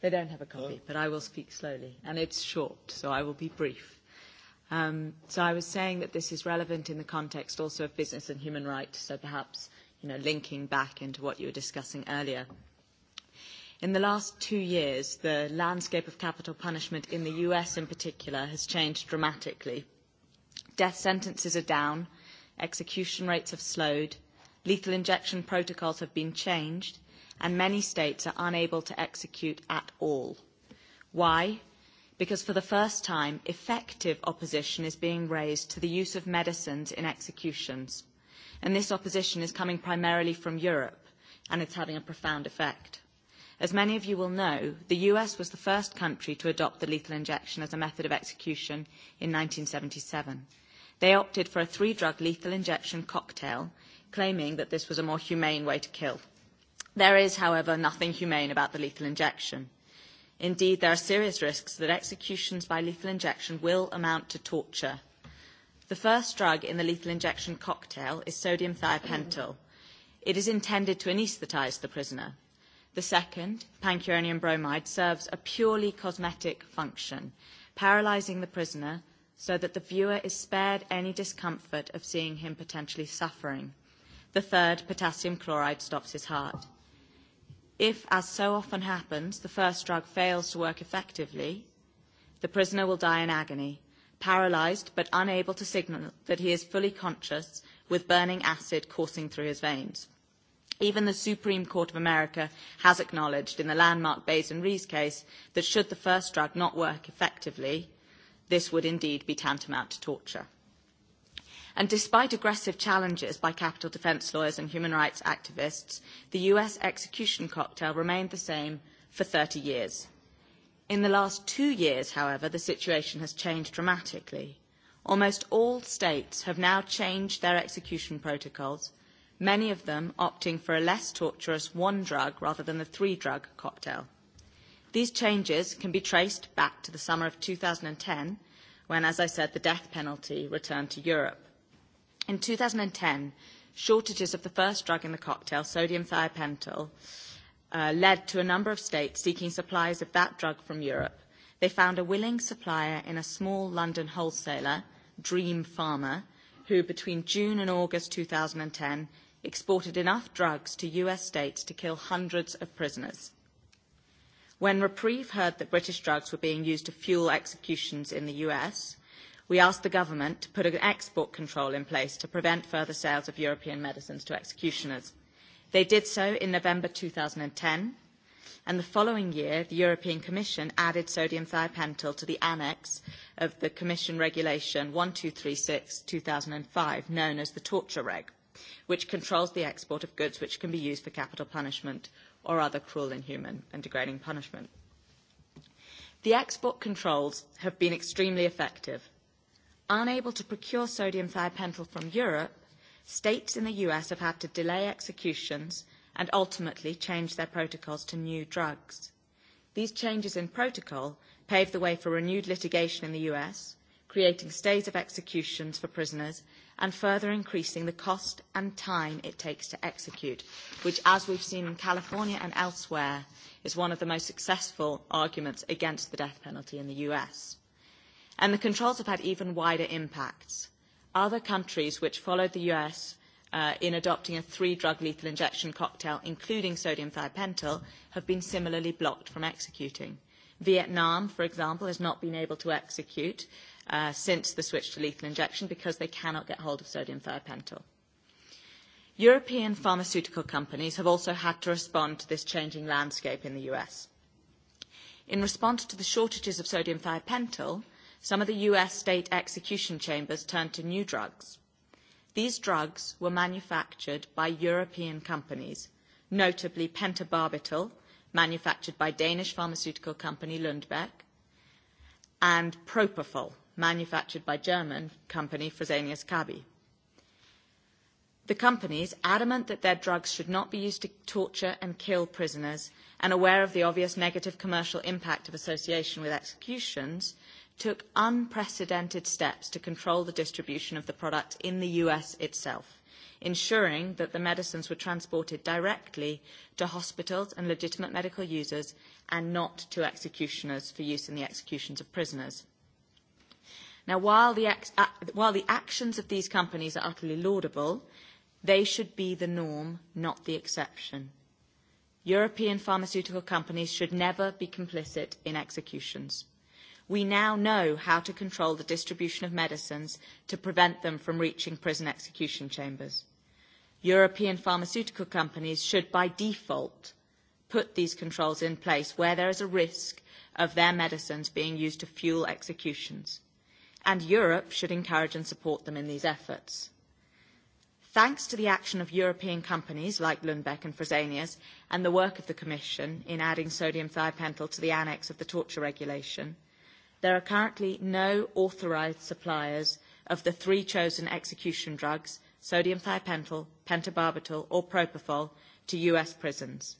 they don't have a copy, oh. but I will speak slowly, and it's short, so I will be brief. Um, so I was saying that this is relevant in the context also of business and human rights, so perhaps you know, linking back into what you were discussing earlier. In the last two years, the landscape of capital punishment in the US in particular has changed dramatically. Death sentences are down, execution rates have slowed, lethal injection protocols have been changed, and many states are unable to execute at all. Why? Because for the first time, effective opposition is being raised to the use of medicines in executions. And this opposition is coming primarily from Europe, and it's having a profound effect. As many of you will know, the US was the first country to adopt the lethal injection as a method of execution in 1977. They opted for a three-drug lethal injection cocktail, claiming that this was a more humane way to kill. There is, however, nothing humane about the lethal injection. Indeed, there are serious risks that executions by lethal injection will amount to torture. The first drug in the lethal injection cocktail is sodium thiopental. It is intended to anaesthetize the prisoner. The second, pancuronium bromide, serves a purely cosmetic function, paralyzing the prisoner so that the viewer is spared any discomfort of seeing him potentially suffering. The third, potassium chloride stops his heart. If, as so often happens, the first drug fails to work effectively, the prisoner will die in agony, paralysed but unable to signal that he is fully conscious with burning acid coursing through his veins. Even the Supreme Court of America has acknowledged in the landmark Bays and Rees case that should the first drug not work effectively, this would indeed be tantamount to torture. And despite aggressive challenges by capital defense lawyers and human rights activists, the US execution cocktail remained the same for 30 years. In the last two years, however, the situation has changed dramatically. Almost all states have now changed their execution protocols, many of them opting for a less torturous one drug rather than the three drug cocktail. These changes can be traced back to the summer of 2010, when, as I said, the death penalty returned to Europe. In 2010, shortages of the first drug in the cocktail, sodium thiopental, uh, led to a number of states seeking supplies of that drug from Europe. They found a willing supplier in a small London wholesaler, Dream Pharma, who between June and August 2010 exported enough drugs to US states to kill hundreds of prisoners. When Reprieve heard that British drugs were being used to fuel executions in the US, we asked the government to put an export control in place to prevent further sales of European medicines to executioners. They did so in November 2010, and the following year, the European Commission added sodium thiopental to the annex of the Commission Regulation 1236/2005, known as the Torture Reg, which controls the export of goods which can be used for capital punishment or other cruel, inhuman and degrading punishment. The export controls have been extremely effective. Unable to procure sodium thiopental from Europe, states in the US have had to delay executions and ultimately change their protocols to new drugs. These changes in protocol pave the way for renewed litigation in the US, creating stays of executions for prisoners and further increasing the cost and time it takes to execute, which, as we've seen in California and elsewhere, is one of the most successful arguments against the death penalty in the US. And the controls have had even wider impacts. Other countries which followed the US uh, in adopting a three-drug lethal injection cocktail, including sodium thiopental, have been similarly blocked from executing. Vietnam, for example, has not been able to execute uh, since the switch to lethal injection because they cannot get hold of sodium thiopental. European pharmaceutical companies have also had to respond to this changing landscape in the US. In response to the shortages of sodium thiopental, some of the US state execution chambers turned to new drugs. These drugs were manufactured by European companies, notably pentobarbital, manufactured by Danish pharmaceutical company Lundbeck, and propofol, manufactured by German company Fresenius Kabi. The company is adamant that their drugs should not be used to torture and kill prisoners and aware of the obvious negative commercial impact of association with executions, took unprecedented steps to control the distribution of the product in the US itself, ensuring that the medicines were transported directly to hospitals and legitimate medical users and not to executioners for use in the executions of prisoners. Now, while the, ac- uh, while the actions of these companies are utterly laudable, they should be the norm, not the exception. European pharmaceutical companies should never be complicit in executions. We now know how to control the distribution of medicines to prevent them from reaching prison execution chambers. European pharmaceutical companies should, by default, put these controls in place where there is a risk of their medicines being used to fuel executions and Europe should encourage and support them in these efforts. Thanks to the action of European companies like Lundbeck and Fresenius and the work of the Commission in adding sodium thiopental to the annex of the torture regulation, there are currently no authorised suppliers of the three chosen execution drugs, sodium thiopental, pentobarbital or propofol, to US prisons.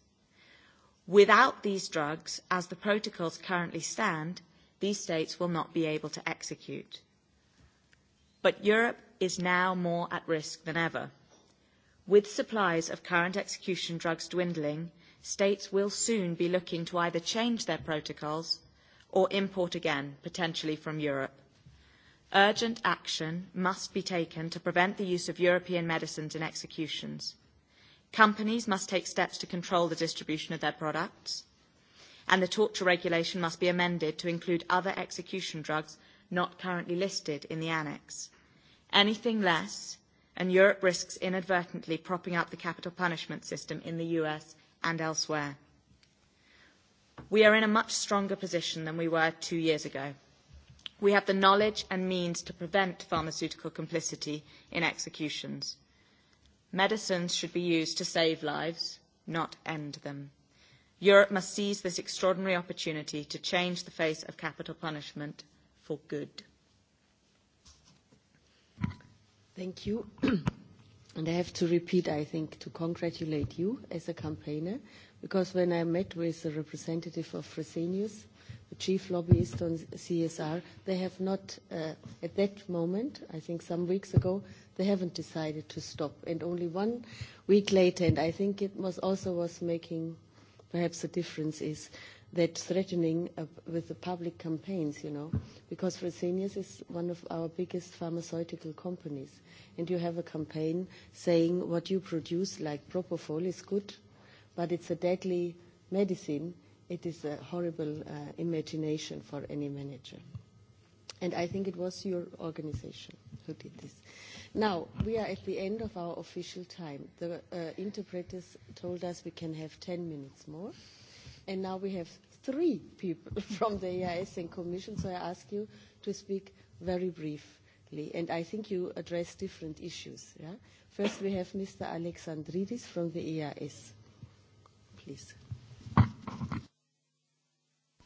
Without these drugs, as the protocols currently stand, these states will not be able to execute. But Europe is now more at risk than ever. With supplies of current execution drugs dwindling, states will soon be looking to either change their protocols or import again, potentially from Europe. Urgent action must be taken to prevent the use of European medicines in executions. Companies must take steps to control the distribution of their products and the torture regulation must be amended to include other execution drugs not currently listed in the annex. Anything less, and Europe risks inadvertently propping up the capital punishment system in the US and elsewhere. We are in a much stronger position than we were two years ago. We have the knowledge and means to prevent pharmaceutical complicity in executions. Medicines should be used to save lives, not end them. Europe must seize this extraordinary opportunity to change the face of capital punishment for good. Thank you. and I have to repeat, I think, to congratulate you as a campaigner, because when I met with a representative of Fresenius, the chief lobbyist on CSR, they have not, uh, at that moment, I think some weeks ago, they haven't decided to stop. And only one week later, and I think it was also was making Perhaps the difference is that threatening uh, with the public campaigns, you know, because Fresenius is one of our biggest pharmaceutical companies, and you have a campaign saying what you produce, like propofol, is good, but it's a deadly medicine. It is a horrible uh, imagination for any manager. And I think it was your organization who did this. Uh, Now, we are at the end of our official time. The uh, interpreters told us we can have 10 minutes more. And now we have three people from the EIS and Commission, so I ask you to speak very briefly. And I think you address different issues. Yeah? First, we have Mr. Alexandridis from the EIS. Please.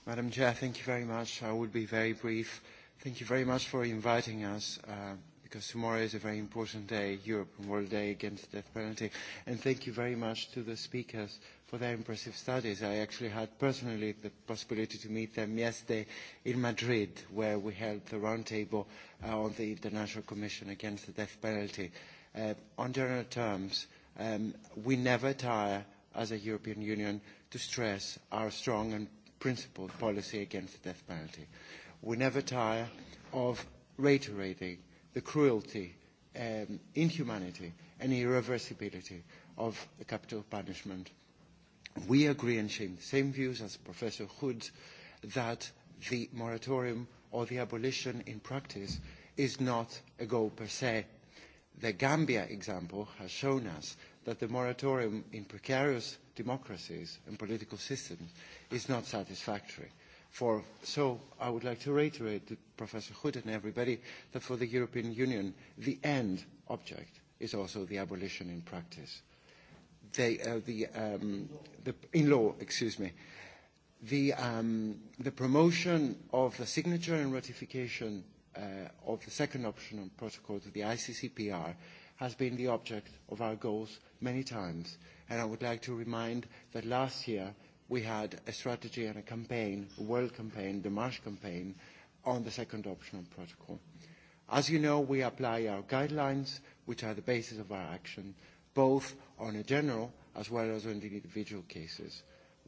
Madam Chair, thank you very much. I will be very brief. Thank you very much for inviting us. Uh, because tomorrow is a very important day, European World Day Against the Death Penalty. And thank you very much to the speakers for their impressive studies. I actually had personally the possibility to meet them yesterday in Madrid, where we held the roundtable uh, on the International Commission Against the Death Penalty. Uh, on general terms, um, we never tire as a European Union to stress our strong and principled policy against the death penalty. We never tire of reiterating the cruelty, um, inhumanity and irreversibility of capital punishment. We agree and share the same views as Professor Hood that the moratorium or the abolition in practice is not a goal per se. The Gambia example has shown us that the moratorium in precarious democracies and political systems is not satisfactory for. So I would like to reiterate to Professor Hood and everybody that for the European Union, the end object is also the abolition in practice. They, uh, the, um, the, in law, excuse me. The, um, the promotion of the signature and ratification uh, of the second option on protocol to the ICCPR has been the object of our goals many times. And I would like to remind that last year we had a strategy and a campaign, a world campaign, the Marsh campaign, on the second optional protocol. As you know, we apply our guidelines, which are the basis of our action, both on a general as well as on the individual cases.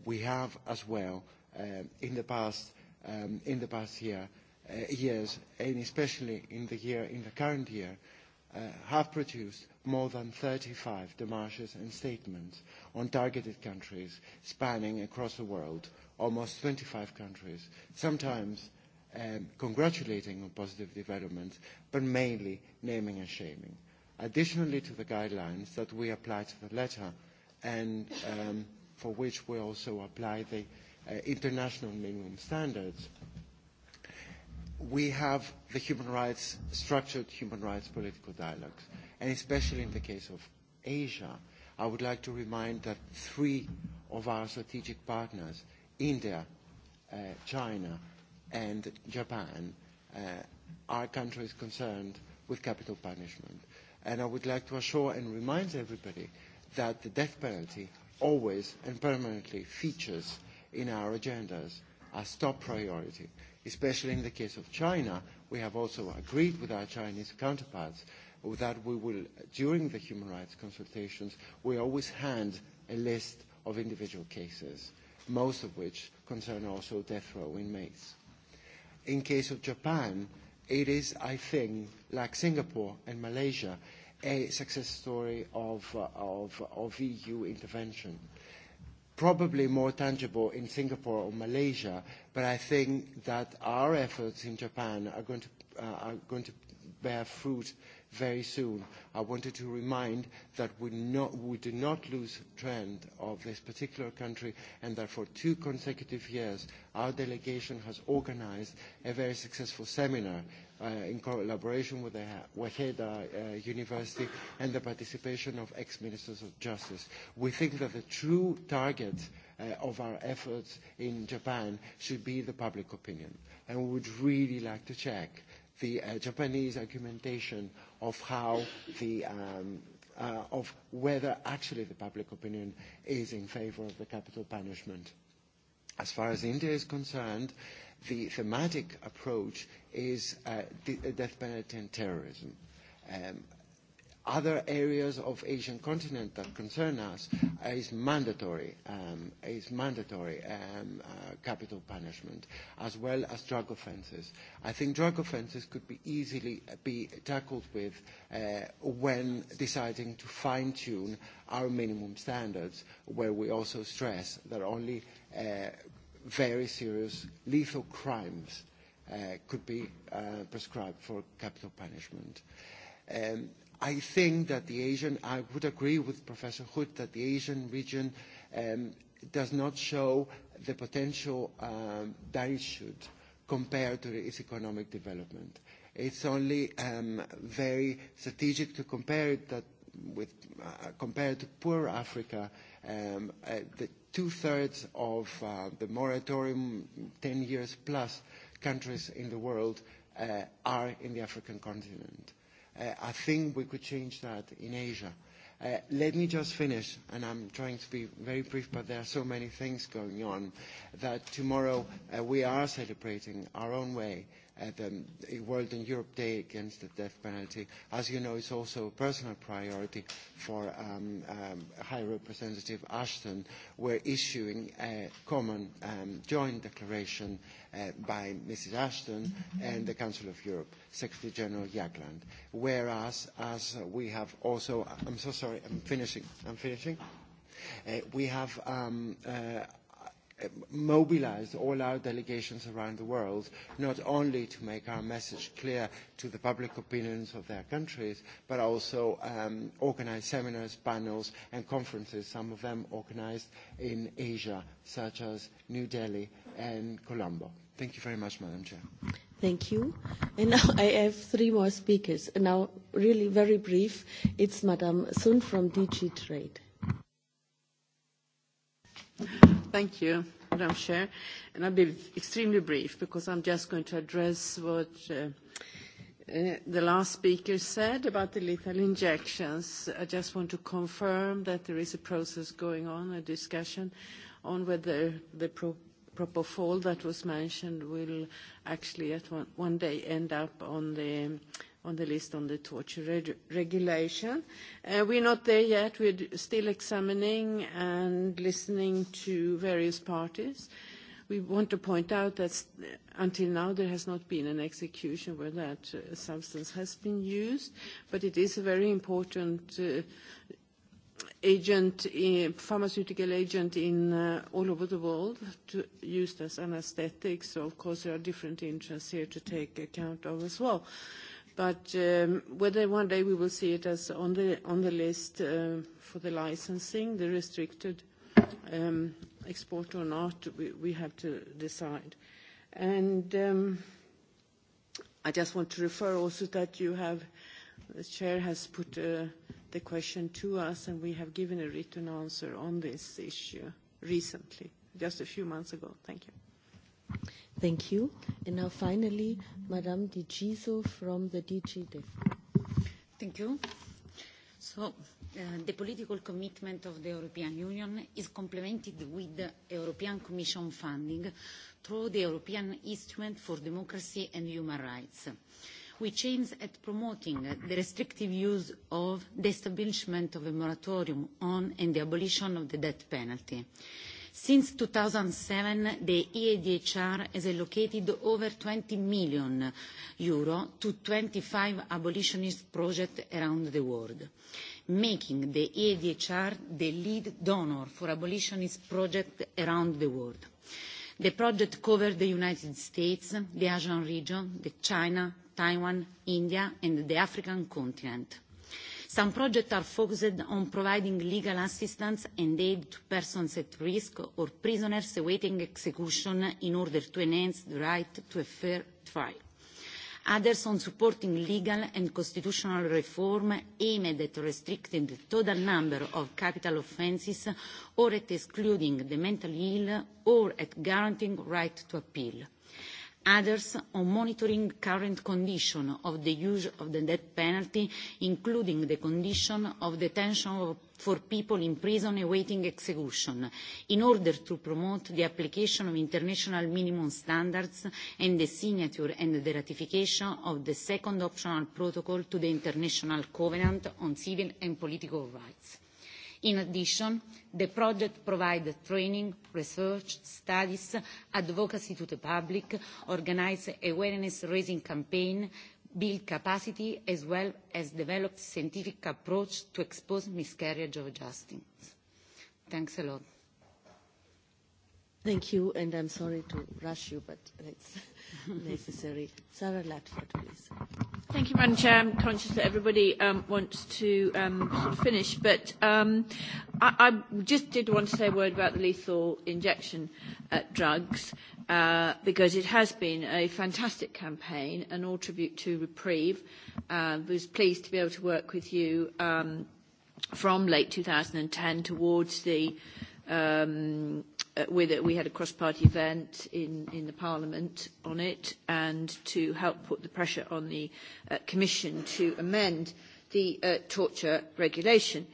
We have as well, um, in the past, um, in the past year, uh, years, and especially in the year, in the current year, uh, have produced more than 35 demarches and statements on targeted countries spanning across the world, almost 25 countries, sometimes um, congratulating on positive developments, but mainly naming and shaming. Additionally to the guidelines that we apply to the letter, and um, for which we also apply the uh, international minimum standards, we have the human rights, structured human rights political dialogues and especially in the case of Asia, I would like to remind that three of our strategic partners, India, uh, China, and Japan, uh, are countries concerned with capital punishment. And I would like to assure and remind everybody that the death penalty always and permanently features in our agendas as top priority, especially in the case of China. We have also agreed with our Chinese counterparts that we will, during the human rights consultations, we always hand a list of individual cases, most of which concern also death row inmates. In case of Japan, it is, I think, like Singapore and Malaysia, a success story of, uh, of, of EU intervention. Probably more tangible in Singapore or Malaysia, but I think that our efforts in Japan are going to, uh, are going to bear fruit very soon. I wanted to remind that we, not, we did not lose trend of this particular country and that for two consecutive years our delegation has organized a very successful seminar uh, in collaboration with the Wajeda uh, University and the participation of ex-ministers of justice. We think that the true target uh, of our efforts in Japan should be the public opinion. And we would really like to check the uh, Japanese argumentation of how the um, uh, of whether actually the public opinion is in favor of the capital punishment. As far as India is concerned, the thematic approach is uh, de- death penalty and terrorism. Um, other areas of Asian continent that concern us is mandatory, um, is mandatory um, uh, capital punishment, as well as drug offences. I think drug offences could be easily uh, be tackled with uh, when deciding to fine-tune our minimum standards, where we also stress that only uh, very serious lethal crimes uh, could be uh, prescribed for capital punishment. Um, I think that the Asian, I would agree with Professor Hood that the Asian region um, does not show the potential um, that it should compared to its economic development. It's only um, very strategic to compare it that with, uh, compared to poor Africa, um, uh, the two-thirds of uh, the moratorium, 10 years plus, countries in the world uh, are in the African continent. Uh, I think we could change that in Asia. Uh, let me just finish, and I'm trying to be very brief, but there are so many things going on, that tomorrow uh, we are celebrating our own way at uh, the World and Europe Day against the death penalty. As you know, it's also a personal priority for um, um, High Representative Ashton. We're issuing a common um, joint declaration uh, uh, by Mrs. Ashton and the Council of Europe, Secretary General Jagland. Whereas, as we have also, I'm so sorry, I'm finishing, I'm finishing. Uh, we have um, uh, mobilized all our delegations around the world, not only to make our message clear to the public opinions of their countries, but also um, organize seminars, panels, and conferences, some of them organized in Asia, such as New Delhi and Colombo. Thank you very much, Madam Chair. Thank you. And now I have three more speakers. And now, really very brief, it's Madam Sun from DG Trade. Thank you, Madam Chair. And I'll be extremely brief because I'm just going to address what uh, uh, the last speaker said about the lethal injections. I just want to confirm that there is a process going on, a discussion on whether the pro propofol that was mentioned will actually at one, one day end up on the on the list on the torture reg regulation. Uh, we're not there yet. We're still examining and listening to various parties. We want to point out that until now there has not been an execution where that uh, substance has been used, but it is a very important uh, agent, uh, pharmaceutical agent in uh, all over the world to, used as anesthetic. So of course there are different interests here to take account of as well. But um, whether one day we will see it as on the on the list uh, for the licensing, the restricted um, export or not, we, we have to decide. And um, I just want to refer also that you have, the chair has put a the question to us, and we have given a written answer on this issue recently, just a few months ago. Thank you. Thank you. And now finally, Madame Di Giso from the DG DEFCO. Thank you. So, uh, the political commitment of the European Union is complemented with European Commission funding through the European Instrument for Democracy and Human Rights. Uh, which aims at promoting the restrictive use of the establishment of a moratorium on and the abolition of the death penalty. Since 2007, the EADHR has allocated over 20 million euro to 25 abolitionist projects around the world, making the EADHR the lead donor for abolitionist projects around the world. The project covered the United States, the Asian region, the China, Taiwan, India, and the African continent. Some projects are focused on providing legal assistance and aid to persons at risk or prisoners awaiting execution in order to enhance the right to a fair trial. Others on supporting legal and constitutional reform aimed at restricting the total number of capital offences or at excluding the mentally ill or at guaranteeing right to appeal others on monitoring current condition of the use of the death penalty, including the condition of detention of, for people in prison awaiting execution, in order to promote the application of international minimum standards and the signature and the ratification of the second optional protocol to the International Covenant on Civil and Political Rights. In addition, the project provides training, research, studies, advocacy to the public, organizes awareness-raising campaign, build capacity, as well as develop scientific approach to expose miscarriage of justice. Thanks a lot. Thank you, and I'm sorry to rush you, but it's necessary. Sarah Latford, please. Thank you, Madam Chair. I'm conscious that everybody um, wants to um, sort of finish, but um, I, I just did want to say a word about the lethal injection uh, drugs, uh, because it has been a fantastic campaign, and all tribute to Reprieve. I uh, was pleased to be able to work with you um, from late 2010 towards the um, uh, with it, we had a cross-party event in, in the Parliament on it, and to help put the pressure on the uh, Commission to amend the uh, torture regulation.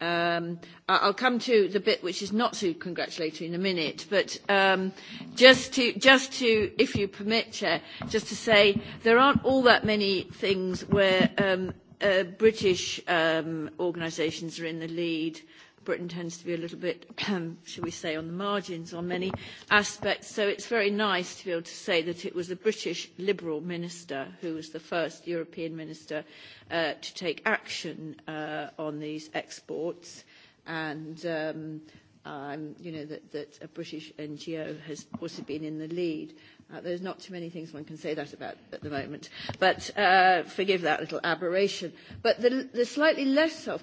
Um, I'll come to the bit which is not so congratulatory in a minute, but um, just to, just to, if you permit, Chair, just to say there aren't all that many things where um, uh, British um, organisations are in the lead Britain tends to be a little bit, shall we say, on the margins on many aspects. So it's very nice to be able to say that it was a British Liberal minister who was the first European minister uh, to take action uh, on these exports. And um, um, you know, that, that a British NGO has also been in the lead. Uh, there's not too many things one can say that about at the moment, but uh, forgive that little aberration. But the, the slightly less self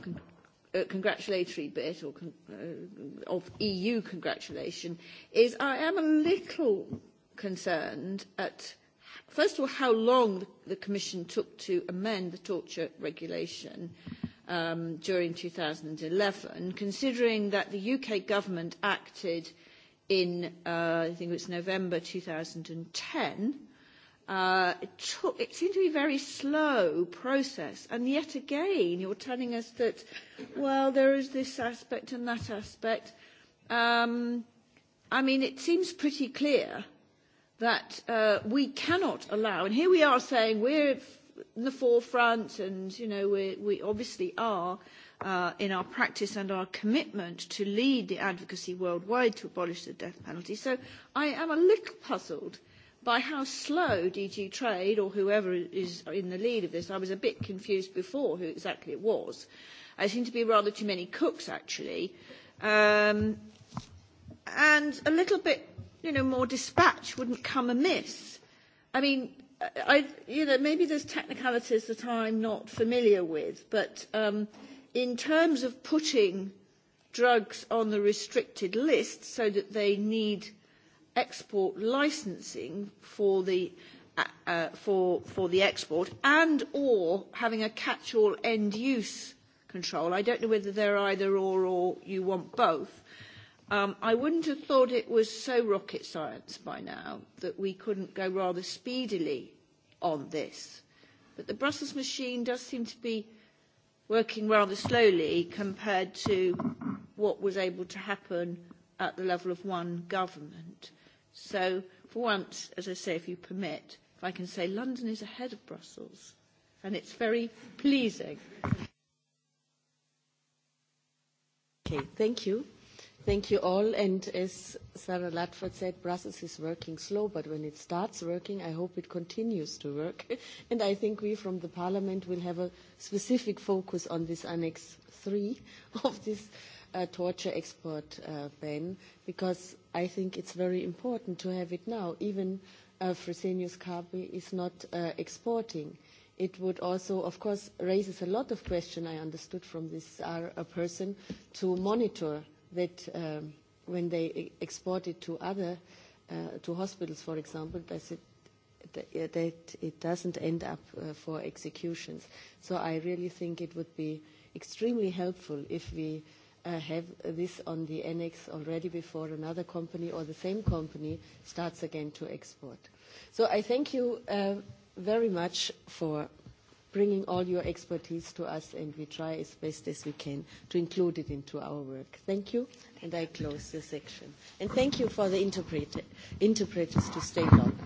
uh, congratulatory bit or con- uh, of EU congratulation is I am a little concerned at first of all how long the Commission took to amend the torture regulation um, during 2011, considering that the UK government acted in uh, I think it was November 2010 Uh, it, took, it seemed to be a very slow process, and yet again, you're telling us that, well, there is this aspect and that aspect. Um, I mean, it seems pretty clear that uh, we cannot allow, and here we are saying we're in the forefront, and you know, we, we obviously are uh, in our practice and our commitment to lead the advocacy worldwide to abolish the death penalty. So I am a little puzzled by how slow DG Trade or whoever is in the lead of this, I was a bit confused before who exactly it was. There seem to be rather too many cooks, actually. Um, and a little bit, you know, more dispatch wouldn't come amiss. I mean, I, you know, maybe there's technicalities that I'm not familiar with, but um, in terms of putting drugs on the restricted list so that they need export licensing for the uh, uh, for for the export and or having a catch-all end use control. I don't know whether they're either or or you want both. Um, I wouldn't have thought it was so rocket science by now that we couldn't go rather speedily on this. But the Brussels machine does seem to be working rather slowly compared to what was able to happen at the level of one government. So for once, as I say, if you permit, if I can say London is ahead of Brussels, and it's very pleasing. Okay, thank you. Thank you all. And as Sarah Ludford said, Brussels is working slow, but when it starts working, I hope it continues to work. and I think we from the Parliament will have a specific focus on this Annex 3 of this uh, torture export uh, ban, because I think it's very important to have it now. Even uh, Fresenius Kabi is not uh, exporting. It would also, of course, raises a lot of question, I understood from this uh, person, to monitor that um, when they e-, export it to other, uh, to hospitals, for example, does it uh, that it doesn't end up uh, for executions. So I really think it would be extremely helpful if we uh, have this on the annex already before another company or the same company starts again to export. So I thank you uh, very much for bringing all your expertise to us, and we try as best as we can to include it into our work. Thank you, and I close this section. And thank you for the interpreter, interpreters to stay long.